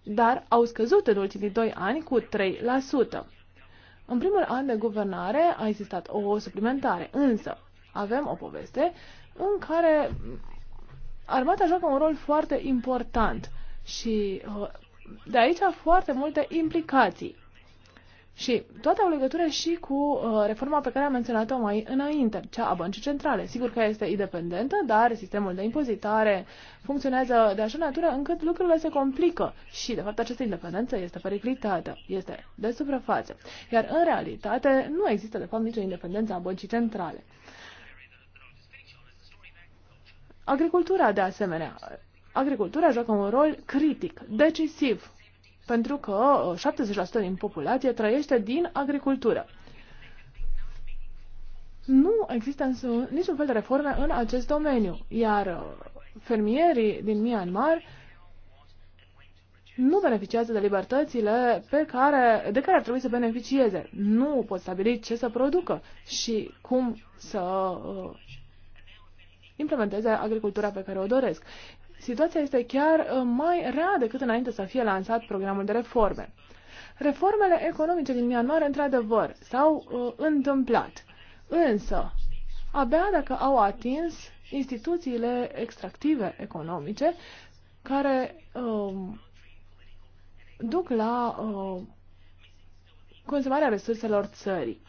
dar au scăzut în ultimii doi ani cu 3%. În primul an de guvernare a existat o suplimentare, însă avem o poveste în care armata joacă un rol foarte important și uh, de aici foarte multe implicații. Și toate au legătură și cu uh, reforma pe care am menționat-o mai înainte, cea a băncii centrale. Sigur că este independentă, dar sistemul de impozitare funcționează de așa natură încât lucrurile se complică și, de fapt, această independență este periclitată, este de suprafață. Iar, în realitate, nu există, de fapt, nicio independență a băncii centrale. Agricultura, de asemenea. Agricultura joacă un rol critic, decisiv pentru că 70% uh, din populație trăiește din agricultură. Nu există însă niciun fel de reforme în acest domeniu, iar uh, fermierii din Myanmar nu beneficiază de libertățile pe care, de care ar trebui să beneficieze. Nu pot stabili ce să producă și cum să uh, implementeze agricultura pe care o doresc situația este chiar uh, mai rea decât înainte să fie lansat programul de reforme. Reformele economice din Myanmar, într-adevăr, s-au uh, întâmplat, însă abia dacă au atins instituțiile extractive economice care uh, duc la uh, consumarea resurselor țării.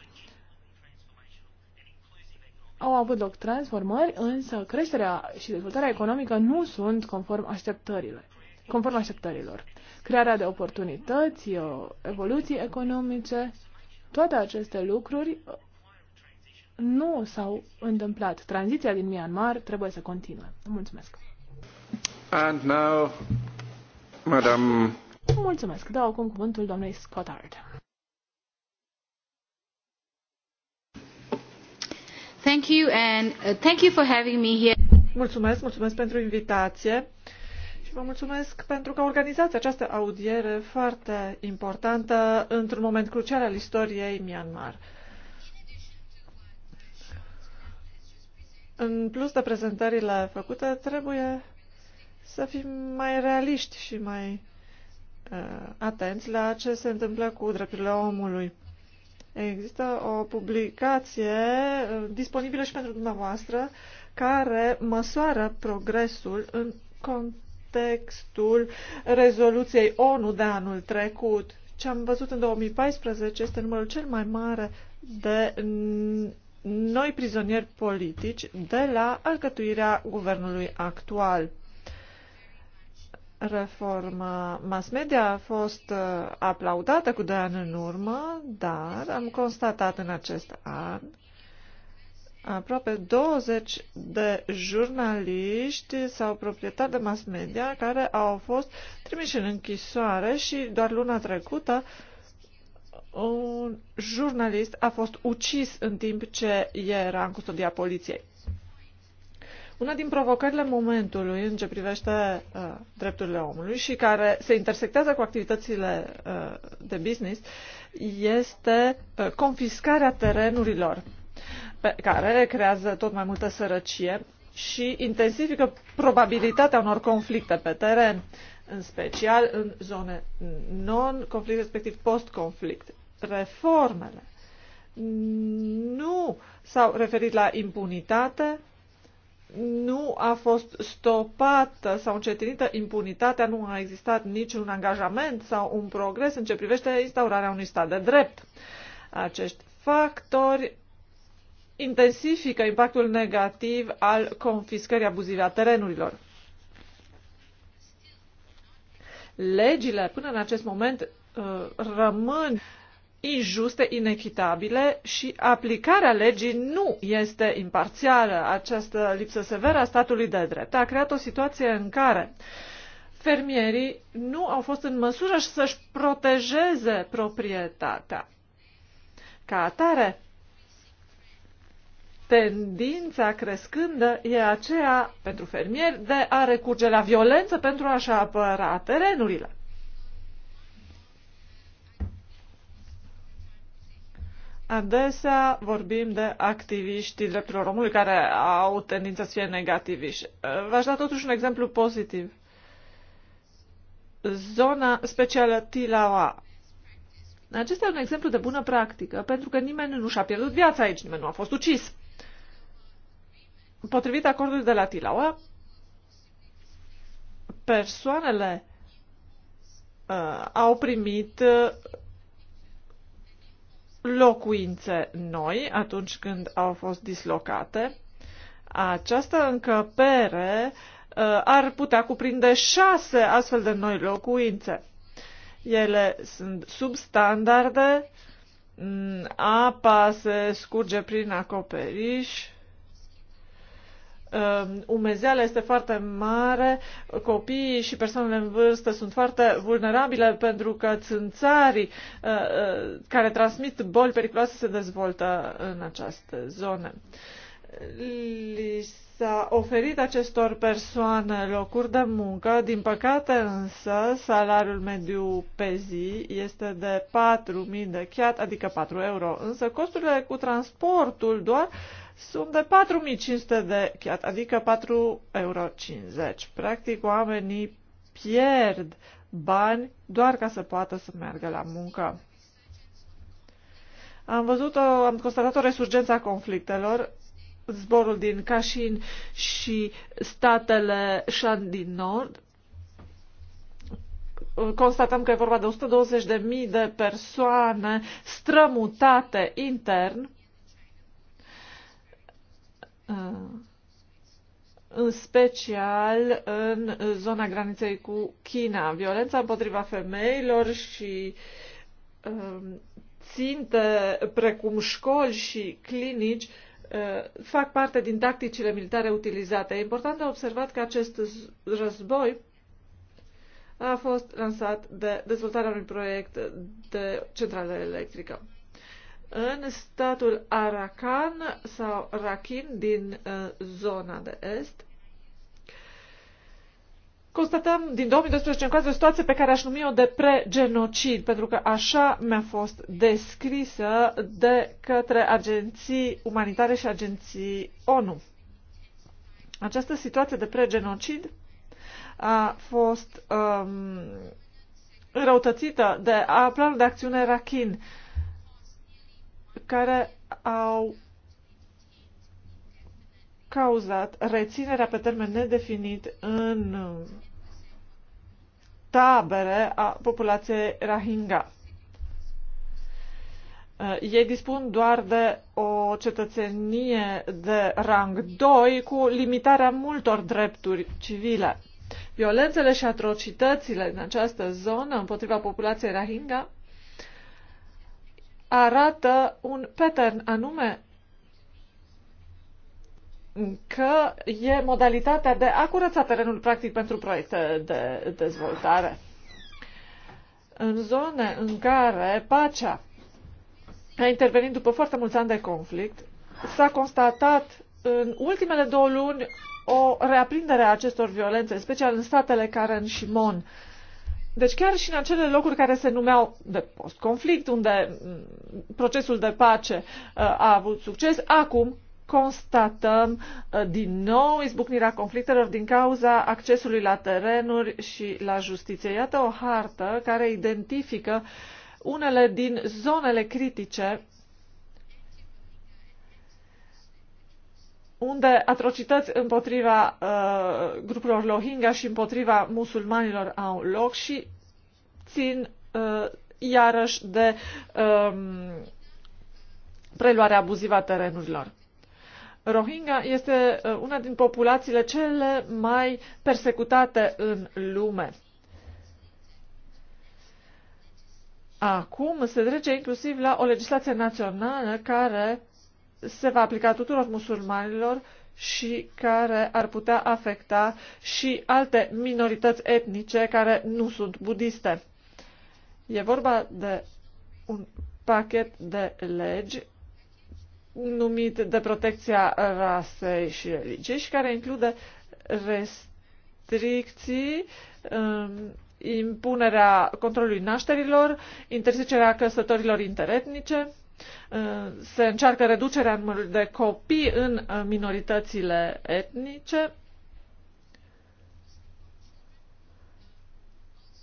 Au avut loc transformări, însă creșterea și dezvoltarea economică nu sunt conform așteptărilor. Conform așteptărilor. Crearea de oportunități, uh, evoluții economice, toate aceste lucruri uh, nu s-au întâmplat. Tranziția din Myanmar trebuie să continue. Mulțumesc. And now, Madam... Mulțumesc. Dau acum cuvântul doamnei Scottard. Mulțumesc, mulțumesc pentru invitație și vă mulțumesc pentru că organizați această audiere foarte importantă într-un moment crucial al istoriei Myanmar. În plus de prezentările făcute, trebuie să fim mai realiști și mai uh, atenți la ce se întâmplă cu drepturile omului. Există o publicație uh, disponibilă și pentru dumneavoastră care măsoară progresul în contextul rezoluției ONU de anul trecut. Ce am văzut în 2014 este numărul cel mai mare de noi prizonieri politici de la alcătuirea guvernului actual. Reforma mass media a fost uh, aplaudată cu doi ani în urmă, dar am constatat în acest an aproape 20 de jurnaliști sau proprietari de mass media care au fost trimiși în închisoare și doar luna trecută un jurnalist a fost ucis în timp ce era în custodia poliției. Una din provocările momentului în ce privește uh, drepturile omului și care se intersectează cu activitățile uh, de business este uh, confiscarea terenurilor, pe care creează tot mai multă sărăcie și intensifică probabilitatea unor conflicte pe teren, în special în zone non-conflict, respectiv post-conflict. Reformele nu s-au referit la impunitate, nu a fost stopată sau încetinită impunitatea, nu a existat niciun angajament sau un progres în ce privește instaurarea unui stat de drept. Acești factori intensifică impactul negativ al confiscării abuzive a terenurilor. Legile până în acest moment uh, rămân injuste, inechitabile și aplicarea legii nu este imparțială. Această lipsă severă a statului de drept a creat o situație în care fermierii nu au fost în măsură să-și protejeze proprietatea. Ca atare, tendința crescândă e aceea pentru fermieri de a recurge la violență pentru a-și apăra terenurile. Adesea vorbim de activiștii drepturilor omului care au tendința să fie negativiști. V-aș da totuși un exemplu pozitiv. Zona specială Tilawa. Acesta e un exemplu de bună practică, pentru că nimeni nu și-a pierdut viața aici, nimeni nu a fost ucis. Potrivit acordului de la Tilawa, persoanele uh, au primit uh, locuințe noi atunci când au fost dislocate. Această încăpere uh, ar putea cuprinde șase astfel de noi locuințe. Ele sunt substandarde, mm, apa se scurge prin acoperiș, Um, umezeala este foarte mare, copiii și persoanele în vârstă sunt foarte vulnerabile pentru că țânțarii uh, uh, care transmit boli periculoase se dezvoltă în această zonă. Li s-a oferit acestor persoane locuri de muncă, din păcate însă salariul mediu pe zi este de 4.000 de chiat, adică 4 euro, însă costurile cu transportul doar uh, sunt de 4500 de chiat, adică 4,50 euro. Practic, oamenii pierd bani doar ca să poată să meargă la muncă. Am văzut, o, am constatat o resurgență a conflictelor, zborul din Cașin și statele Shan din Nord. Constatăm că e vorba de 120.000 de persoane strămutate intern în special în zona graniței cu China. Violența împotriva femeilor și um, ținte precum școli și clinici uh, fac parte din tacticile militare utilizate. E important de observat că acest război a fost lansat de dezvoltarea unui proiect de centrală electrică în statul Arakan sau Rakin din uh, zona de est. Constatăm din 2012 încoace o situație pe care aș numi-o de pre-genocid, pentru că așa mi-a fost descrisă de către agenții umanitare și agenții ONU. Această situație de pre-genocid a fost um, răutățită de a, planul de acțiune Rakin, uh, care au cauzat reținerea pe termen nedefinit în tabere a populației Rohingya. Eh, ei dispun doar de o cetățenie de rang 2 cu limitarea multor drepturi civile. Violențele și atrocitățile în această zonă împotriva populației Rohingya arată un pattern anume că e modalitatea de a curăța terenul practic pentru proiecte de dezvoltare. În zone în care pacea a intervenit după foarte mulți ani de conflict, s-a constatat în ultimele două luni o reaprindere a acestor violențe, special în statele care în Shimon deci chiar și în acele locuri care se numeau de post-conflict, unde mm, procesul de pace uh, a avut succes, acum constatăm uh, din nou izbucnirea conflictelor din cauza accesului la terenuri și la justiție. Iată o hartă care identifică unele din zonele critice unde atrocități împotriva uh, grupurilor Rohingya și împotriva musulmanilor au loc și țin uh, iarăși de um, preluarea abuzivă a terenurilor. Rohingya este uh, una din populațiile cele mai persecutate în lume. Acum se trece inclusiv la o legislație națională care se va aplica tuturor musulmanilor și care ar putea afecta și alte minorități etnice care nu sunt budiste. E vorba de un pachet de legi numit de protecția rasei și religiei și care include restricții, um, impunerea controlului nașterilor, interzicerea căsătorilor interetnice, se încearcă reducerea numărului de copii în uh, minoritățile etnice.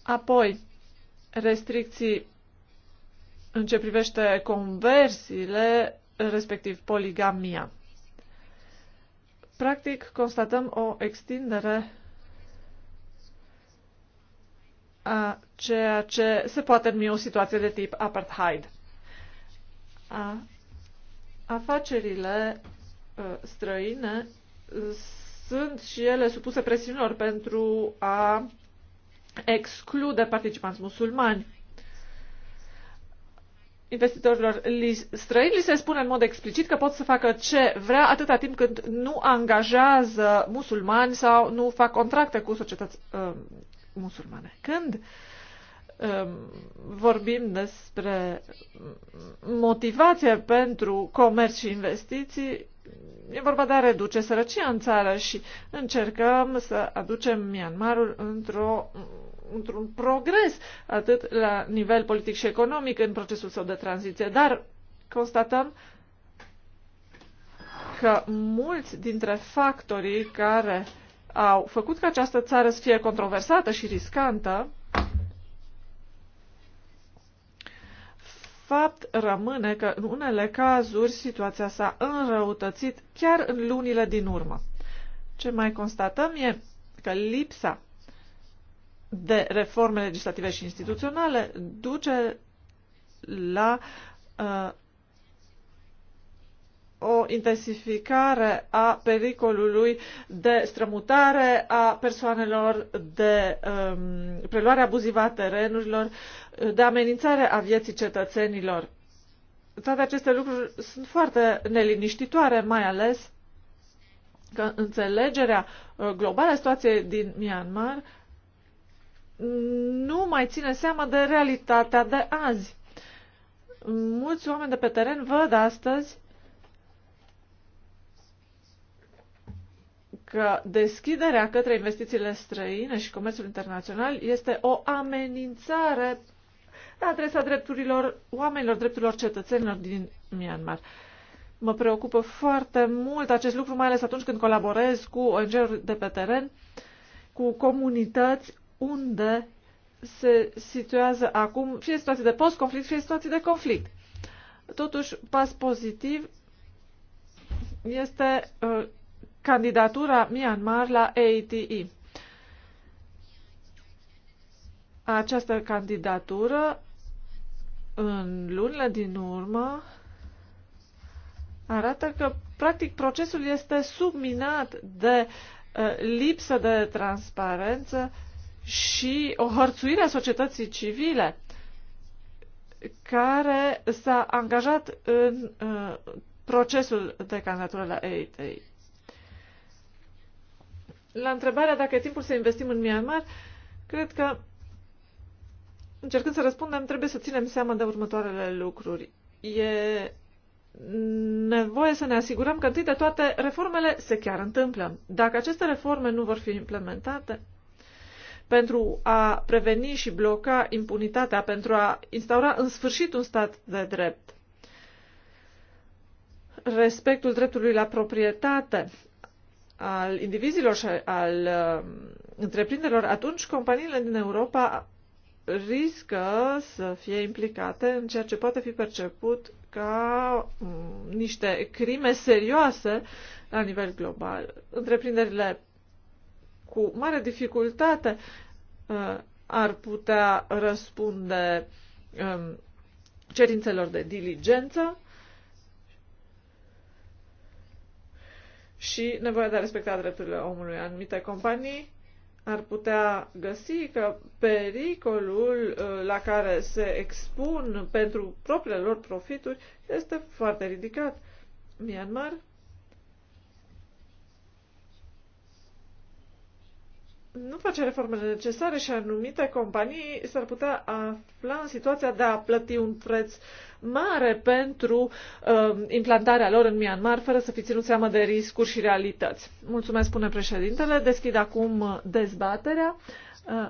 Apoi, restricții în ce privește conversiile, respectiv poligamia. Practic, constatăm o extindere a ceea ce se poate numi o situație de tip apartheid a afacerile ă, străine sunt și ele supuse presiunilor pentru a exclude participanți musulmani. Investitorilor străini li se spune în mod explicit că pot să facă ce vrea atâta timp când nu angajează musulmani sau nu fac contracte cu societăți uh, musulmane. Când uh, Um, vorbim despre motivație pentru comerț și investiții, e vorba de a reduce sărăcia în țară și încercăm să aducem Myanmarul într-o într-un progres, atât la nivel politic și economic în procesul său de tranziție, dar constatăm că mulți dintre factorii care au făcut ca această țară să fie controversată și riscantă fapt rămâne că în unele cazuri situația s-a înrăutățit chiar în lunile din urmă. Ce mai constatăm e că lipsa de reforme legislative și instituționale duce la uh, o intensificare a pericolului de strămutare a persoanelor, de um, preluare abuzivă a terenurilor, de amenințare a vieții cetățenilor. Toate aceste lucruri sunt foarte neliniștitoare, mai ales că înțelegerea uh, globală a situației din Myanmar nu mai ține seama de realitatea de azi. Mulți oameni de pe teren văd astăzi că deschiderea către investițiile străine și comerțul internațional este o amenințare la adresa drepturilor oamenilor, drepturilor cetățenilor din Myanmar. Mă preocupă foarte mult acest lucru, mai ales atunci când colaborez cu ONG-uri de pe teren, cu comunități unde se situează acum fie situații de post-conflict, fie situații de conflict. Totuși, pas pozitiv este uh, candidatura Myanmar la ATI. Această candidatură în lunile din urmă arată că practic procesul este subminat de uh, lipsă de transparență și o hărțuire a societății civile care s-a angajat în uh, procesul de candidatură la ATI. La întrebarea dacă e timpul să investim în Myanmar, cred că, încercând să răspundem, trebuie să ținem seama de următoarele lucruri. E nevoie să ne asigurăm că, întâi de toate, reformele se chiar întâmplă. Dacă aceste reforme nu vor fi implementate, pentru a preveni și bloca impunitatea, pentru a instaura în sfârșit un stat de drept, respectul dreptului la proprietate, al indivizilor și al um, întreprinderilor, atunci companiile din Europa riscă să fie implicate în ceea ce poate fi perceput ca um, niște crime serioase la nivel global. Întreprinderile cu mare dificultate uh, ar putea răspunde um, cerințelor de diligență și nevoia de a respecta drepturile omului. Anumite companii ar putea găsi că pericolul uh, la care se expun pentru propriile lor profituri este foarte ridicat. Myanmar nu face reformele necesare și anumite companii s-ar putea afla în situația de a plăti un preț mare pentru uh, implantarea lor în Myanmar, fără să fi ținut seama de riscuri și realități. Mulțumesc, spune președintele. Deschid acum dezbaterea. Uh,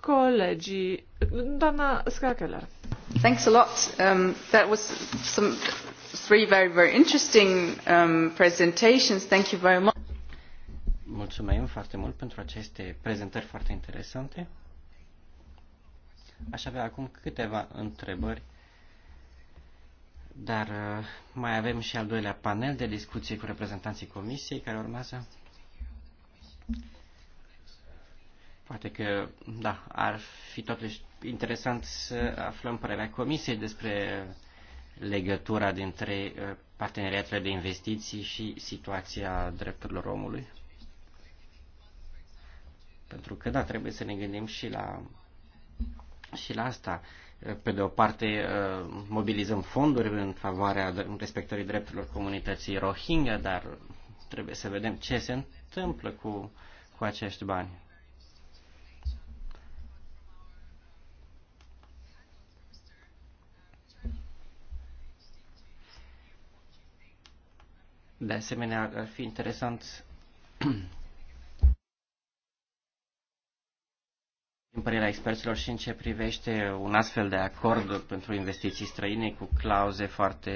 colegii, doamna Skakeler. Thanks a lot. Um, that was some three very, very interesting um, presentations. Thank you very much. Mulțumim foarte mult pentru aceste prezentări foarte interesante. Aș avea acum câteva întrebări, dar uh, mai avem și al doilea panel de discuții cu reprezentanții comisiei care urmează. Poate că, da, ar fi totuși interesant să aflăm părerea comisiei despre legătura dintre uh, parteneriatele de investiții și situația drepturilor omului. Pentru că, da, trebuie să ne gândim și la, și la asta. Pe de o parte, uh, mobilizăm fonduri în favoarea respectării drepturilor comunității Rohingya, dar trebuie să vedem ce se întâmplă cu, cu acești bani. De asemenea, ar fi interesant în părerea experților și în ce privește un astfel de acord pentru investiții străine cu clauze foarte,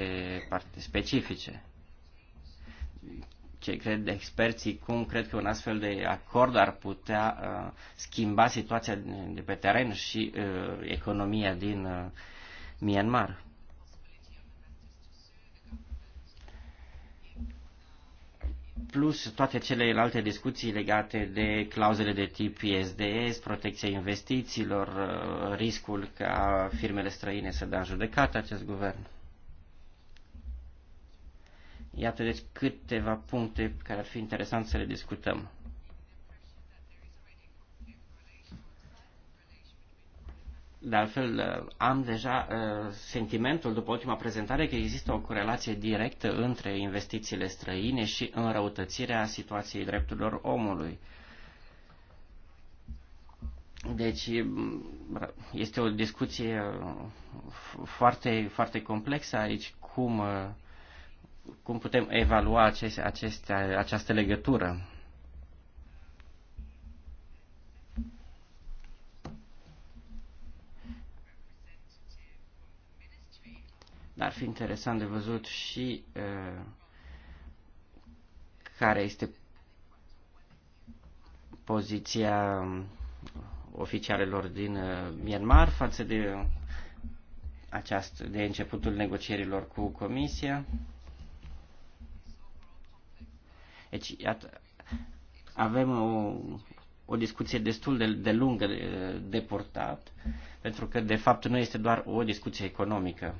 foarte specifice. Ce cred experții, cum cred că un astfel de acord ar putea uh, schimba situația de pe teren și uh, economia din uh, Myanmar. plus toate celelalte discuții legate de clauzele de tip ISDS, protecția investițiilor, uh, riscul ca firmele străine să dea în judecată acest guvern. Iată deci câteva puncte care ar fi interesant să le discutăm. De altfel, uh, am deja uh, sentimentul după ultima prezentare că există o corelație directă între investițiile străine și înrăutățirea situației drepturilor omului. Deci mm, este o discuție uh, foarte, foarte complexă aici cum, cum putem evalua aceste, aceste, această legătură. Dar ar fi interesant de văzut și uh, care este poziția um, oficialelor din uh, Myanmar față de aceast, de începutul negocierilor cu Comisia. Deci, iată, avem o, o discuție destul de, de lungă de, uh, de purtat, pentru că, de fapt, nu este doar o discuție economică.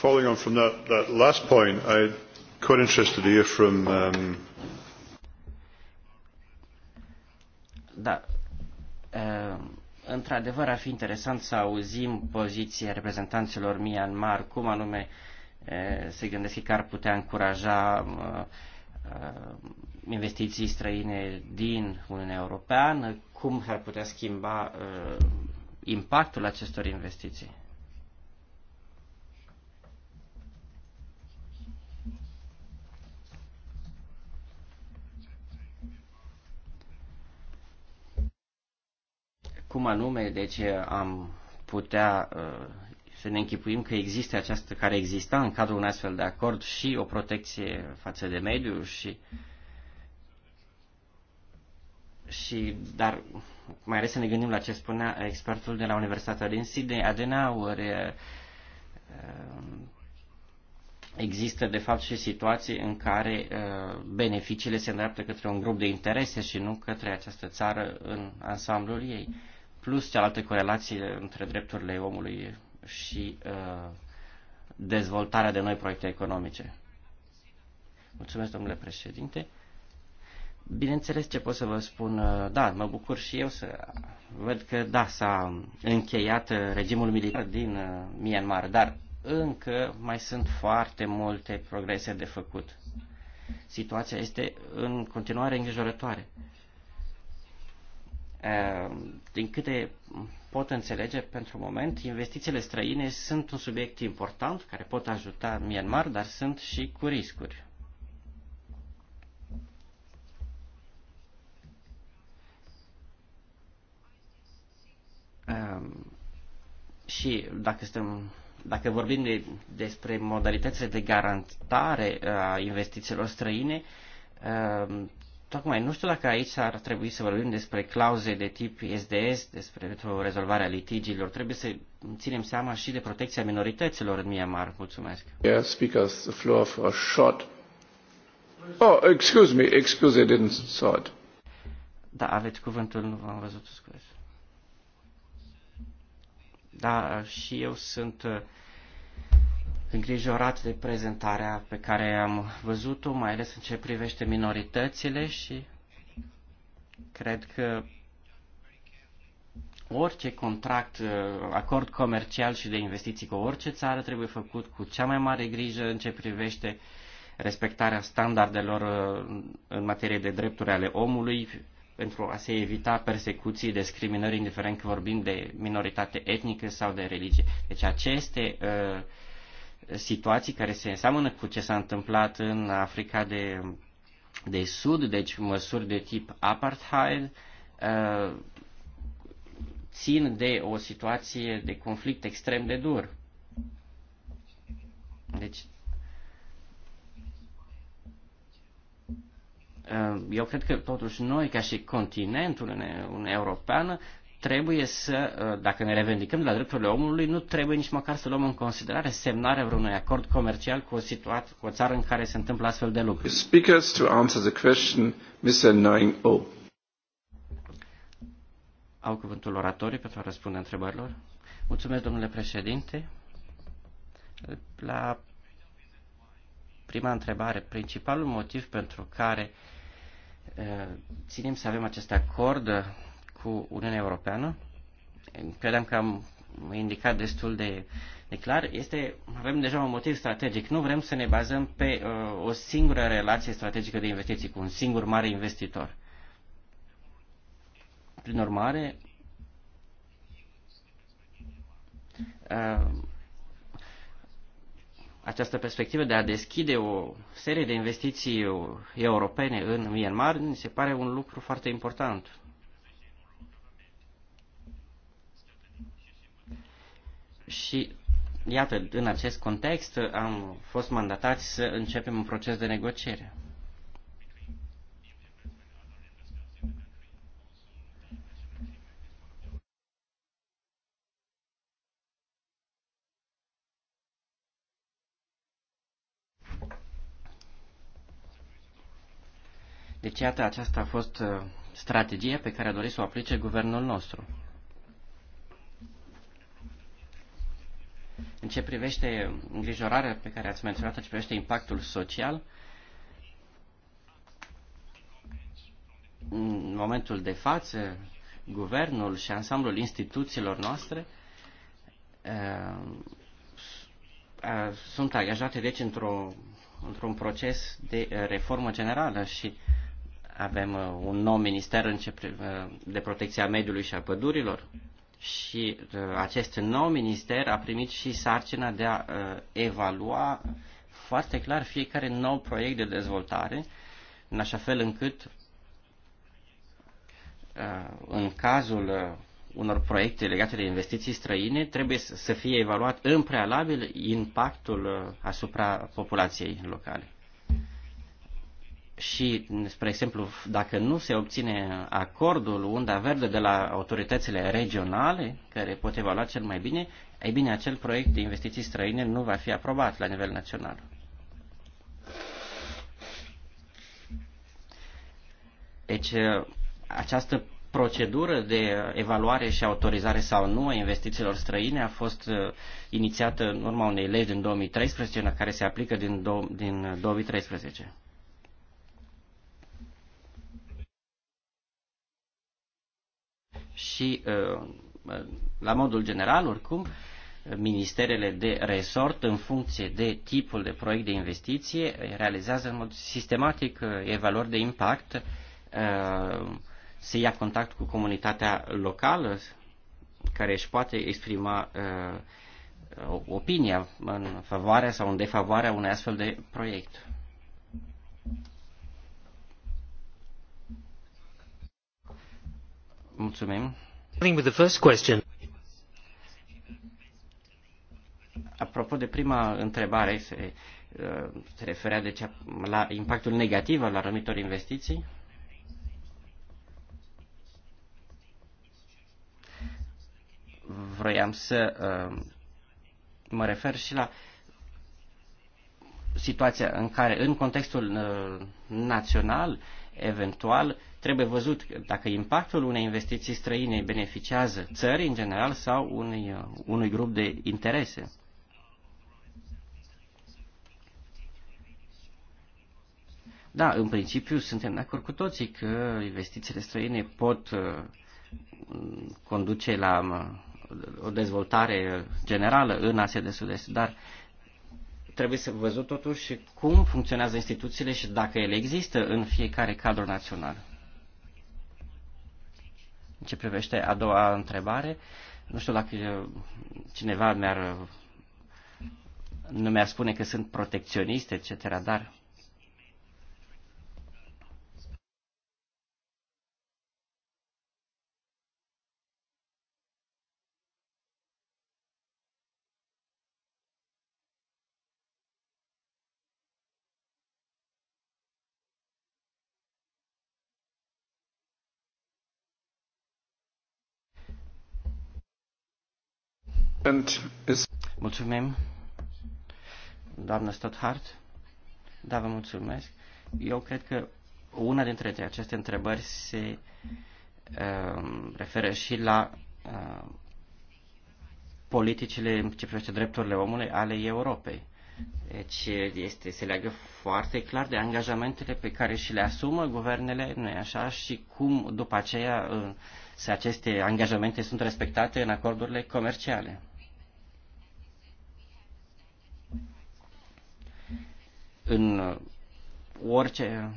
Following on from that, that last point, I'm quite interested to hear from um, Da. Ehm, într-adevăr, ar fi interesant să auzim poziția reprezentanților Myanmar, cum anume se gândesc că ar putea încuraja ehm, investiții străine din Uniunea Europeană, cum ar putea schimba impactul acestor investiții. Cum anume, deci am putea uh, să ne închipuim că există această, care exista în cadrul unui astfel de acord și o protecție față de mediu și, și dar mai ales să ne gândim la ce spunea expertul de la Universitatea din Sydney, Adenauer, există de fapt și situații în care beneficiile se îndreaptă către un grup de interese și nu către această țară în ansamblul ei, plus cealaltă corelație între drepturile omului și dezvoltarea de noi proiecte economice. Mulțumesc, domnule președinte. Bineînțeles ce pot să vă spun, da, mă bucur și eu să văd că da, s-a încheiat uh, regimul militar din uh, Myanmar, dar încă mai sunt foarte multe progrese de făcut. Situația este în continuare îngrijorătoare. Uh, din câte pot înțelege pentru moment, investițiile străine sunt un subiect important care pot ajuta Myanmar, dar sunt și cu riscuri. Ehm, și dacă suntem dacă vorbim de, despre modalitățile de garantare a investițiilor străine, ehm, tocmai nu știu dacă aici ar trebui să vorbim despre clauze de tip SDS, despre rezolvarea litigiilor. Trebuie să ținem seama și de protecția minorităților în Myanmar. Mulțumesc. Yeah, speakers, the floor for a shot. Oh, excuse me, excuse, I didn't saw it. Da, aveți cuvântul, nu v-am văzut, scuze. Da, și eu sunt uh, îngrijorat de prezentarea pe care am văzut-o, mai ales în ce privește minoritățile și cred că orice contract, uh, acord comercial și de investiții cu orice țară trebuie făcut cu cea mai mare grijă în ce privește respectarea standardelor uh, în materie de drepturi ale omului, pentru a se evita persecuții, discriminări, indiferent că vorbim de minoritate etnică sau de religie. Deci aceste uh, situații care se înseamnă cu ce s-a întâmplat în Africa de, de Sud, deci măsuri de tip apartheid, uh, țin de o situație de conflict extrem de dur. Deci Ehm, eu cred că totuși noi, ca și continentul Uniunea Europeană, trebuie să, eh, dacă ne revendicăm de la drepturile omului, nu trebuie nici măcar să luăm în considerare semnarea vreunui acord comercial cu o, situat, cu o țară în care se întâmplă astfel de lucruri. Speakers to answer the question, Mr. Nine O. Oh. Au cuvântul oratorii pentru a răspunde întrebărilor. Mulțumesc, domnule președinte. La prima întrebare, principalul motiv pentru care uh, Eh, ținem să avem acest acord cu Uniunea Europeană. Credeam că am indicat destul de, de clar. Este, avem deja un motiv strategic. Nu vrem să ne bazăm pe uh, o singură relație strategică de investiții cu un singur mare investitor. Prin urmare, uh, această perspectivă de a deschide o serie de investiții europene în Myanmar, mi se pare un lucru foarte important. Și iată, în acest context am fost mandatați să începem un proces de negociere. Deci, iată, aceasta a fost uh, strategia pe care a dorit să o aplice guvernul nostru. În ce privește îngrijorarea pe care ați menționat-o, în ce privește impactul social, în momentul de față, guvernul și ansamblul instituțiilor noastre uh, uh, sunt angajate deci într într-un proces de reformă generală și avem uh, un nou minister în ce, uh, de protecția mediului și a pădurilor și uh, acest nou minister a primit și sarcina de a evalua foarte clar fiecare nou proiect de dezvoltare, în așa fel încât în cazul unor proiecte legate de investiții străine, trebuie să fie evaluat în prealabil impactul asupra populației locale și, spre exemplu, dacă nu se obține acordul unda verde de la autoritățile regionale, care pot evalua cel mai bine, ei bine, acel proiect de investiții străine nu va fi aprobat la nivel național. Deci, această procedură de evaluare și autorizare sau nu a investițiilor străine a fost uh, inițiată în urma unei legi din 2013, care se aplică din 2013. și uh, uh, la modul general, oricum, ministerele de resort, în funcție de tipul de proiect de investiție, realizează în mod sistematic uh, evaluări de impact, se ia contact cu comunitatea locală care își poate exprima opinia în favoarea sau în defavoarea unui astfel de proiect. Mulțumim. Apropo de prima întrebare, se, uh, se referea de deci, cea, la impactul negativ al anumitor investiții. Vroiam să uh, mă refer și la situația în care, în contextul uh, național, Eventual, trebuie văzut dacă impactul unei investiții străine beneficiază țării în general sau unui, uh, unui grup de interese. Da, în principiu suntem de acord cu toții că investițiile străine pot uh, conduce la uh, o dezvoltare generală în Asia de Sud-Est, dar trebuie să văzut totuși cum funcționează instituțiile și dacă ele există în fiecare cadru național. În ce privește a doua întrebare, nu știu dacă eh, cineva mi-ar nu mi-ar spune că sunt protecționist, etc., dar Mulțumim, doamnă Stothart. Da, vă mulțumesc. Eu cred că una dintre aceste întrebări se uh, referă și la uh, politicile în ce privește drepturile omului ale Europei. Deci este, se leagă foarte clar de angajamentele pe care și le asumă guvernele, nu e așa, și cum după aceea se, aceste angajamente sunt respectate în acordurile comerciale. în orice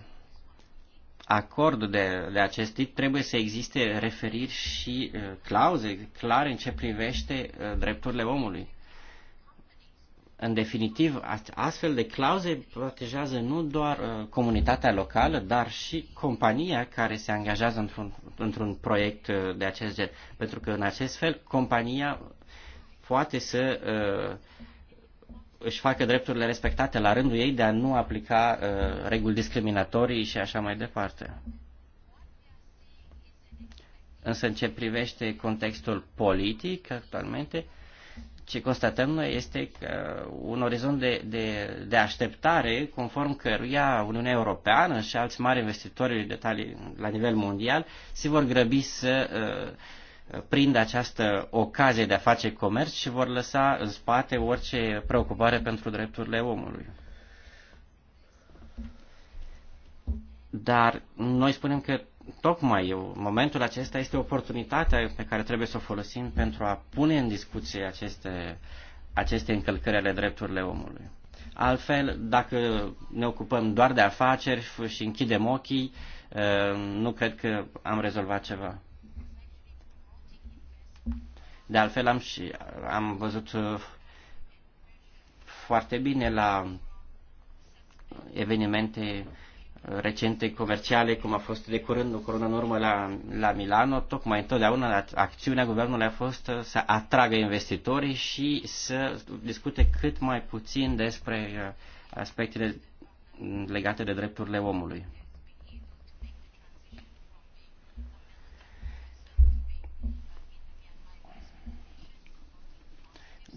acord de, de acest tip trebuie să existe referiri și uh, clauze clare în ce privește uh, drepturile omului. În definitiv, astfel de clauze protejează nu doar uh, comunitatea locală, dar și compania care se angajează într-un, într-un proiect uh, de acest gen. Pentru că, în acest fel, compania poate să uh, își facă drepturile respectate la rândul ei de a nu aplica uh, reguli discriminatorii și așa mai departe. Însă în ce privește contextul politic actualmente, ce constatăm noi este că un orizont de, de, de așteptare conform căruia Uniunea Europeană și alți mari investitori de detalii la nivel mondial se vor grăbi să uh, prind această ocazie de a face comerț și vor lăsa în spate orice preocupare pentru drepturile omului. Dar noi spunem că tocmai momentul acesta este oportunitatea pe care trebuie să o folosim pentru a pune în discuție aceste, aceste încălcări ale drepturilor omului. Altfel, dacă ne ocupăm doar de afaceri și închidem ochii, eh, nu cred că am rezolvat ceva. De altfel am, și, am văzut uh, foarte bine la evenimente recente comerciale, cum a fost de curând o coronă în urmă la, la Milano, tocmai întotdeauna acțiunea guvernului a fost uh, să atragă investitorii și să discute cât mai puțin despre uh, aspectele legate de drepturile omului.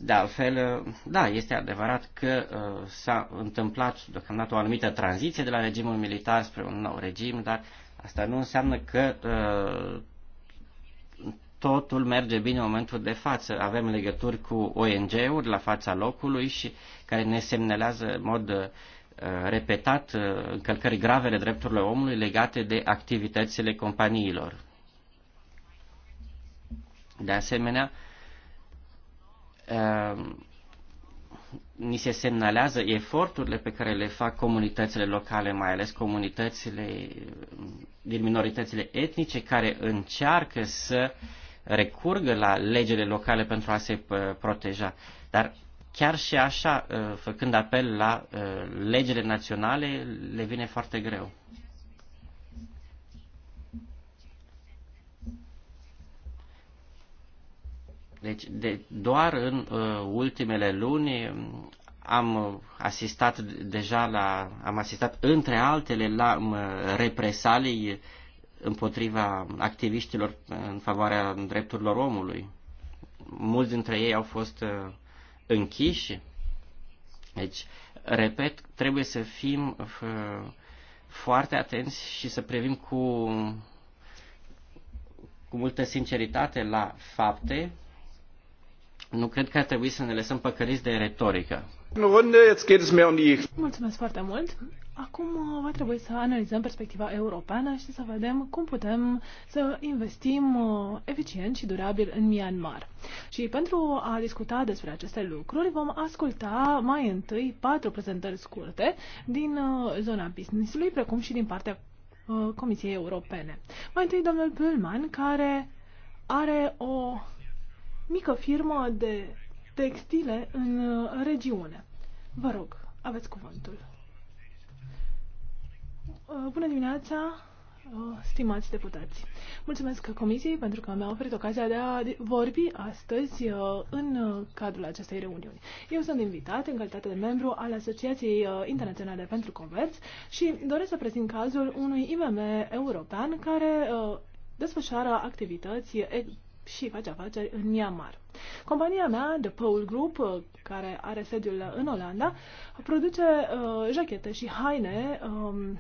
De altfel, da, este adevărat că uh, s-a întâmplat deocamdată o anumită tranziție de la regimul militar spre un nou regim, dar asta nu înseamnă că uh, totul merge bine în momentul de față. Avem legături cu ONG-uri la fața locului și care ne semnelează în mod uh, repetat încălcări grave ale omului legate de activitățile companiilor. De asemenea, Ehm, ni se semnalează eforturile pe care le fac comunitățile locale, mai ales comunitățile mm, din minoritățile etnice, care încearcă să recurgă la legile locale pentru a se proteja. Dar chiar și așa, ă, făcând apel la ă, legile naționale, le vine foarte greu. Deci de, doar în uh, ultimele luni am asistat deja la, am asistat între altele la uh, represalii împotriva activiștilor în favoarea drepturilor omului. Mulți dintre ei au fost uh, închiși. Deci, repet, trebuie să fim uh, foarte atenți și să privim cu, cu multă sinceritate la fapte nu cred că ar trebui să ne lăsăm păcăliți de retorică. Mulțumesc foarte mult. Acum uh, va trebui să analizăm perspectiva europeană și să vedem cum putem să investim uh, eficient și durabil în Myanmar. Și pentru a discuta despre aceste lucruri vom asculta mai întâi patru prezentări scurte din uh, zona business-ului, precum și din partea Comisiei Europene. Mai întâi domnul Pullman, care are o mică firmă de textile în uh, regiune. Vă rog, aveți cuvântul. Uh, bună dimineața, uh, stimați deputați. Mulțumesc Comisiei pentru că mi-a oferit ocazia de a vorbi astăzi în cadrul acestei reuniuni. Eu sunt invitat în calitate de membru al Asociației Internaționale pentru Comerț și doresc să prezint cazul unui IMM european care desfășoară activități și face afaceri în Myanmar. Compania mea, The Paul Group, uh, care are sediul în Olanda, produce uh, jachete și haine, um,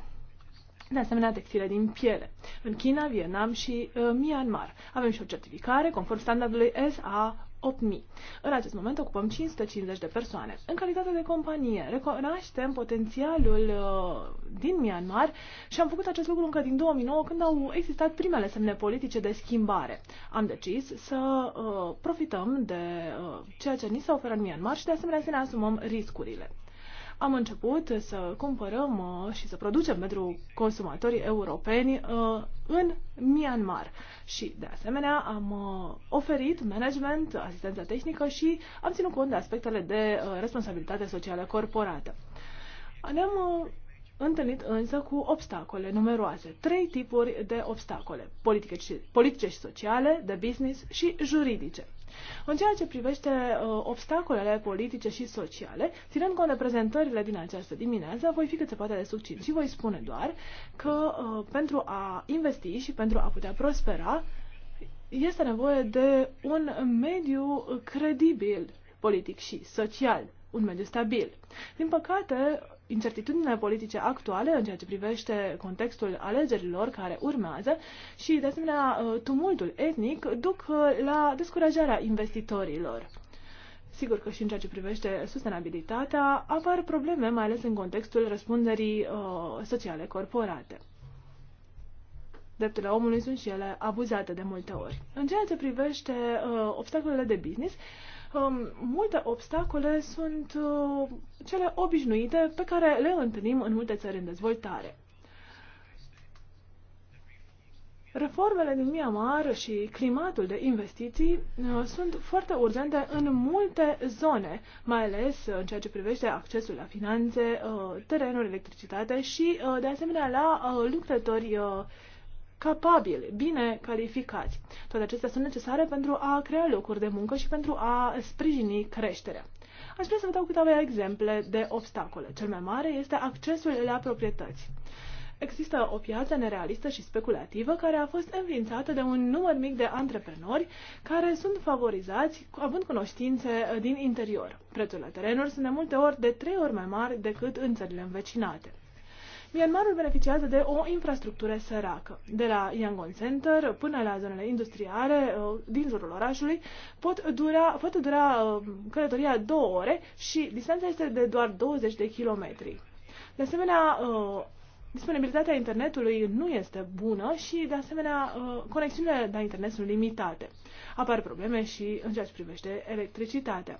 de asemenea textile din piele, în China, Vietnam și uh, Myanmar. Avem și o certificare conform standardului SA 8000. În acest moment ocupăm 550 de persoane. În calitate de companie, recunoaștem potențialul uh, din Myanmar și am făcut acest lucru încă din 2009 când au existat primele semne politice de schimbare. Am decis să uh, profităm de uh, ceea ce ni se oferă în Myanmar și de asemenea să ne asumăm riscurile. Am început să cumpărăm uh, și să producem pentru consumatorii europeni uh, în Myanmar. Și, de asemenea, am uh, oferit management, asistență tehnică și am ținut cont de aspectele de responsabilitate socială corporată. Ne-am întâlnit însă cu obstacole numeroase, trei tipuri de obstacole, politice, politice și sociale, de business și juridice. În ceea ce privește uh, obstacolele politice și sociale, ținând cont de prezentările din această dimineață, voi fi cât se poate de succint și voi spune doar că uh, pentru a investi și pentru a putea prospera, este nevoie de un mediu credibil politic și social, un mediu stabil. Din păcate, incertitudinile politice actuale în ceea ce privește contextul alegerilor care urmează și, de asemenea, uh, tumultul etnic duc uh, la descurajarea investitorilor. Sigur că și în ceea ce privește sustenabilitatea apar probleme, mai ales în contextul răspunderii uh, sociale corporate. Drepturile omului sunt și ele abuzate de multe ori. În ceea ce privește uh, obstacolele de business, uh, multe obstacole sunt uh, cele obișnuite pe care le întâlnim în multe țări în dezvoltare. Reformele din Myanmar și climatul de investiții uh, sunt foarte urgente în multe zone, mai ales uh, în ceea ce privește accesul la finanțe, terenuri, electricitate și, de asemenea, la lucrători capabili, bine calificați. Toate acestea sunt necesare pentru a crea locuri de muncă și pentru a sprijini creșterea. Aș vrea să vă dau câteva exemple de obstacole. Cel mai mare este accesul la proprietăți. Există o piață nerealistă și speculativă care a fost înființată de un număr mic de antreprenori care sunt favorizați având cunoștințe uh, din interior. Prețul terenurilor terenuri sunt de multe ori de trei ori mai mari decât în țările învecinate. Myanmarul beneficiază de o infrastructură săracă. De la Yangon Center până la zonele industriale uh, din jurul orașului pot dura, pot dura uh, călătoria două ore și distanța este de doar 20 de kilometri. De asemenea, uh, disponibilitatea internetului nu este bună și, de asemenea, conexiunile la internet sunt limitate. Apar probleme și în ceea ce privește electricitatea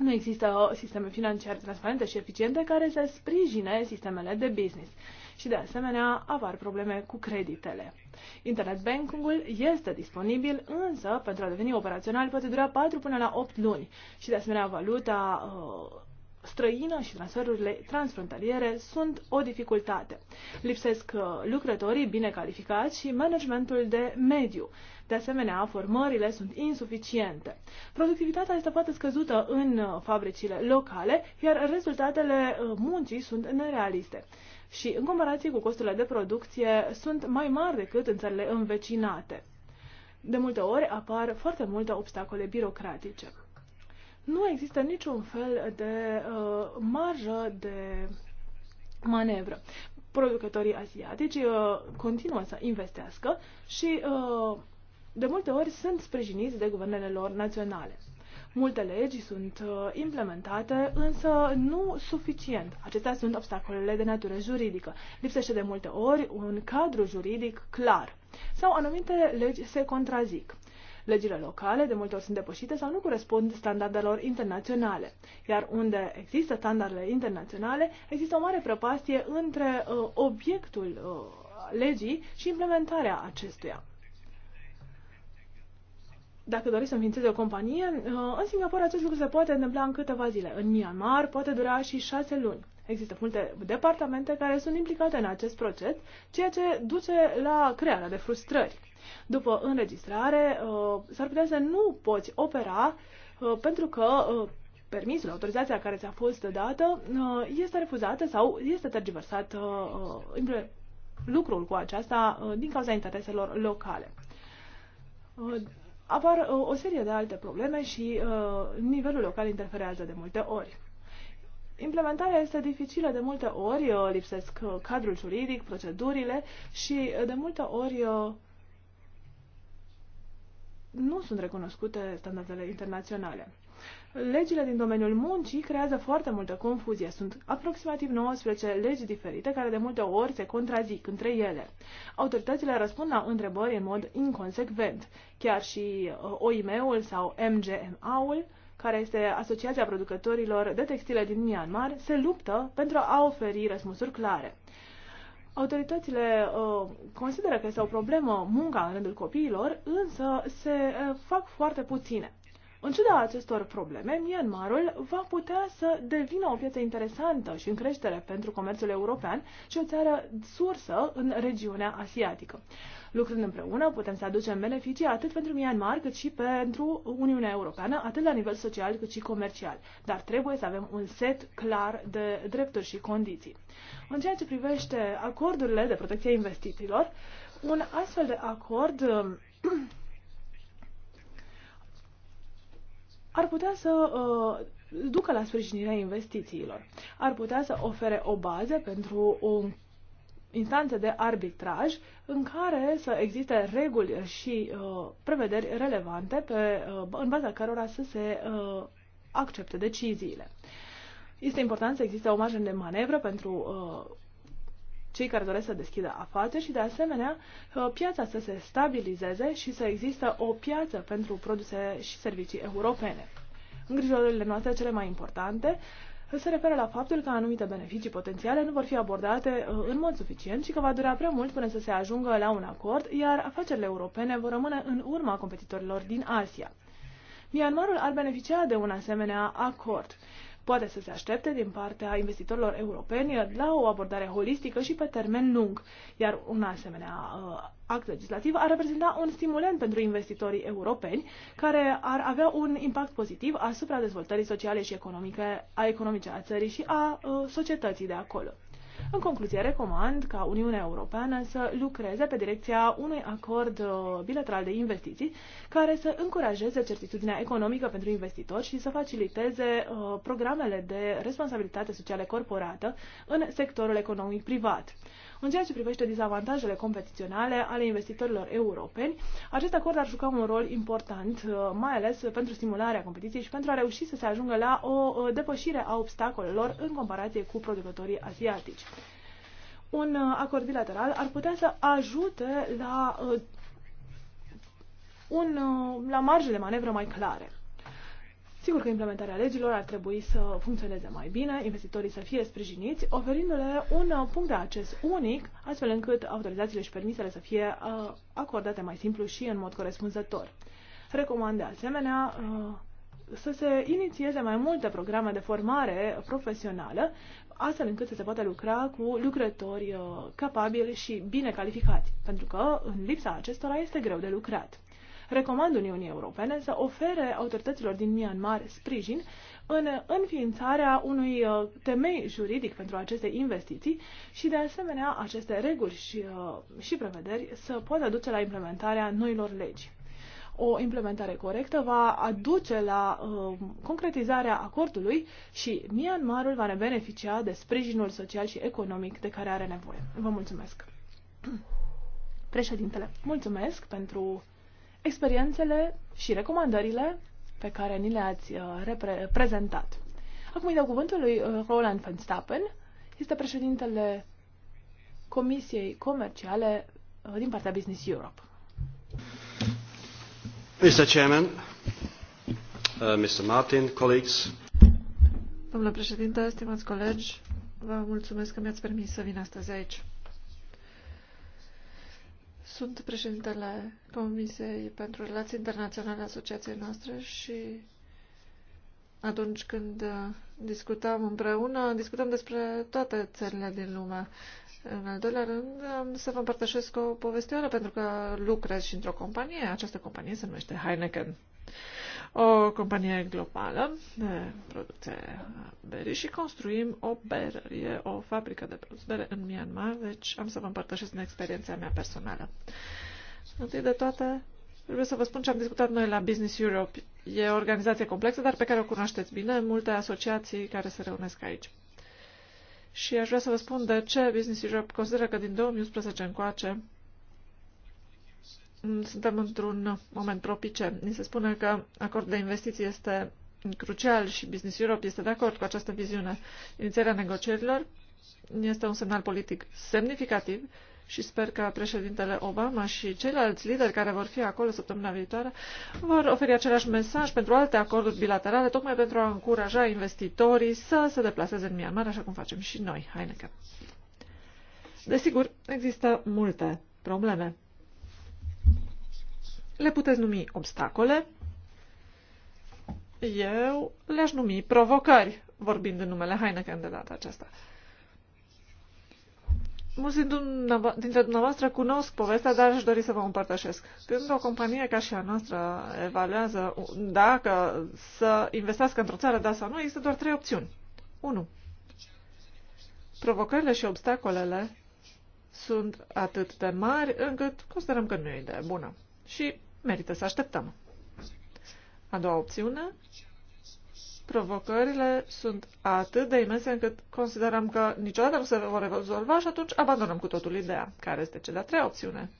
nu există sisteme financiare transparente și eficiente care să sprijine sistemele de business și de asemenea apar probleme cu creditele. Internet banking-ul este disponibil, însă pentru a deveni operațional poate dura 4 până la 8 luni și de asemenea valuta uh, străină și transferurile transfrontaliere sunt o dificultate. Lipsesc uh, lucrătorii bine calificați și managementul de mediu. De asemenea, formările sunt insuficiente. Productivitatea este foarte scăzută în uh, fabricile locale, iar rezultatele uh, muncii sunt nerealiste și, în comparație cu costurile de producție, sunt mai mari decât în țările învecinate. De multe ori apar foarte multe obstacole birocratice. Nu există niciun fel de uh, marjă de manevră. Producătorii asiatici uh, continuă să investească și uh, de multe ori sunt sprijiniți de guvernele lor naționale. Multe legi sunt uh, implementate, însă nu suficient. Acestea sunt obstacolele de natură juridică. Lipsește de multe ori un cadru juridic clar sau anumite legi se contrazic. Legile locale de multe ori sunt depășite sau nu corespund standardelor internaționale, iar unde există standardele internaționale, există o mare prăpastie între uh, obiectul uh, legii și implementarea acestuia dacă doriți să înființeze o companie, uh, în Singapore acest lucru se poate întâmpla în câteva zile. În Myanmar poate dura și șase luni. Există multe departamente care sunt implicate în acest proces, ceea ce duce la crearea de frustrări. După înregistrare, uh, s-ar putea să nu poți opera uh, pentru că permisul, autorizația care ți-a fost dată este refuzată sau este tergiversat lucrul cu aceasta din cauza intereselor locale apar o serie de alte probleme și uh, nivelul local interferează de multe ori. Implementarea este dificilă de multe ori, uh, lipsesc uh, cadrul juridic, procedurile și de multe ori nu sunt recunoscute standardele internaționale. Legile din domeniul muncii creează foarte multă confuzie. Sunt aproximativ 19 legi diferite care de multe ori se contrazic între ele. Autoritățile răspund la întrebări în mod inconsecvent. Chiar și uh, OIM-ul sau MGMA-ul, care este Asociația Producătorilor de Textile din Myanmar, se luptă pentru a oferi răspunsuri clare. Autoritățile uh, consideră că este o problemă munca în rândul copiilor, însă se uh, fac foarte puține. În ciuda acestor probleme, Myanmarul va putea să devină o piață interesantă și în creștere pentru comerțul european și o țară sursă în regiunea asiatică. Lucrând împreună, putem să aducem beneficii atât pentru Myanmar cât și pentru Uniunea Europeană, atât la nivel social cât și comercial. Dar trebuie să avem un set clar de drepturi și condiții. În ceea ce privește acordurile de protecție a investițiilor, un astfel de acord ar putea să uh, ducă la sprijinirea investițiilor. Ar putea să ofere o bază pentru o instanță de arbitraj în care să existe reguli și uh, prevederi relevante pe, uh, în baza cărora să se uh, accepte deciziile. Este important să existe o marjă de manevră pentru uh, cei care doresc să deschidă afaceri și, de asemenea, uh, piața să se stabilizeze și să există o piață pentru produse și servicii europene. Îngrijorările noastre cele mai importante uh, se referă la faptul că anumite beneficii potențiale nu vor fi abordate uh, în mod suficient și că va dura prea mult până să se ajungă la un acord, iar afacerile europene vor rămâne în urma competitorilor din Asia. Myanmarul ar beneficia de un asemenea acord poate să se aștepte din partea investitorilor europeni la o abordare holistică și pe termen lung, iar un asemenea uh, act legislativ ar reprezenta un stimulent pentru investitorii europeni care ar avea un impact pozitiv asupra dezvoltării sociale și economice a, economice a țării și a uh, societății de acolo. În concluzie, recomand ca Uniunea Europeană să lucreze pe direcția unui acord uh, bilateral de investiții care să încurajeze certitudinea economică pentru investitori și să faciliteze uh, programele de responsabilitate socială corporată în sectorul economic privat. În ceea ce privește dezavantajele competiționale ale investitorilor europeni, acest acord ar juca un rol important, uh, mai ales pentru stimularea competiției și pentru a reuși să se ajungă la o uh, depășire a obstacolelor în comparație cu producătorii asiatici. Un uh, acord bilateral ar putea să ajute la un, la marge de manevră mai clare. Sigur că implementarea legilor ar trebui să funcționeze mai bine, investitorii să fie sprijiniți, oferindu-le un uh, punct de acces unic, astfel încât autorizațiile și permisele să fie uh, acordate mai simplu și în mod corespunzător. Recomand de asemenea uh, să se inițieze mai multe programe de formare profesională, astfel încât să se poată lucra cu lucrători capabili și bine calificați, pentru că în lipsa acestora este greu de lucrat recomand Uniunii Europene să ofere autorităților din Myanmar sprijin în înființarea unui uh, temei juridic pentru aceste investiții și, de asemenea, aceste reguli și, uh, și prevederi să poată duce la implementarea noilor legi o implementare corectă va aduce la uh, concretizarea acordului și Myanmarul va beneficia de sprijinul social și economic de care are nevoie. Vă mulțumesc. Președintele, mulțumesc pentru experiențele și recomandările pe care ni le-ați uh, prezentat. Acum îi dau cuvântul lui uh, Roland van Stappen, este președintele Comisiei Comerciale uh, din partea Business Europe. Mr. Chairman, uh, Mr. Martin, colleagues. Domnule președinte, stimați colegi, vă mulțumesc că mi-ați permis să vin astăzi aici. Sunt președintele Comisiei pentru Relații Internaționale Asociației noastre și atunci când discutam împreună, discutăm despre toate țările din lume. În al doilea rând, am să vă împărtășesc o povestioară pentru că lucrez și într-o companie. Această companie se numește Heineken o companie globală de producție berii și construim o berărie, o fabrică de produs bere în Myanmar, deci am să vă împărtășesc din experiența mea personală. Întâi de toate, trebuie să vă spun ce am discutat noi la Business Europe. E o organizație complexă, dar pe care o cunoașteți bine, multe asociații care se reunesc aici. Și aș vrea să vă spun de ce Business Europe consideră că din 2011 încoace suntem într-un moment propice. Ni se spune că acordul de investiții este crucial și Business Europe este de acord cu această viziune. Inițierea negocierilor este un semnal politic semnificativ și sper că președintele Obama și ceilalți lideri care vor fi acolo săptămâna viitoare vor oferi același mesaj pentru alte acorduri bilaterale, tocmai pentru a încuraja investitorii să se deplaseze în Myanmar, așa cum facem și noi, Heineken. Desigur, există multe probleme le puteți numi obstacole. Eu le-aș numi provocări, vorbind în numele Heineken de data aceasta. Mulți dintre dumneavoastră cunosc povestea, dar aș dori să vă împărtășesc. Când o companie ca și a noastră evaluează dacă să investească într-o țară, da sau nu, există doar trei opțiuni. 1. Provocările și obstacolele sunt atât de mari încât considerăm că nu e idee bună. Și Merită să așteptăm. A doua opțiune, provocările sunt atât de imense încât considerăm că niciodată nu se vor rezolva și atunci abandonăm cu totul ideea. Care este cea de-a treia opțiune?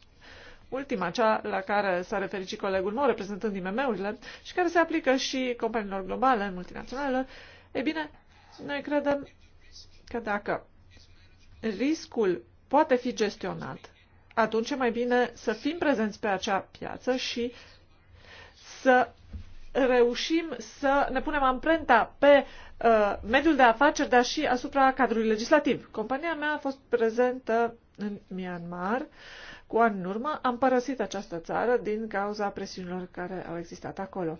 Ultima, cea la care s-a referit și colegul meu, reprezentând IMM-urile și care se aplică și companiilor globale, multinaționale, e bine, noi credem că dacă riscul poate fi gestionat atunci e mai bine să fim prezenți pe acea piață și să reușim să ne punem amprenta pe uh, mediul de afaceri, dar și asupra cadrului legislativ. Compania mea a fost prezentă în Myanmar cu ani în urmă. Am părăsit această țară din cauza presiunilor care au existat acolo.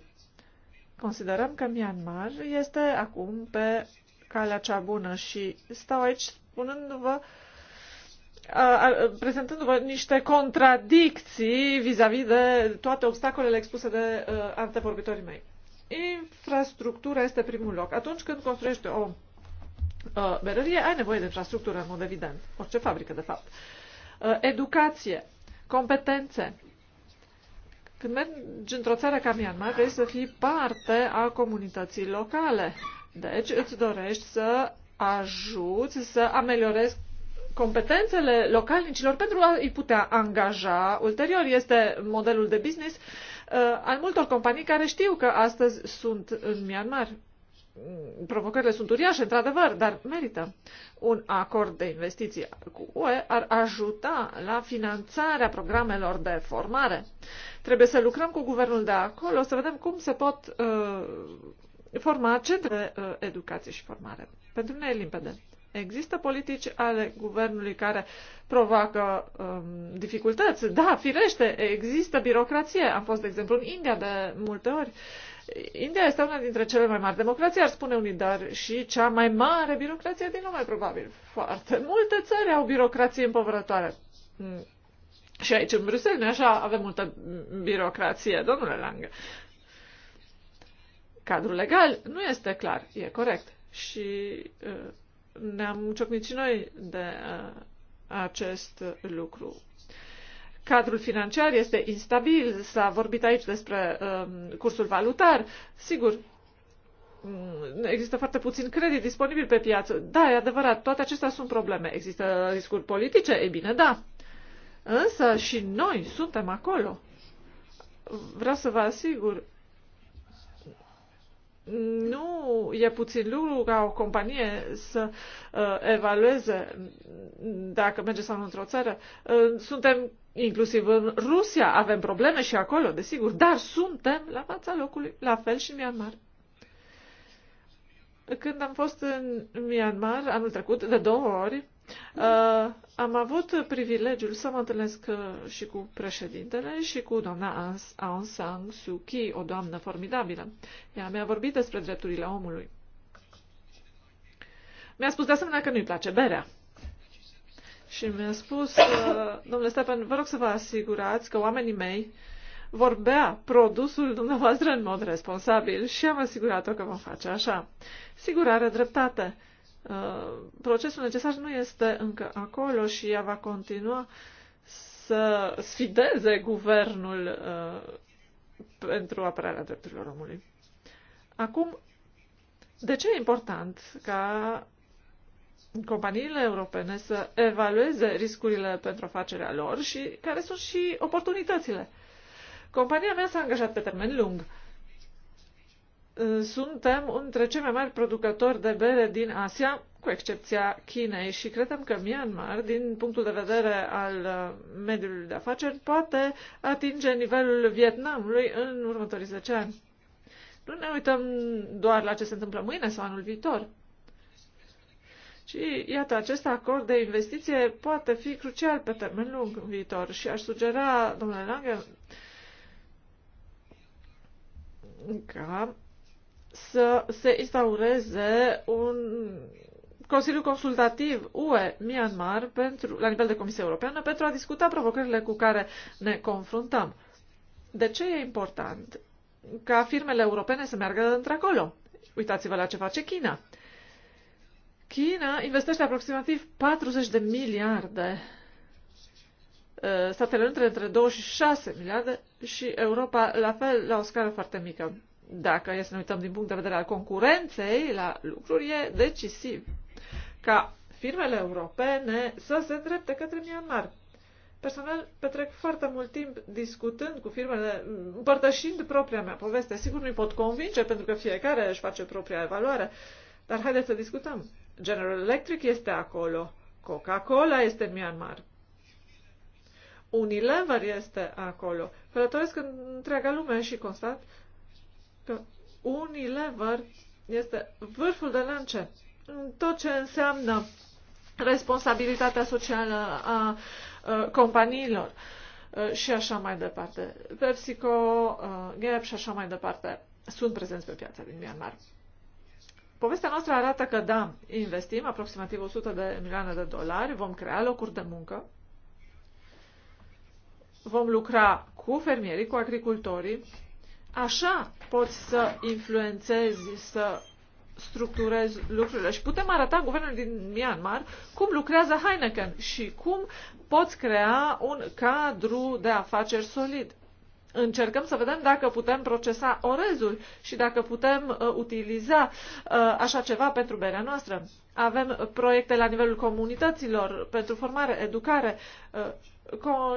Considerăm că Myanmar este acum pe calea cea bună și stau aici spunându-vă uh, prezentându-vă niște contradicții vis-a-vis -vis de toate obstacolele expuse de uh, antevorbitorii mei. Infrastructura este primul loc. Atunci când construiești o uh, berărie, ai nevoie de infrastructură, în mod evident. Orice fabrică, de fapt. Uh, educație, competențe. Când mergi într-o țară ca Myanmar, vrei să fii parte a comunității locale. Deci îți dorești să ajuți să ameliorezi competențele localnicilor pentru a-i putea angaja ulterior. Este modelul de business uh, al multor companii care știu că astăzi sunt în Myanmar. Provocările sunt uriașe, într-adevăr, dar merită. Un acord de investiții cu UE ar ajuta la finanțarea programelor de formare. Trebuie să lucrăm cu guvernul de acolo, să vedem cum se pot uh, forma centre de uh, educație și formare. Pentru noi e limpede Există politici ale guvernului care provoacă um, dificultăți. Da, firește, există birocrație. Am fost, de exemplu, în India de multe ori. India este una dintre cele mai mari democrații, ar spune unii, dar și cea mai mare birocrație din lume, probabil. Foarte multe țări au birocrație împovărătoare. Mm. Și aici, în Bruxelles, nu așa, avem multă birocrație, domnule Lange. Cadrul legal nu este clar, e corect. Și uh, ne-am ciocnit și noi de uh, acest lucru. Cadrul financiar este instabil, s-a vorbit aici despre um, cursul valutar. Sigur, mm, există foarte puțin credit disponibil pe piață. Da, e adevărat, toate acestea sunt probleme. Există riscuri politice? E bine, da. Însă și noi suntem acolo. Vreau să vă asigur nu e puțin lucru ca o companie să uh, evalueze dacă merge sau nu într-o țară. Uh, suntem inclusiv în Rusia, avem probleme și acolo, desigur, dar suntem la fața locului, la fel și în Myanmar. Când am fost în Myanmar anul trecut, de două ori, Uh, am avut privilegiul să mă întâlnesc uh, și cu președintele și cu doamna Aung San Suu Kyi, o doamnă formidabilă. Ea mi-a vorbit despre drepturile omului. Mi-a spus de asemenea că nu-i place berea. Și mi-a spus, uh, domnule Stepan, vă rog să vă asigurați că oamenii mei vor bea produsul dumneavoastră în mod responsabil și am asigurat-o că vom face așa. Sigur are dreptate. Uh, procesul necesar nu este încă acolo și ea va continua să sfideze guvernul uh, pentru apărarea drepturilor omului. Acum, de ce e important ca companiile europene să evalueze riscurile pentru afacerea lor și care sunt și oportunitățile? Compania mea s-a angajat pe termen lung Uh, suntem între cei mai mari producători de bere din Asia, cu excepția Chinei, și credem că Myanmar, din punctul de vedere al uh, mediului de afaceri, poate atinge nivelul Vietnamului în următorii 10 ani. Nu ne uităm doar la ce se întâmplă mâine sau anul viitor. Și iată, acest acord de investiție poate fi crucial pe termen lung în viitor și aș sugera, domnule Lange, ca să se instaureze un Consiliu Consultativ UE-Myanmar pentru, la nivel de Comisie Europeană pentru a discuta provocările cu care ne confruntăm. De ce e important ca firmele europene să meargă într-acolo? Uitați-vă la ce face China. China investește aproximativ 40 de miliarde. Eh, statele între, între 2 și 6 miliarde și Europa la fel la o scară foarte mică dacă e să ne uităm din punct de vedere al concurenței la lucruri, e decisiv ca firmele europene să se îndrepte către Myanmar. Personal, petrec foarte mult timp discutând cu firmele, împărtășind propria mea poveste. Sigur, nu-i pot convinge, pentru că fiecare își face propria evaluare, dar haideți să discutăm. General Electric este acolo, Coca-Cola este în Myanmar, Unilever este acolo. Călătoresc în întreaga lume și constat că Unilever este vârful de lance în tot ce înseamnă responsabilitatea socială a companiilor și așa mai departe. PepsiCo, Gap și așa mai departe sunt prezenți pe piața din Myanmar. Povestea noastră arată că, da, investim aproximativ 100 de milioane de dolari, vom crea locuri de muncă, vom lucra cu fermierii, cu agricultorii, Așa poți să influențezi, să structurezi lucrurile și putem arăta guvernul din Myanmar cum lucrează Heineken și cum poți crea un cadru de afaceri solid. Încercăm să vedem dacă putem procesa orezul și dacă putem uh, utiliza uh, așa ceva pentru berea noastră. Avem proiecte la nivelul comunităților pentru formare, educare. Uh,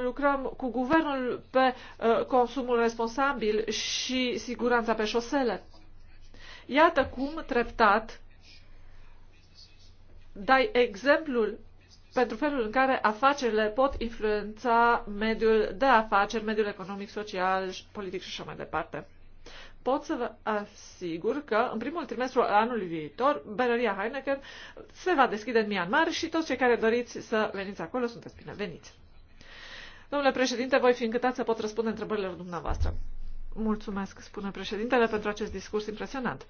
lucrăm cu guvernul pe uh, consumul responsabil și siguranța pe șosele. Iată cum treptat dai exemplul pentru felul în care afacerile pot influența mediul de afaceri, mediul economic, social, politic și așa mai departe. Pot să vă asigur că în primul trimestru al anului viitor, berăria Heineken se va deschide în Myanmar și toți cei care doriți să veniți acolo sunteți bineveniți. Domnule președinte, voi fi încântat să pot răspunde întrebărilor dumneavoastră. Mulțumesc, spune președintele, pentru acest discurs impresionant.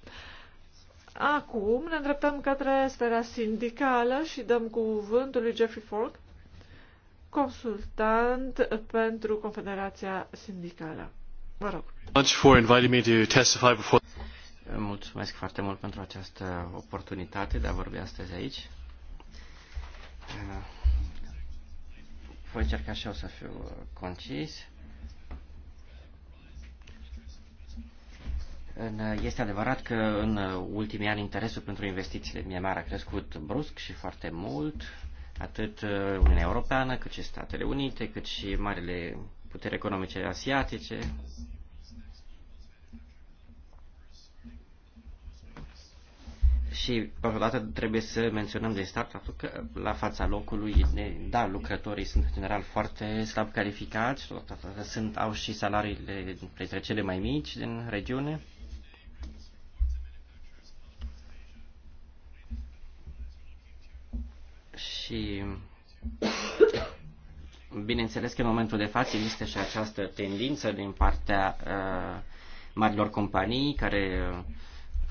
Acum ne îndreptăm către sfera sindicală și dăm cuvântul lui Jeffrey Falk, consultant pentru Confederația Sindicală. Vă rog. Mulțumesc foarte mult pentru această oportunitate de a vorbi astăzi aici. Voi încerca și eu să fiu uh, concis. Uh, este adevărat că în uh, ultimii ani interesul pentru investițiile în Myanmar a crescut brusc și foarte mult, atât Uniunea Europeană, cât și Statele Unite, cât și marile puteri economice asiatice, Și, totodată, trebuie să menționăm de start, faptul că la fața locului, da, lucrătorii sunt în general foarte slab calificați, sunt, au și salariile printre cele mai mici din regiune. Și bineînțeles că în momentul de față există și această tendință din partea uh, marilor companii care uh,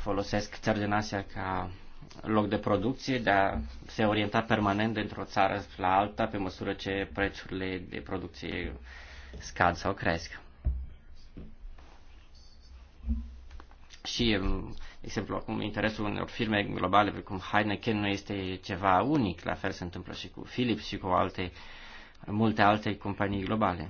folosesc țări din Asia ca loc de producție, de a se orienta permanent dintr-o țară la alta pe măsură ce prețurile de producție scad sau cresc. Și um, de exemplu, acum interesul unor firme globale, precum Heineken, nu este ceva unic. La fel se întâmplă și cu Philips și cu alte, multe alte companii globale.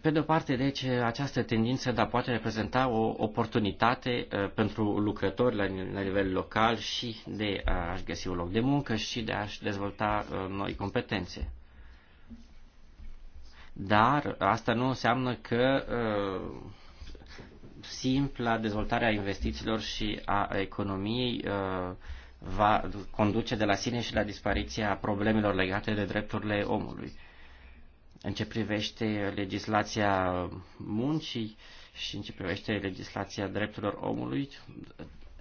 Pe de o parte, deci, această tendință da, poate reprezenta o oportunitate uh, pentru lucrători la, la nivel local și de a-și găsi un loc de muncă și de a-și dezvolta uh, noi competențe. Dar asta nu înseamnă că uh, simpla dezvoltarea investițiilor și a economiei uh, va conduce de la sine și la dispariția problemelor legate de drepturile omului. Uh, în ce privește legislația muncii și în ce privește legislația drepturilor omului.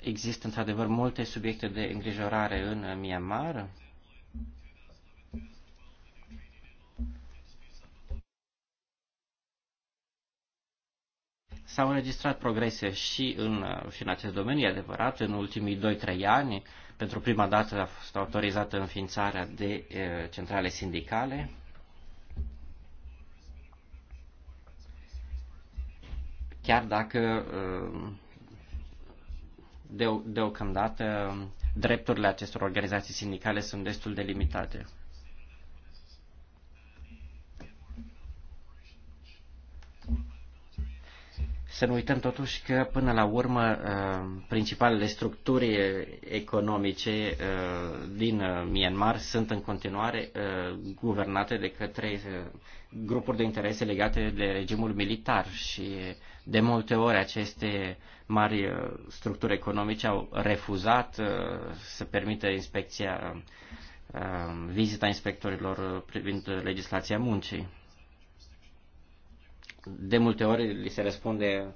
Există într-adevăr multe subiecte de îngrijorare în Myanmar. S-au înregistrat progrese și în, și în acest domeniu, e adevărat, în ultimii 2-3 ani. Pentru prima dată a fost autorizată înființarea de eh, centrale sindicale chiar dacă uh, de, deocamdată drepturile acestor organizații sindicale sunt destul de limitate. Să nu uităm totuși că, până la urmă, uh, principalele structuri economice uh, din Myanmar sunt în continuare guvernate de către grupuri de interese legate de regimul militar și de multe ori aceste mari uh, structuri economice au refuzat uh, să permită inspecția, uh, vizita inspectorilor privind legislația muncii. De multe ori li se răspunde,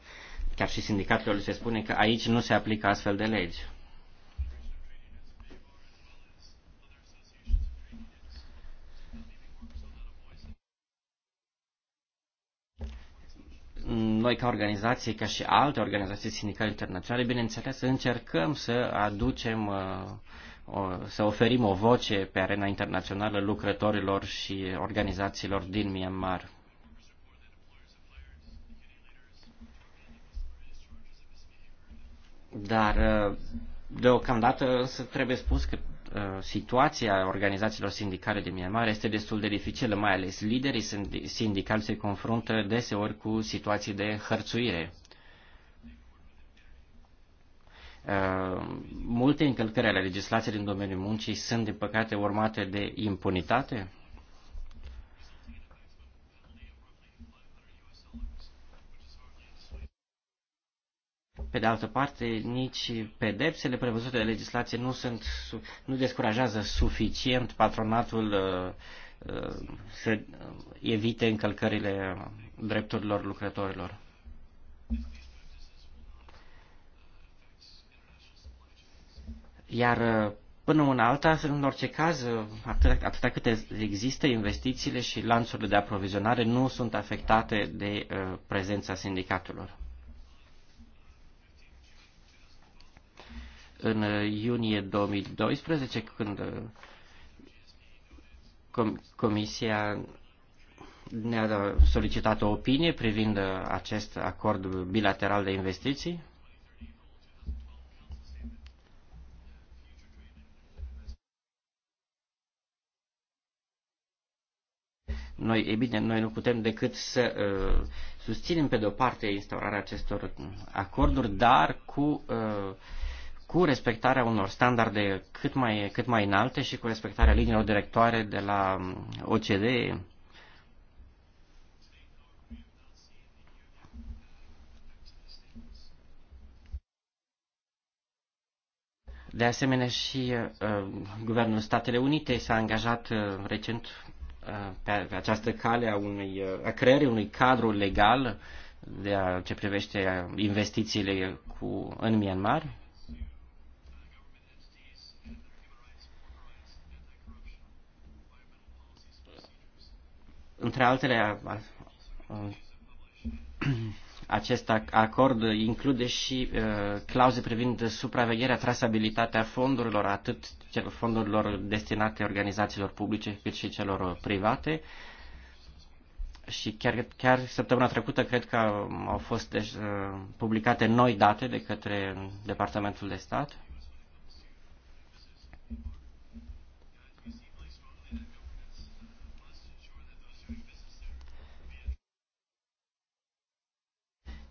chiar și sindicatelor li se spune că aici nu se aplică astfel de legi. Noi, ca organizație, ca și alte organizații sindicale internaționale, bineînțeles, încercăm să aducem, uh, să oferim o voce pe arena internațională lucrătorilor și organizațiilor din Myanmar. Dar uh, Deocamdată însă trebuie spus că uh, situația organizațiilor sindicale din Myanmar este destul de dificilă, mai ales liderii sindicali se confruntă deseori cu situații de hărțuire. Uh, multe încălcări ale legislației din domeniul muncii sunt, din păcate, urmate de impunitate Pe de altă parte, nici pedepsele prevăzute de legislație nu, sunt, nu descurajează suficient patronatul uh, uh, să evite încălcările drepturilor lucrătorilor. Iar uh, până în alta, în orice caz, atâta, atâta cât există, investițiile și lanțurile de aprovizionare nu sunt afectate de prezența sindicatelor. în iunie 2012, când Comisia ne-a solicitat o opinie privind acest acord bilateral de investiții. Noi, e bine, noi nu putem decât să uh, susținem pe de o parte instaurarea acestor acorduri, dar cu uh, cu respectarea unor standarde cât mai, cât mai înalte și cu respectarea liniilor directoare de la um, OCDE. De asemenea și uh, Guvernul Statele Unite s-a angajat uh, recent uh, pe, pe această cale a, unui, uh, a creării unui cadru legal de a, ce privește investițiile cu, în Myanmar, Între altele, acest acord include și uh, clauze privind supravegherea, trasabilitatea fondurilor, atât fondurilor destinate organizațiilor publice cât și celor uh, private. Și chiar, chiar săptămâna trecută cred că au fost deci, uh, publicate noi date de către Departamentul de Stat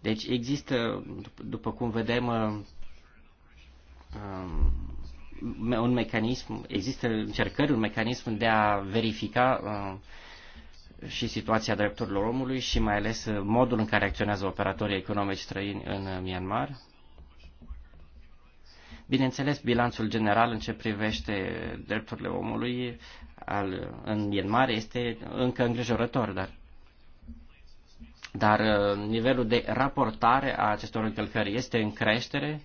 Deci există, după cum vedem, uh, um, un mecanism, există încercări, un mecanism de a verifica uh, și situația drepturilor omului și mai ales uh, modul în care acționează operatorii economici străini în Myanmar. Bineînțeles, bilanțul general în ce privește drepturile omului al, în Myanmar este încă îngrijorător, dar dar uh, nivelul de raportare a acestor încălcări este în creștere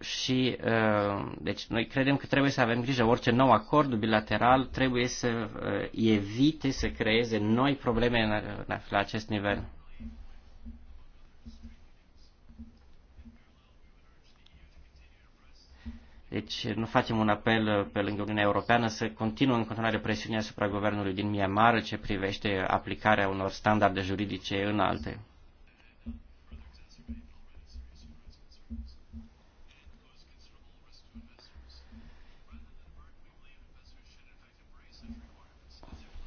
și uh, deci noi credem că trebuie să avem grijă. Orice nou acord bilateral trebuie să uh, evite să creeze noi probleme la acest nivel. Deci nu facem un apel uh, pe lângă Uniunea Europeană să continuă în continuare presiunea asupra guvernului din Myanmar ce privește aplicarea unor standarde juridice înalte.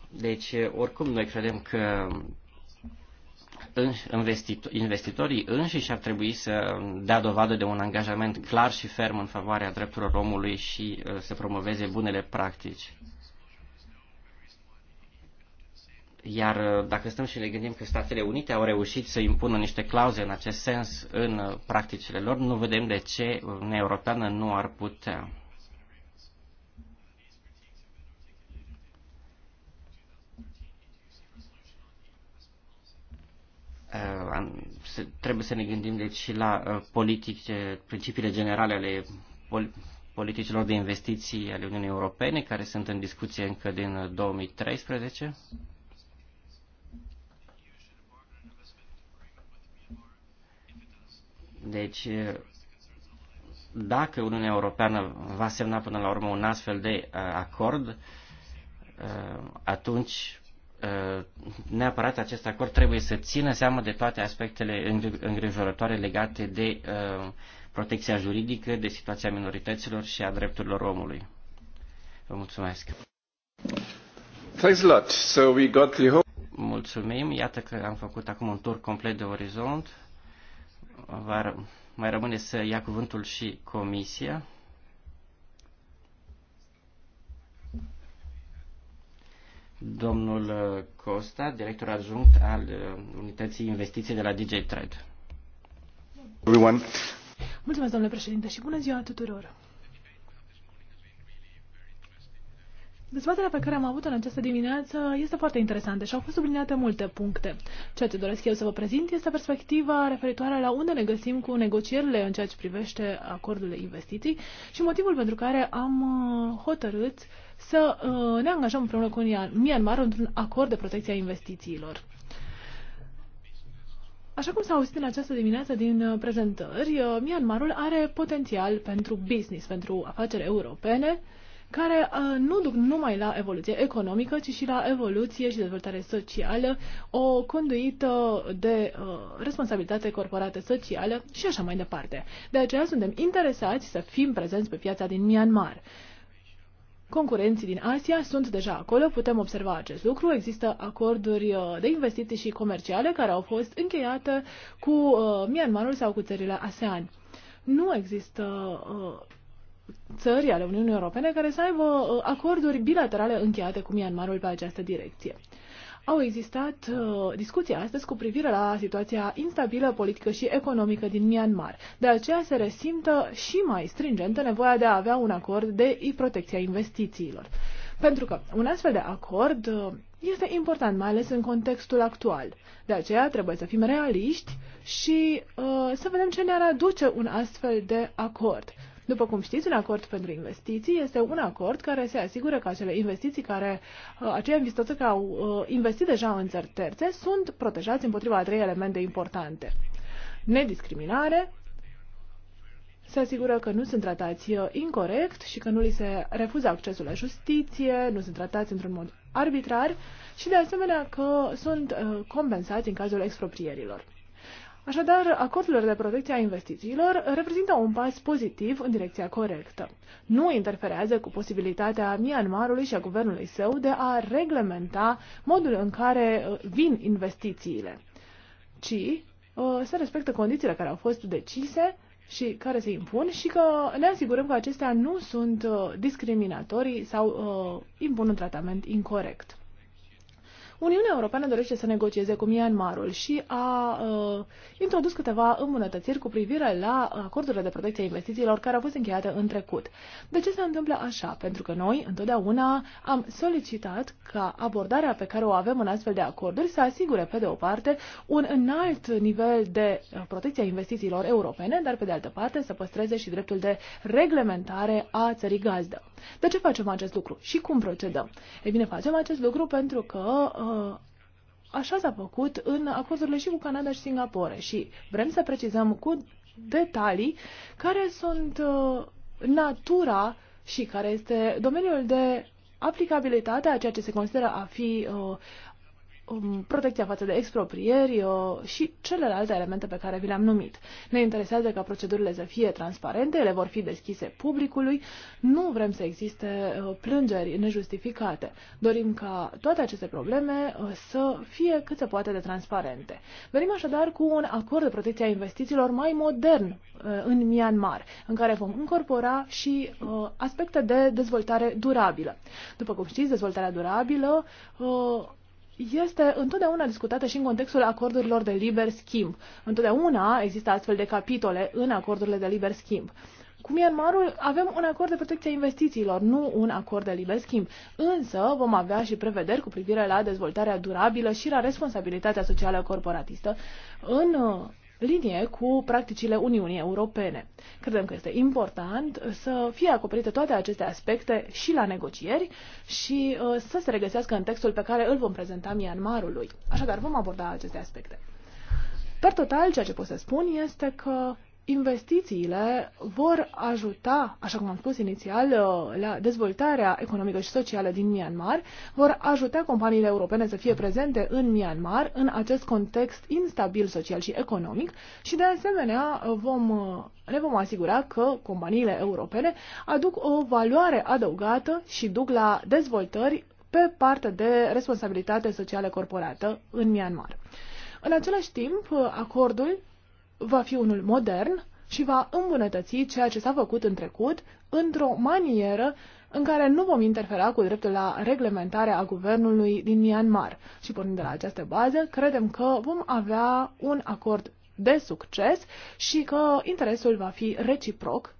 Deci, oricum, noi credem că investitorii înșiși ar trebui să dea dovadă de un angajament clar și ferm în favoarea drepturilor omului și uh, să promoveze bunele practici. Iar uh, dacă stăm și ne gândim că Statele Unite au reușit să impună niște clauze în acest sens în uh, practicile lor, nu vedem de ce Uniunea Europeană nu ar putea. trebuie să ne gândim deci și la uh, politici, principiile generale ale politicilor de investiții ale Uniunii Europene, care sunt în discuție încă din 2013. Uh, deci, uh, dacă Uniunea Europeană va semna până la urmă un astfel de acord, atunci Uh, neapărat acest acord trebuie să țină seama de toate aspectele îngrijorătoare legate de uh, protecția juridică, de situația minorităților și a drepturilor omului. Vă mulțumesc. Thanks a lot. So we got the whole... Mulțumim. Iată că am făcut acum un tur complet de orizont. mai rămâne să ia cuvântul și comisia. domnul uh, Costa, director adjunct al uh, Unității Investiții de la DJ Trade. Everyone. Mulțumesc, domnule președinte, și bună ziua tuturor! Dezbaterea pe care am avut-o în această dimineață este foarte interesantă și au fost subliniate multe puncte. Ceea ce doresc eu să vă prezint este perspectiva referitoare la unde ne găsim cu negocierile în ceea ce privește acordul investiții și motivul pentru care am uh, hotărât uh, să uh, ne angajăm împreună cu Myanmar într-un acord de protecție a investițiilor. Așa cum s-a auzit în această dimineață din uh, prezentări, uh, Myanmarul are potențial pentru business, pentru afaceri europene, care nu duc numai la evoluție economică, ci și la evoluție și dezvoltare socială, o conduită de responsabilitate corporată socială și așa mai departe. De aceea suntem interesați să fim prezenți pe piața din Myanmar. Concurenții din Asia sunt deja acolo, putem observa acest lucru. Există acorduri uh, de investiții și comerciale care au fost încheiate cu uh, Myanmarul sau cu țările ASEAN. Nu există uh, țări ale Uniunii Europene care să aibă uh, acorduri bilaterale încheiate cu Myanmarul pe această direcție. Au existat uh, discuții astăzi cu privire la situația instabilă politică și economică din Myanmar. De aceea se resimtă și mai stringentă nevoia de a avea un acord de protecția investițiilor. Pentru că un astfel de acord uh, este important, mai ales în contextul actual. De aceea trebuie să fim realiști și uh, să vedem ce ne-ar aduce un astfel de acord. După cum știți, un acord pentru investiții este un acord care se asigură că acele investiții care, uh, acei investitori care au uh, investit deja în țări terțe sunt protejați împotriva a trei elemente importante. Nediscriminare, se asigură că nu sunt tratați uh, incorrect și că nu li se refuză accesul la justiție, nu sunt tratați într-un mod arbitrar și de asemenea că sunt compensați în cazul exproprierilor. Așadar, acordurile de protecție a investițiilor reprezintă un pas pozitiv în direcția corectă. Nu interferează cu posibilitatea Myanmarului și a guvernului său de a reglementa modul în care uh, vin investițiile, ci uh, se respectă condițiile care au fost decise și care se impun și că ne asigurăm că acestea nu sunt uh, discriminatorii sau impun un tratament incorrect. Uniunea Europeană dorește să negocieze cu Myanmarul și a uh, introdus câteva îmbunătățiri cu privire la acordurile de protecție a investițiilor care au fost încheiate în trecut. De ce se întâmplă așa? Pentru că noi întotdeauna am solicitat ca abordarea pe care o avem în astfel de acorduri să asigure, pe de o parte, un înalt nivel de uh, protecție a investițiilor europene, dar, pe de altă parte, să păstreze și dreptul de reglementare a țării gazdă. De ce facem acest lucru și cum procedăm? Ei bine, facem acest lucru pentru că uh, Uh, așa s-a făcut în acordurile și cu Canada și Singapore și vrem să precizăm cu detalii care sunt uh, natura și care este domeniul de aplicabilitate a ceea ce se consideră a fi uh, Um, protecția față de exproprieri și celelalte elemente pe care vi le-am numit. Ne interesează ca procedurile să fie transparente, ele vor fi deschise publicului, nu vrem să existe uh, plângeri nejustificate. Dorim ca toate aceste probleme uh, să fie cât se poate de transparente. Venim așadar cu un acord de protecție a investițiilor mai modern uh, în Myanmar, în care vom incorpora și aspecte de dezvoltare durabilă. După cum știți, dezvoltarea durabilă este întotdeauna discutată și în contextul acordurilor de liber schimb. Întotdeauna există astfel de capitole în acordurile de liber schimb. Cu Myanmarul avem un acord de protecție a investițiilor, nu un acord de liber schimb. Însă vom avea și prevederi cu privire la dezvoltarea durabilă și la responsabilitatea socială corporatistă în linie cu practicile Uniunii Europene. Credem că este important să fie acoperite toate aceste aspecte și la negocieri și uh, să se regăsească în textul pe care îl vom prezenta Myanmarului. Așadar, vom aborda aceste aspecte. Per total, ceea ce pot să spun este că investițiile vor ajuta, așa cum am spus inițial, uh, la dezvoltarea economică și socială din Myanmar, vor ajuta companiile europene să fie prezente în Myanmar în acest context instabil social și economic și de asemenea vom, uh, ne vom asigura că companiile europene aduc o valoare adăugată și duc la dezvoltări pe parte de responsabilitate socială corporată în Myanmar. În același timp, acordul va fi unul modern și va îmbunătăți ceea ce s-a făcut în trecut într-o manieră în care nu vom interfera cu dreptul la reglementarea a guvernului din Myanmar. Și pornind de la această bază, credem că vom avea un acord de succes și că interesul va fi reciproc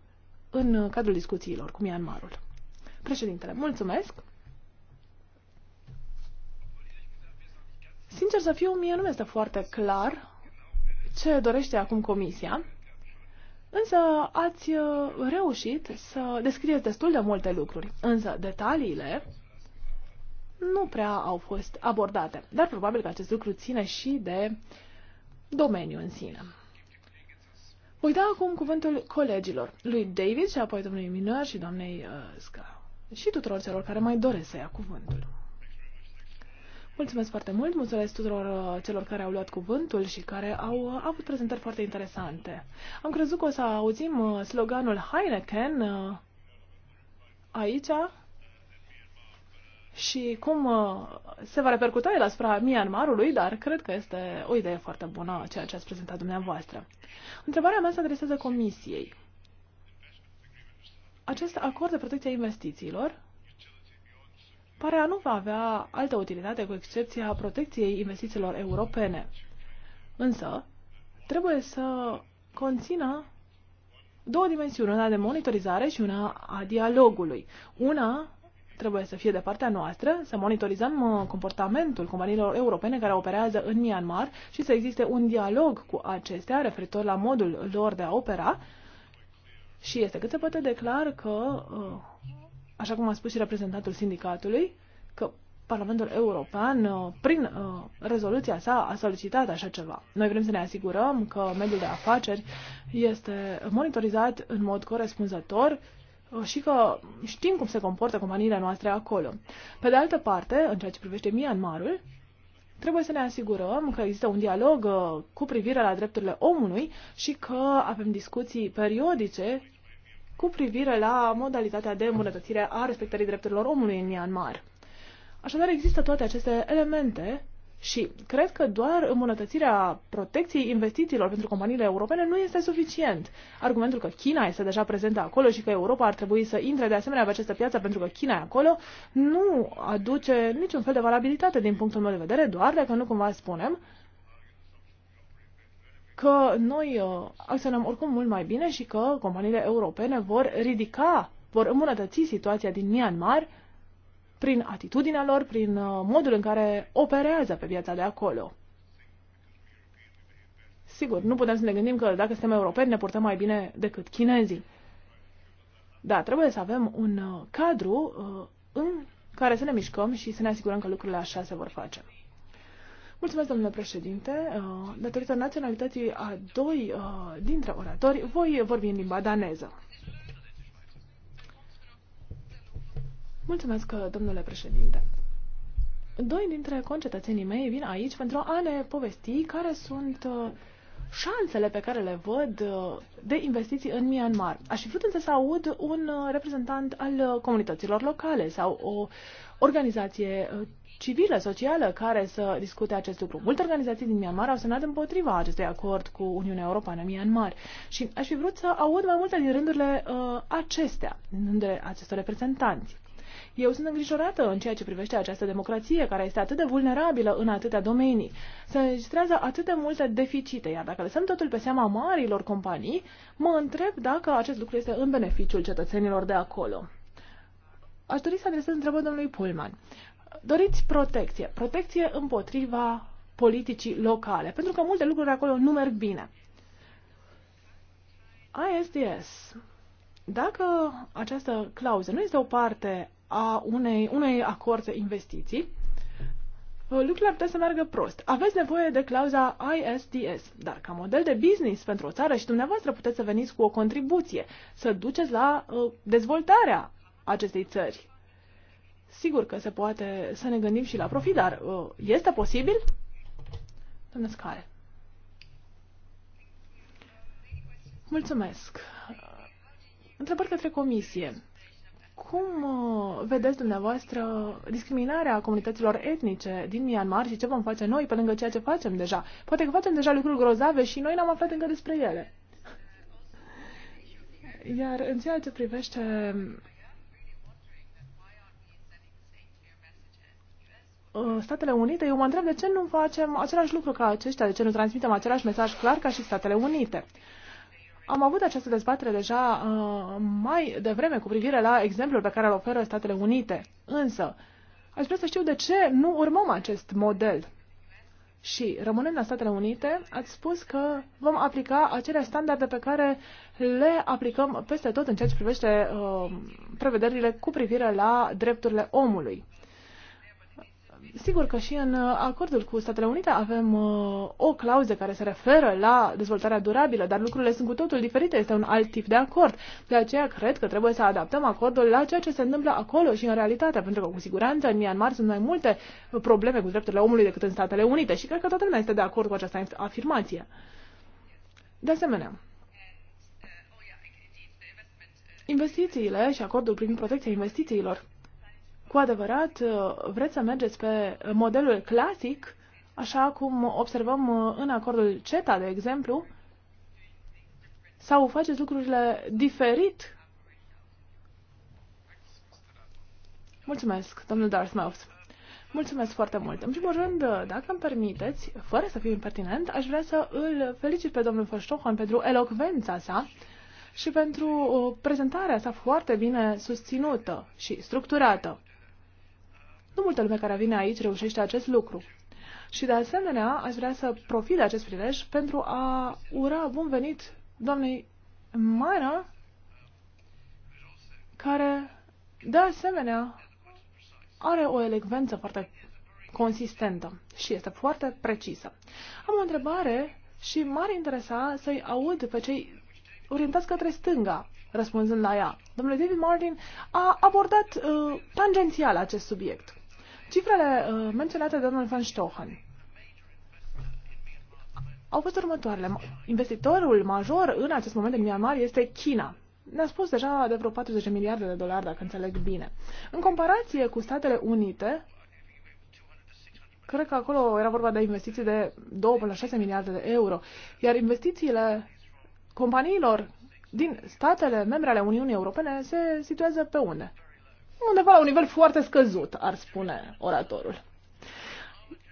în cadrul discuțiilor cu Myanmarul. Președintele, mulțumesc! Sincer să fiu, mie nu este foarte clar ce dorește acum Comisia, însă ați uh, reușit să descrieți destul de multe lucruri, însă detaliile nu prea au fost abordate, dar probabil că acest lucru ține și de domeniu în sine. Voi da acum cuvântul colegilor, lui David și apoi domnului Minor și doamnei uh, Scar și tuturor celor care mai doresc să ia cuvântul. Mulțumesc foarte mult, mulțumesc tuturor uh, celor care au luat cuvântul și care au uh, avut prezentări foarte interesante. Am crezut că o să auzim uh, sloganul Heineken aici și cum se va repercuta el asupra Myanmarului, dar cred că este o idee foarte bună ceea ce ați prezentat dumneavoastră. Întrebarea mea se adresează Comisiei. Acest acord de protecție a investițiilor Pare a nu va avea altă utilitate cu excepția protecției investițiilor europene. Însă, trebuie să conțină două dimensiuni, una de monitorizare și una a dialogului. Una trebuie să fie de partea noastră, să monitorizăm uh, comportamentul companiilor europene care operează în Myanmar și să existe un dialog cu acestea referitor la modul lor de a opera. Și este cât se poate declar că uh, așa cum a spus și reprezentantul sindicatului, că Parlamentul European, uh, prin uh, rezoluția sa, a solicitat așa ceva. Noi vrem să ne asigurăm că mediul de afaceri este monitorizat în mod corespunzător uh, și că știm cum se comportă companiile noastre acolo. Pe de altă parte, în ceea ce privește Myanmarul, trebuie să ne asigurăm că există un dialog cu privire la drepturile omului și că avem discuții periodice cu privire la modalitatea de îmbunătățire a respectării drepturilor omului în Myanmar. Așadar, există toate aceste elemente și cred că doar îmbunătățirea protecției investițiilor pentru companiile europene nu este suficient. Argumentul că China este deja prezentă acolo și că Europa ar trebui să intre de asemenea pe această piață pentru că China e acolo nu aduce niciun fel de valabilitate din punctul meu de vedere, doar dacă nu cumva spunem că noi uh, acționăm oricum mult mai bine și că companiile europene vor ridica, vor îmbunătăți situația din Myanmar prin atitudinea lor, prin uh, modul în care operează pe viața de acolo. Sigur, nu putem să ne gândim că dacă suntem europeni ne portăm mai bine decât chinezii. Da, trebuie să avem un uh, cadru în care să ne mișcăm și să ne asigurăm că lucrurile așa se vor face. Mulțumesc, domnule președinte. Uh, datorită naționalității a doi uh, dintre oratori, voi vorbi în limba daneză. Mulțumesc, uh, domnule președinte. Doi dintre concetățenii mei vin aici pentru a ne povesti care sunt șansele pe care le văd de investiții în Myanmar. Aș fi vrut însă să aud un reprezentant al comunităților locale sau o organizație civilă, socială, care să discute acest lucru. Multe organizații din Myanmar au semnat împotriva acestui acord cu Uniunea Europeană Myanmar și aș fi vrut să aud mai multe din rândurile uh, acestea, din rândurile acestor reprezentanți. Eu sunt îngrijorată în ceea ce privește această democrație, care este atât de vulnerabilă în atâtea domenii. Se înregistrează atât de multe deficite, iar dacă lăsăm totul pe seama marilor companii, mă întreb dacă acest lucru este în beneficiul cetățenilor de acolo. Aș dori să adresez întrebări domnului Pullman doriți protecție, protecție împotriva politicii locale, pentru că multe lucruri acolo nu merg bine. ISDS. Dacă această clauză nu este o parte a unei, unei acord de investiții, lucrurile ar putea să meargă prost. Aveți nevoie de clauza ISDS, dar ca model de business pentru o țară și dumneavoastră puteți să veniți cu o contribuție, să duceți la uh, dezvoltarea acestei țări. Sigur că se poate să ne gândim și la profit, dar uh, este posibil? Doamne Scare. Mulțumesc. Întrebări către comisie. Cum uh, vedeți dumneavoastră discriminarea comunităților etnice din Myanmar și ce vom face noi pe lângă ceea ce facem deja? Poate că facem deja lucruri grozave și noi n-am aflat încă despre ele. Iar în ceea ce privește Uh, Statele Unite, eu mă întreb de ce nu facem același lucru ca aceștia, de ce nu transmitem același mesaj clar ca și Statele Unite. Am avut această dezbatere deja uh, mai devreme cu privire la exemplul pe care îl oferă Statele Unite. Însă, aș vrea să știu de ce nu urmăm acest model. Și, rămânând la Statele Unite, ați spus că vom aplica acele standarde pe care le aplicăm peste tot în ceea ce privește uh, prevederile cu privire la drepturile omului. Sigur că și în uh, acordul cu Statele Unite avem uh, o clauză care se referă la dezvoltarea durabilă, dar lucrurile sunt cu totul diferite, este un alt tip de acord. De aceea cred că trebuie să adaptăm acordul la ceea ce se întâmplă acolo și în realitate, pentru că cu siguranță în Myanmar sunt mai multe probleme cu drepturile omului decât în Statele Unite și cred că toată lumea este de acord cu această afirmație. De asemenea, investițiile și acordul privind protecția investițiilor cu adevărat uh, vreți să mergeți pe modelul clasic, așa cum observăm uh, în acordul CETA, de exemplu, sau faceți lucrurile diferit? Mulțumesc, domnul Dartmouth. Mulțumesc foarte mult. În primul rând, uh, dacă îmi permiteți, fără să fiu impertinent, aș vrea să îl felicit pe domnul Făștohan pentru elocvența sa și pentru prezentarea sa foarte bine susținută și structurată. Nu multă lume care vine aici reușește acest lucru. Și de asemenea, aș vrea să profit de acest prilej pentru a ura bun venit doamnei Mara, care de asemenea are o elecvență foarte consistentă și este foarte precisă. Am o întrebare și m-ar interesa să-i aud pe cei orientați către stânga, răspunzând la ea. Domnule David Martin a abordat uh, tangențial acest subiect. Cifrele uh, menționate de domnul Van Stohen au fost următoarele. Investitorul major în acest moment în Myanmar este China. Ne-a spus deja de vreo 40 miliarde de dolari, dacă înțeleg bine. În comparație cu Statele Unite, cred că acolo era vorba de investiții de 2 până la 6 miliarde de euro, iar investițiile companiilor din statele membre ale Uniunii Europene se situează pe unde? undeva la un nivel foarte scăzut, ar spune oratorul.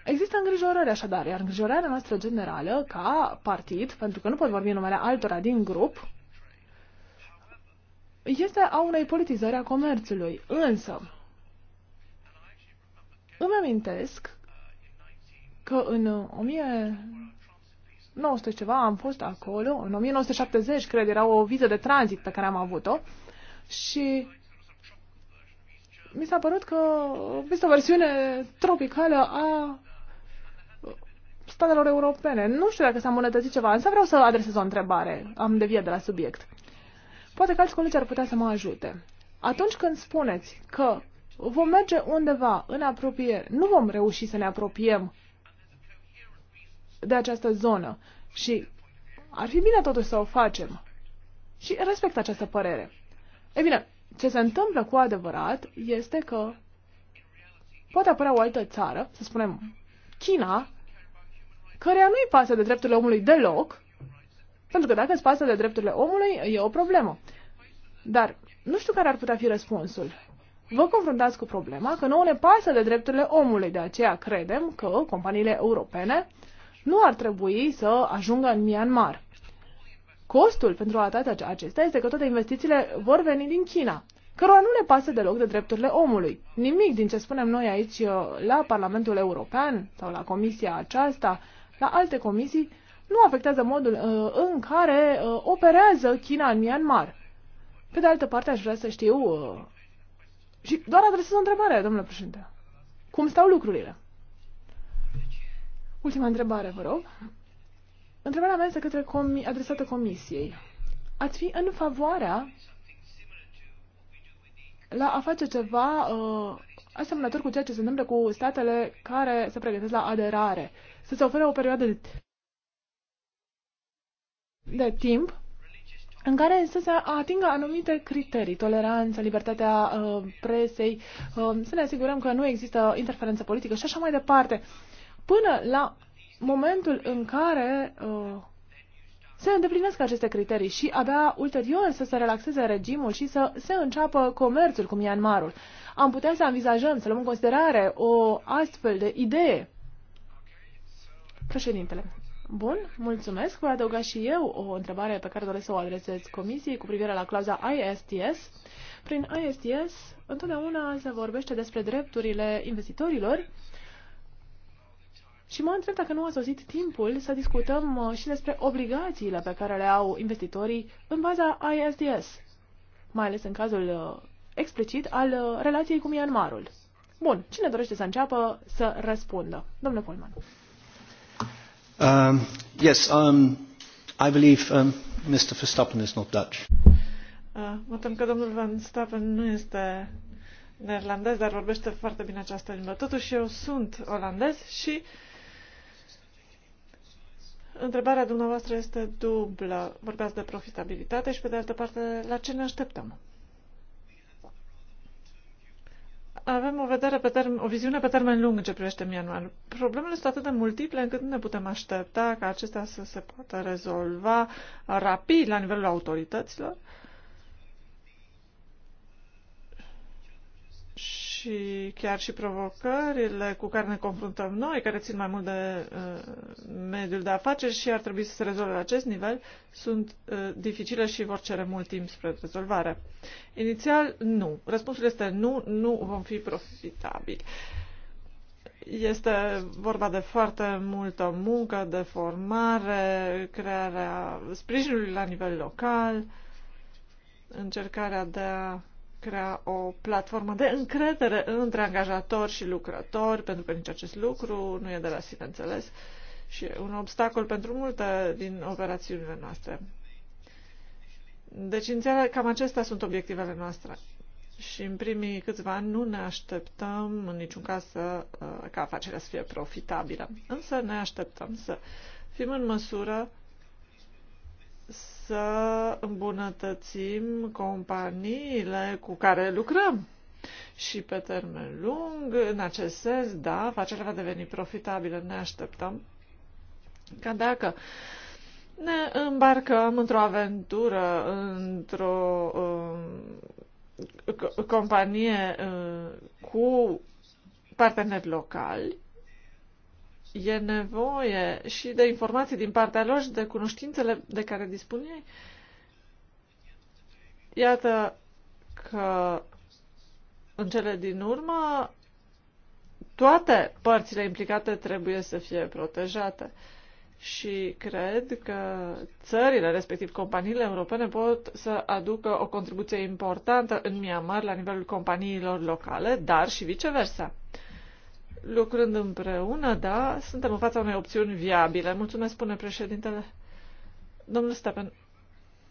Există îngrijorări așadar, iar îngrijorarea noastră generală ca partid, pentru că nu pot vorbi numele altora din grup, este a unei politizări a comerțului. Însă, îmi amintesc că în 1900 ceva am fost acolo, în 1970 cred era o viză de tranzit pe care am avut-o și mi s-a părut că este o versiune tropicală a statelor europene. Nu știu dacă s-a îmbunătățit ceva, însă vreau să adresez o întrebare. Am deviat de la subiect. Poate că alți colegi ar putea să mă ajute. Atunci când spuneți că vom merge undeva în apropiere, nu vom reuși să ne apropiem de această zonă și ar fi bine totuși să o facem. Și respect această părere. E bine, ce se întâmplă cu adevărat este că poate apărea o altă țară, să spunem China, căreia nu-i pasă de drepturile omului deloc, pentru că dacă îți pasă de drepturile omului, e o problemă. Dar nu știu care ar putea fi răspunsul. Vă confruntați cu problema că nouă ne pasă de drepturile omului, de aceea credem că companiile europene nu ar trebui să ajungă în Myanmar. Costul pentru a toate da acestea este că toate investițiile vor veni din China, cărora nu le pasă deloc de drepturile omului. Nimic din ce spunem noi aici uh, la Parlamentul European sau la comisia aceasta, la alte comisii, nu afectează modul uh, în care uh, operează China în Myanmar. Pe de altă parte, aș vrea să știu uh, și doar adresez o întrebare, domnule președinte. Cum stau lucrurile? Ultima întrebare, vă rog. Întrebarea mea este către comi adresată Comisiei. Ați fi în favoarea la a face ceva uh, asemănător cu ceea ce se întâmplă cu statele care se pregătesc la aderare, să se ofere o perioadă de, de timp în care să se atingă anumite criterii, toleranță, libertatea uh, presei, uh, să ne asigurăm că nu există interferență politică și așa mai departe, până la momentul în care uh, se îndeplinesc aceste criterii și abia ulterior să se relaxeze regimul și să se înceapă comerțul cu Myanmarul. Am putea să anvizajăm, să luăm în considerare o astfel de idee. Președintele. Bun, mulțumesc. Voi adăuga și eu o întrebare pe care doresc să o adresez comisiei cu privire la clauza ISTS. Prin ISTS întotdeauna se vorbește despre drepturile investitorilor și mă întreb dacă nu a sosit timpul să discutăm uh, și despre obligațiile pe care le au investitorii în baza ISDS, mai ales în cazul uh, explicit al uh, relației cu Myanmarul. Bun, cine dorește să înceapă să răspundă? Domnule Polman. Um, yes, um, I believe um, Mr. Verstappen is not Dutch. Uh, mă tem că domnul Van Stappen nu este neerlandez, dar vorbește foarte bine această limbă. Totuși eu sunt olandez și uh, Întrebarea dumneavoastră este dublă. Vorbeați de profitabilitate și, pe de altă parte, la ce ne așteptăm? Avem o, vedere pe term- o viziune pe termen lung în ce privește Myanmar. Problemele sunt atât de multiple încât nu ne putem aștepta ca acestea să se poată rezolva rapid la nivelul autorităților și chiar și provocările cu care ne confruntăm noi, care țin mai mult de uh, mediul de afaceri și ar trebui să se rezolve la acest nivel, sunt uh, dificile și vor cere mult timp spre rezolvare. Inițial, nu. Răspunsul este nu, nu vom fi profitabili. Este vorba de foarte multă muncă, de formare, crearea sprijinului la nivel local, încercarea de a crea o platformă de încredere între angajatori și lucrători, pentru că nici acest lucru nu e de la sine înțeles și e un obstacol pentru multe din operațiunile noastre. Deci, înțeleg, cam acestea sunt obiectivele noastre. Și în primii câțiva ani nu ne așteptăm în niciun caz să, uh, ca afacerea să fie profitabilă. Însă ne așteptăm să fim în măsură să îmbunătățim companiile cu care lucrăm. Și pe termen lung, în acest sens, da, afacerea va deveni profitabilă, ne așteptăm. Ca dacă ne îmbarcăm într-o aventură, într-o um, companie uh, cu parteneri locali, e nevoie și de informații din partea lor și de cunoștințele de care dispun ei. Iată că în cele din urmă toate părțile implicate trebuie să fie protejate. Și cred că țările, respectiv companiile europene, pot să aducă o contribuție importantă în Myanmar la nivelul companiilor locale, dar și viceversa lucrând împreună, da, suntem în fața unei opțiuni viabile. Mulțumesc, spune președintele. Domnul Stepen,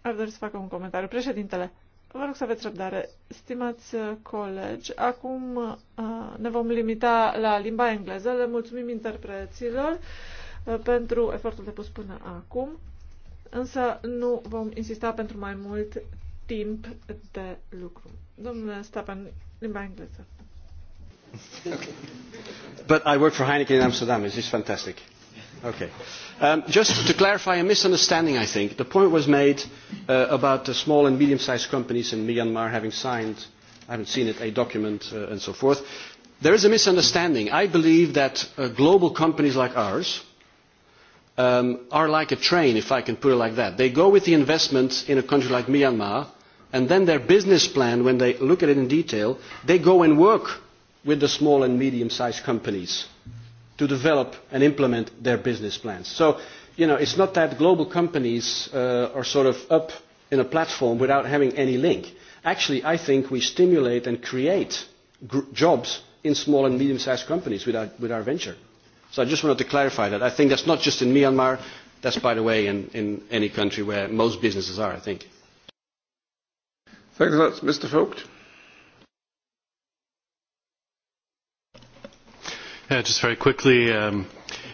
ar dori să facă un comentariu. Președintele, vă rog să aveți răbdare. Stimați uh, colegi, acum uh, ne vom limita la limba engleză. Le mulțumim interpreților uh, pentru efortul depus până acum, însă nu vom insista pentru mai mult timp de lucru. Domnule Stepen, limba engleză okay. But I work for Heineken in Amsterdam. It's just fantastic. Okay. Um, just to clarify a misunderstanding, I think. The point was made uh, about the small and medium-sized companies in Myanmar having signed, I haven't seen it, a document uh, and so forth. There is a misunderstanding. I believe that uh, global companies like ours um, are like a train, if I can put it like that. They go with the investment in a country like Myanmar, and then their business plan, when they look at it in detail, they go and work with the small and medium-sized companies to develop and implement their business plans. So, you know, it's not that global companies uh, are sort of up in a platform without having any link. Actually, I think we stimulate and create jobs in small and medium-sized companies with our, with our venture. So I just wanted to clarify that. I think that's not just in Myanmar. That's, by the way, in, in any country where most businesses are, I think. Thanks a lot, Mr. Vogt. just very quickly. Um,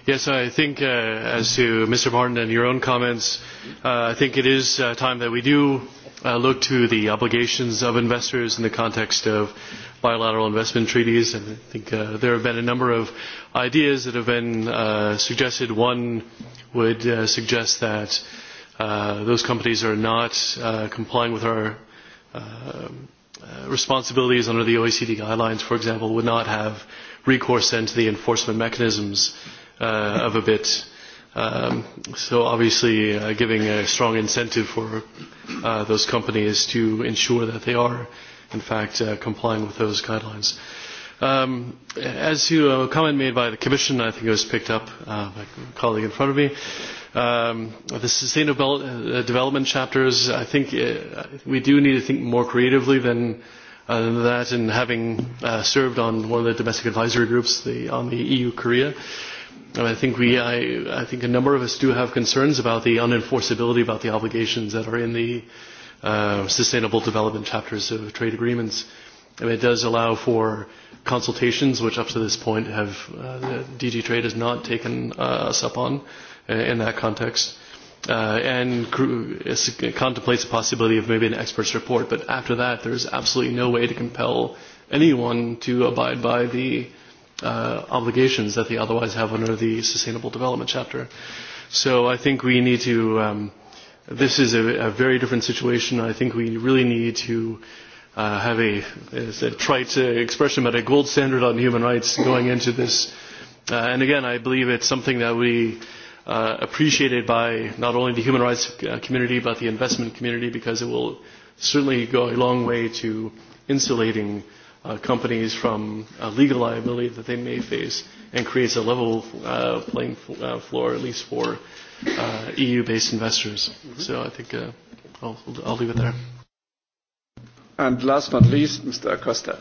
yes, I think uh, as to Mr. Martin and your own comments, uh, I think it is uh, time that we do uh, look to the obligations of investors in the context of bilateral investment treaties. And I think uh, there have been a number of ideas that have been uh, suggested. One would uh, suggest that uh, those companies are not uh, complying with our uh, responsibilities under the OECD guidelines, for example, would not have recourse then to the enforcement mechanisms uh, of a bit. Um, so obviously uh, giving a strong incentive for uh, those companies to ensure that they are in fact uh, complying with those guidelines. Um, as to a comment made by the Commission, I think it was picked up uh, by a colleague in front of me, um, the sustainable uh, development chapters, I think it, uh, we do need to think more creatively than than uh, that and having uh, served on one of the domestic advisory groups the, on the EU-Korea, uh, I think we, I, I, think a number of us do have concerns about the unenforceability about the obligations that are in the uh, sustainable development chapters of trade agreements. I mean, it does allow for consultations, which up to this point have uh, DG Trade has not taken uh, us up on uh, in that context uh, and contemplates the possibility of maybe an expert's report. But after that, there's absolutely no way to compel anyone to abide by the uh, obligations that they otherwise have under the Sustainable Development Chapter. So I think we need to. Um, this is a, a very different situation. I think we really need to. Uh, have a, a trite expression, but a gold standard on human rights going into this. Uh, and again, I believe it's something that we uh, appreciated by not only the human rights uh, community but the investment community because it will certainly go a long way to insulating uh, companies from uh, legal liability that they may face and creates a level uh, playing uh, floor at least for uh, EU-based investors. Mm-hmm. So I think uh, I'll, I'll leave it there. And last but not least, Mr. Acosta.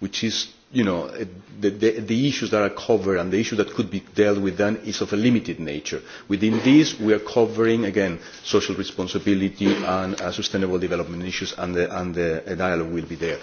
which is you know, the, the, the issues that are covered and the issue that could be dealt with then is of a limited nature. Within this, we are covering, again, social responsibility and uh, sustainable development issues, and the, and the dialogue will be there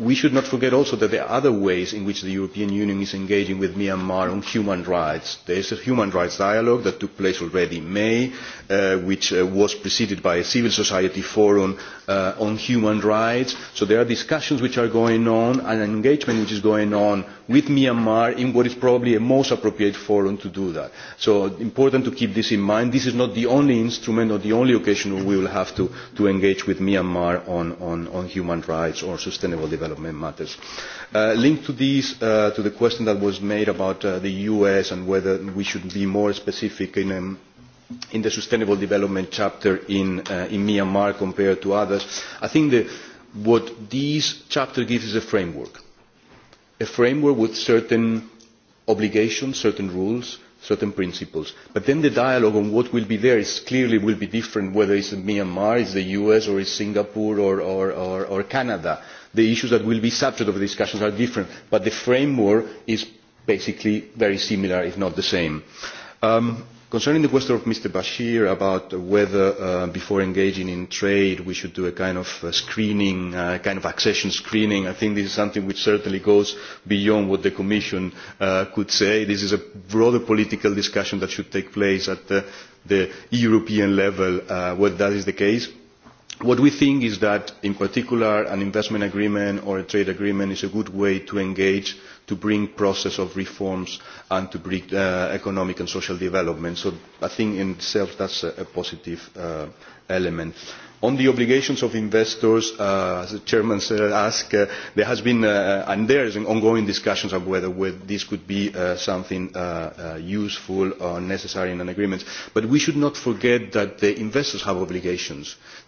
we should not forget also that there are other ways in which the European Union is engaging with Myanmar on human rights. There is a human rights dialogue that took place already in May, uh, which uh, was preceded by a civil society forum uh, on human rights. So there are discussions which are going on and engagement which is going on with Myanmar in what is probably a most appropriate forum to do that. So important to keep this in mind. This is not the only instrument or the only occasion where we will have to, to engage with Myanmar on, on, on human rights or sustainable development development matters. Uh, linked to this, uh, to the question that was made about uh, the US and whether we should be more specific in um, in the sustainable development chapter in, uh, in Myanmar compared to others. I think the, what this chapter gives is a framework, a framework with certain obligations, certain rules, certain principles. But then the dialogue on what will be there is clearly will be different whether it's Myanmar, it's the US, or it's Singapore, or, or, or, or Canada the issues that will be subject of the discussions are different, but the framework is basically very similar, if not the same. Um, concerning the question of Mr. Bashir about whether, uh, before engaging in trade, we should do a kind of uh, screening, a uh, kind of accession screening, I think this is something which certainly goes beyond what the Commission uh, could say. This is a broader political discussion that should take place at the, the European level, uh, whether that is the case What we think is that, in particular, an investment agreement or a trade agreement is a good way to engage, to bring process of reforms and to bring uh, economic and social development. So I think in itself that's a, a positive uh, element. On the obligations of investors, uh, as the chairman asked, uh, there has been uh, and there is an ongoing discussions of whether, whether this could be uh, something uh, uh, useful or necessary in an agreement. But we should not forget that the investors have obligations. Uh,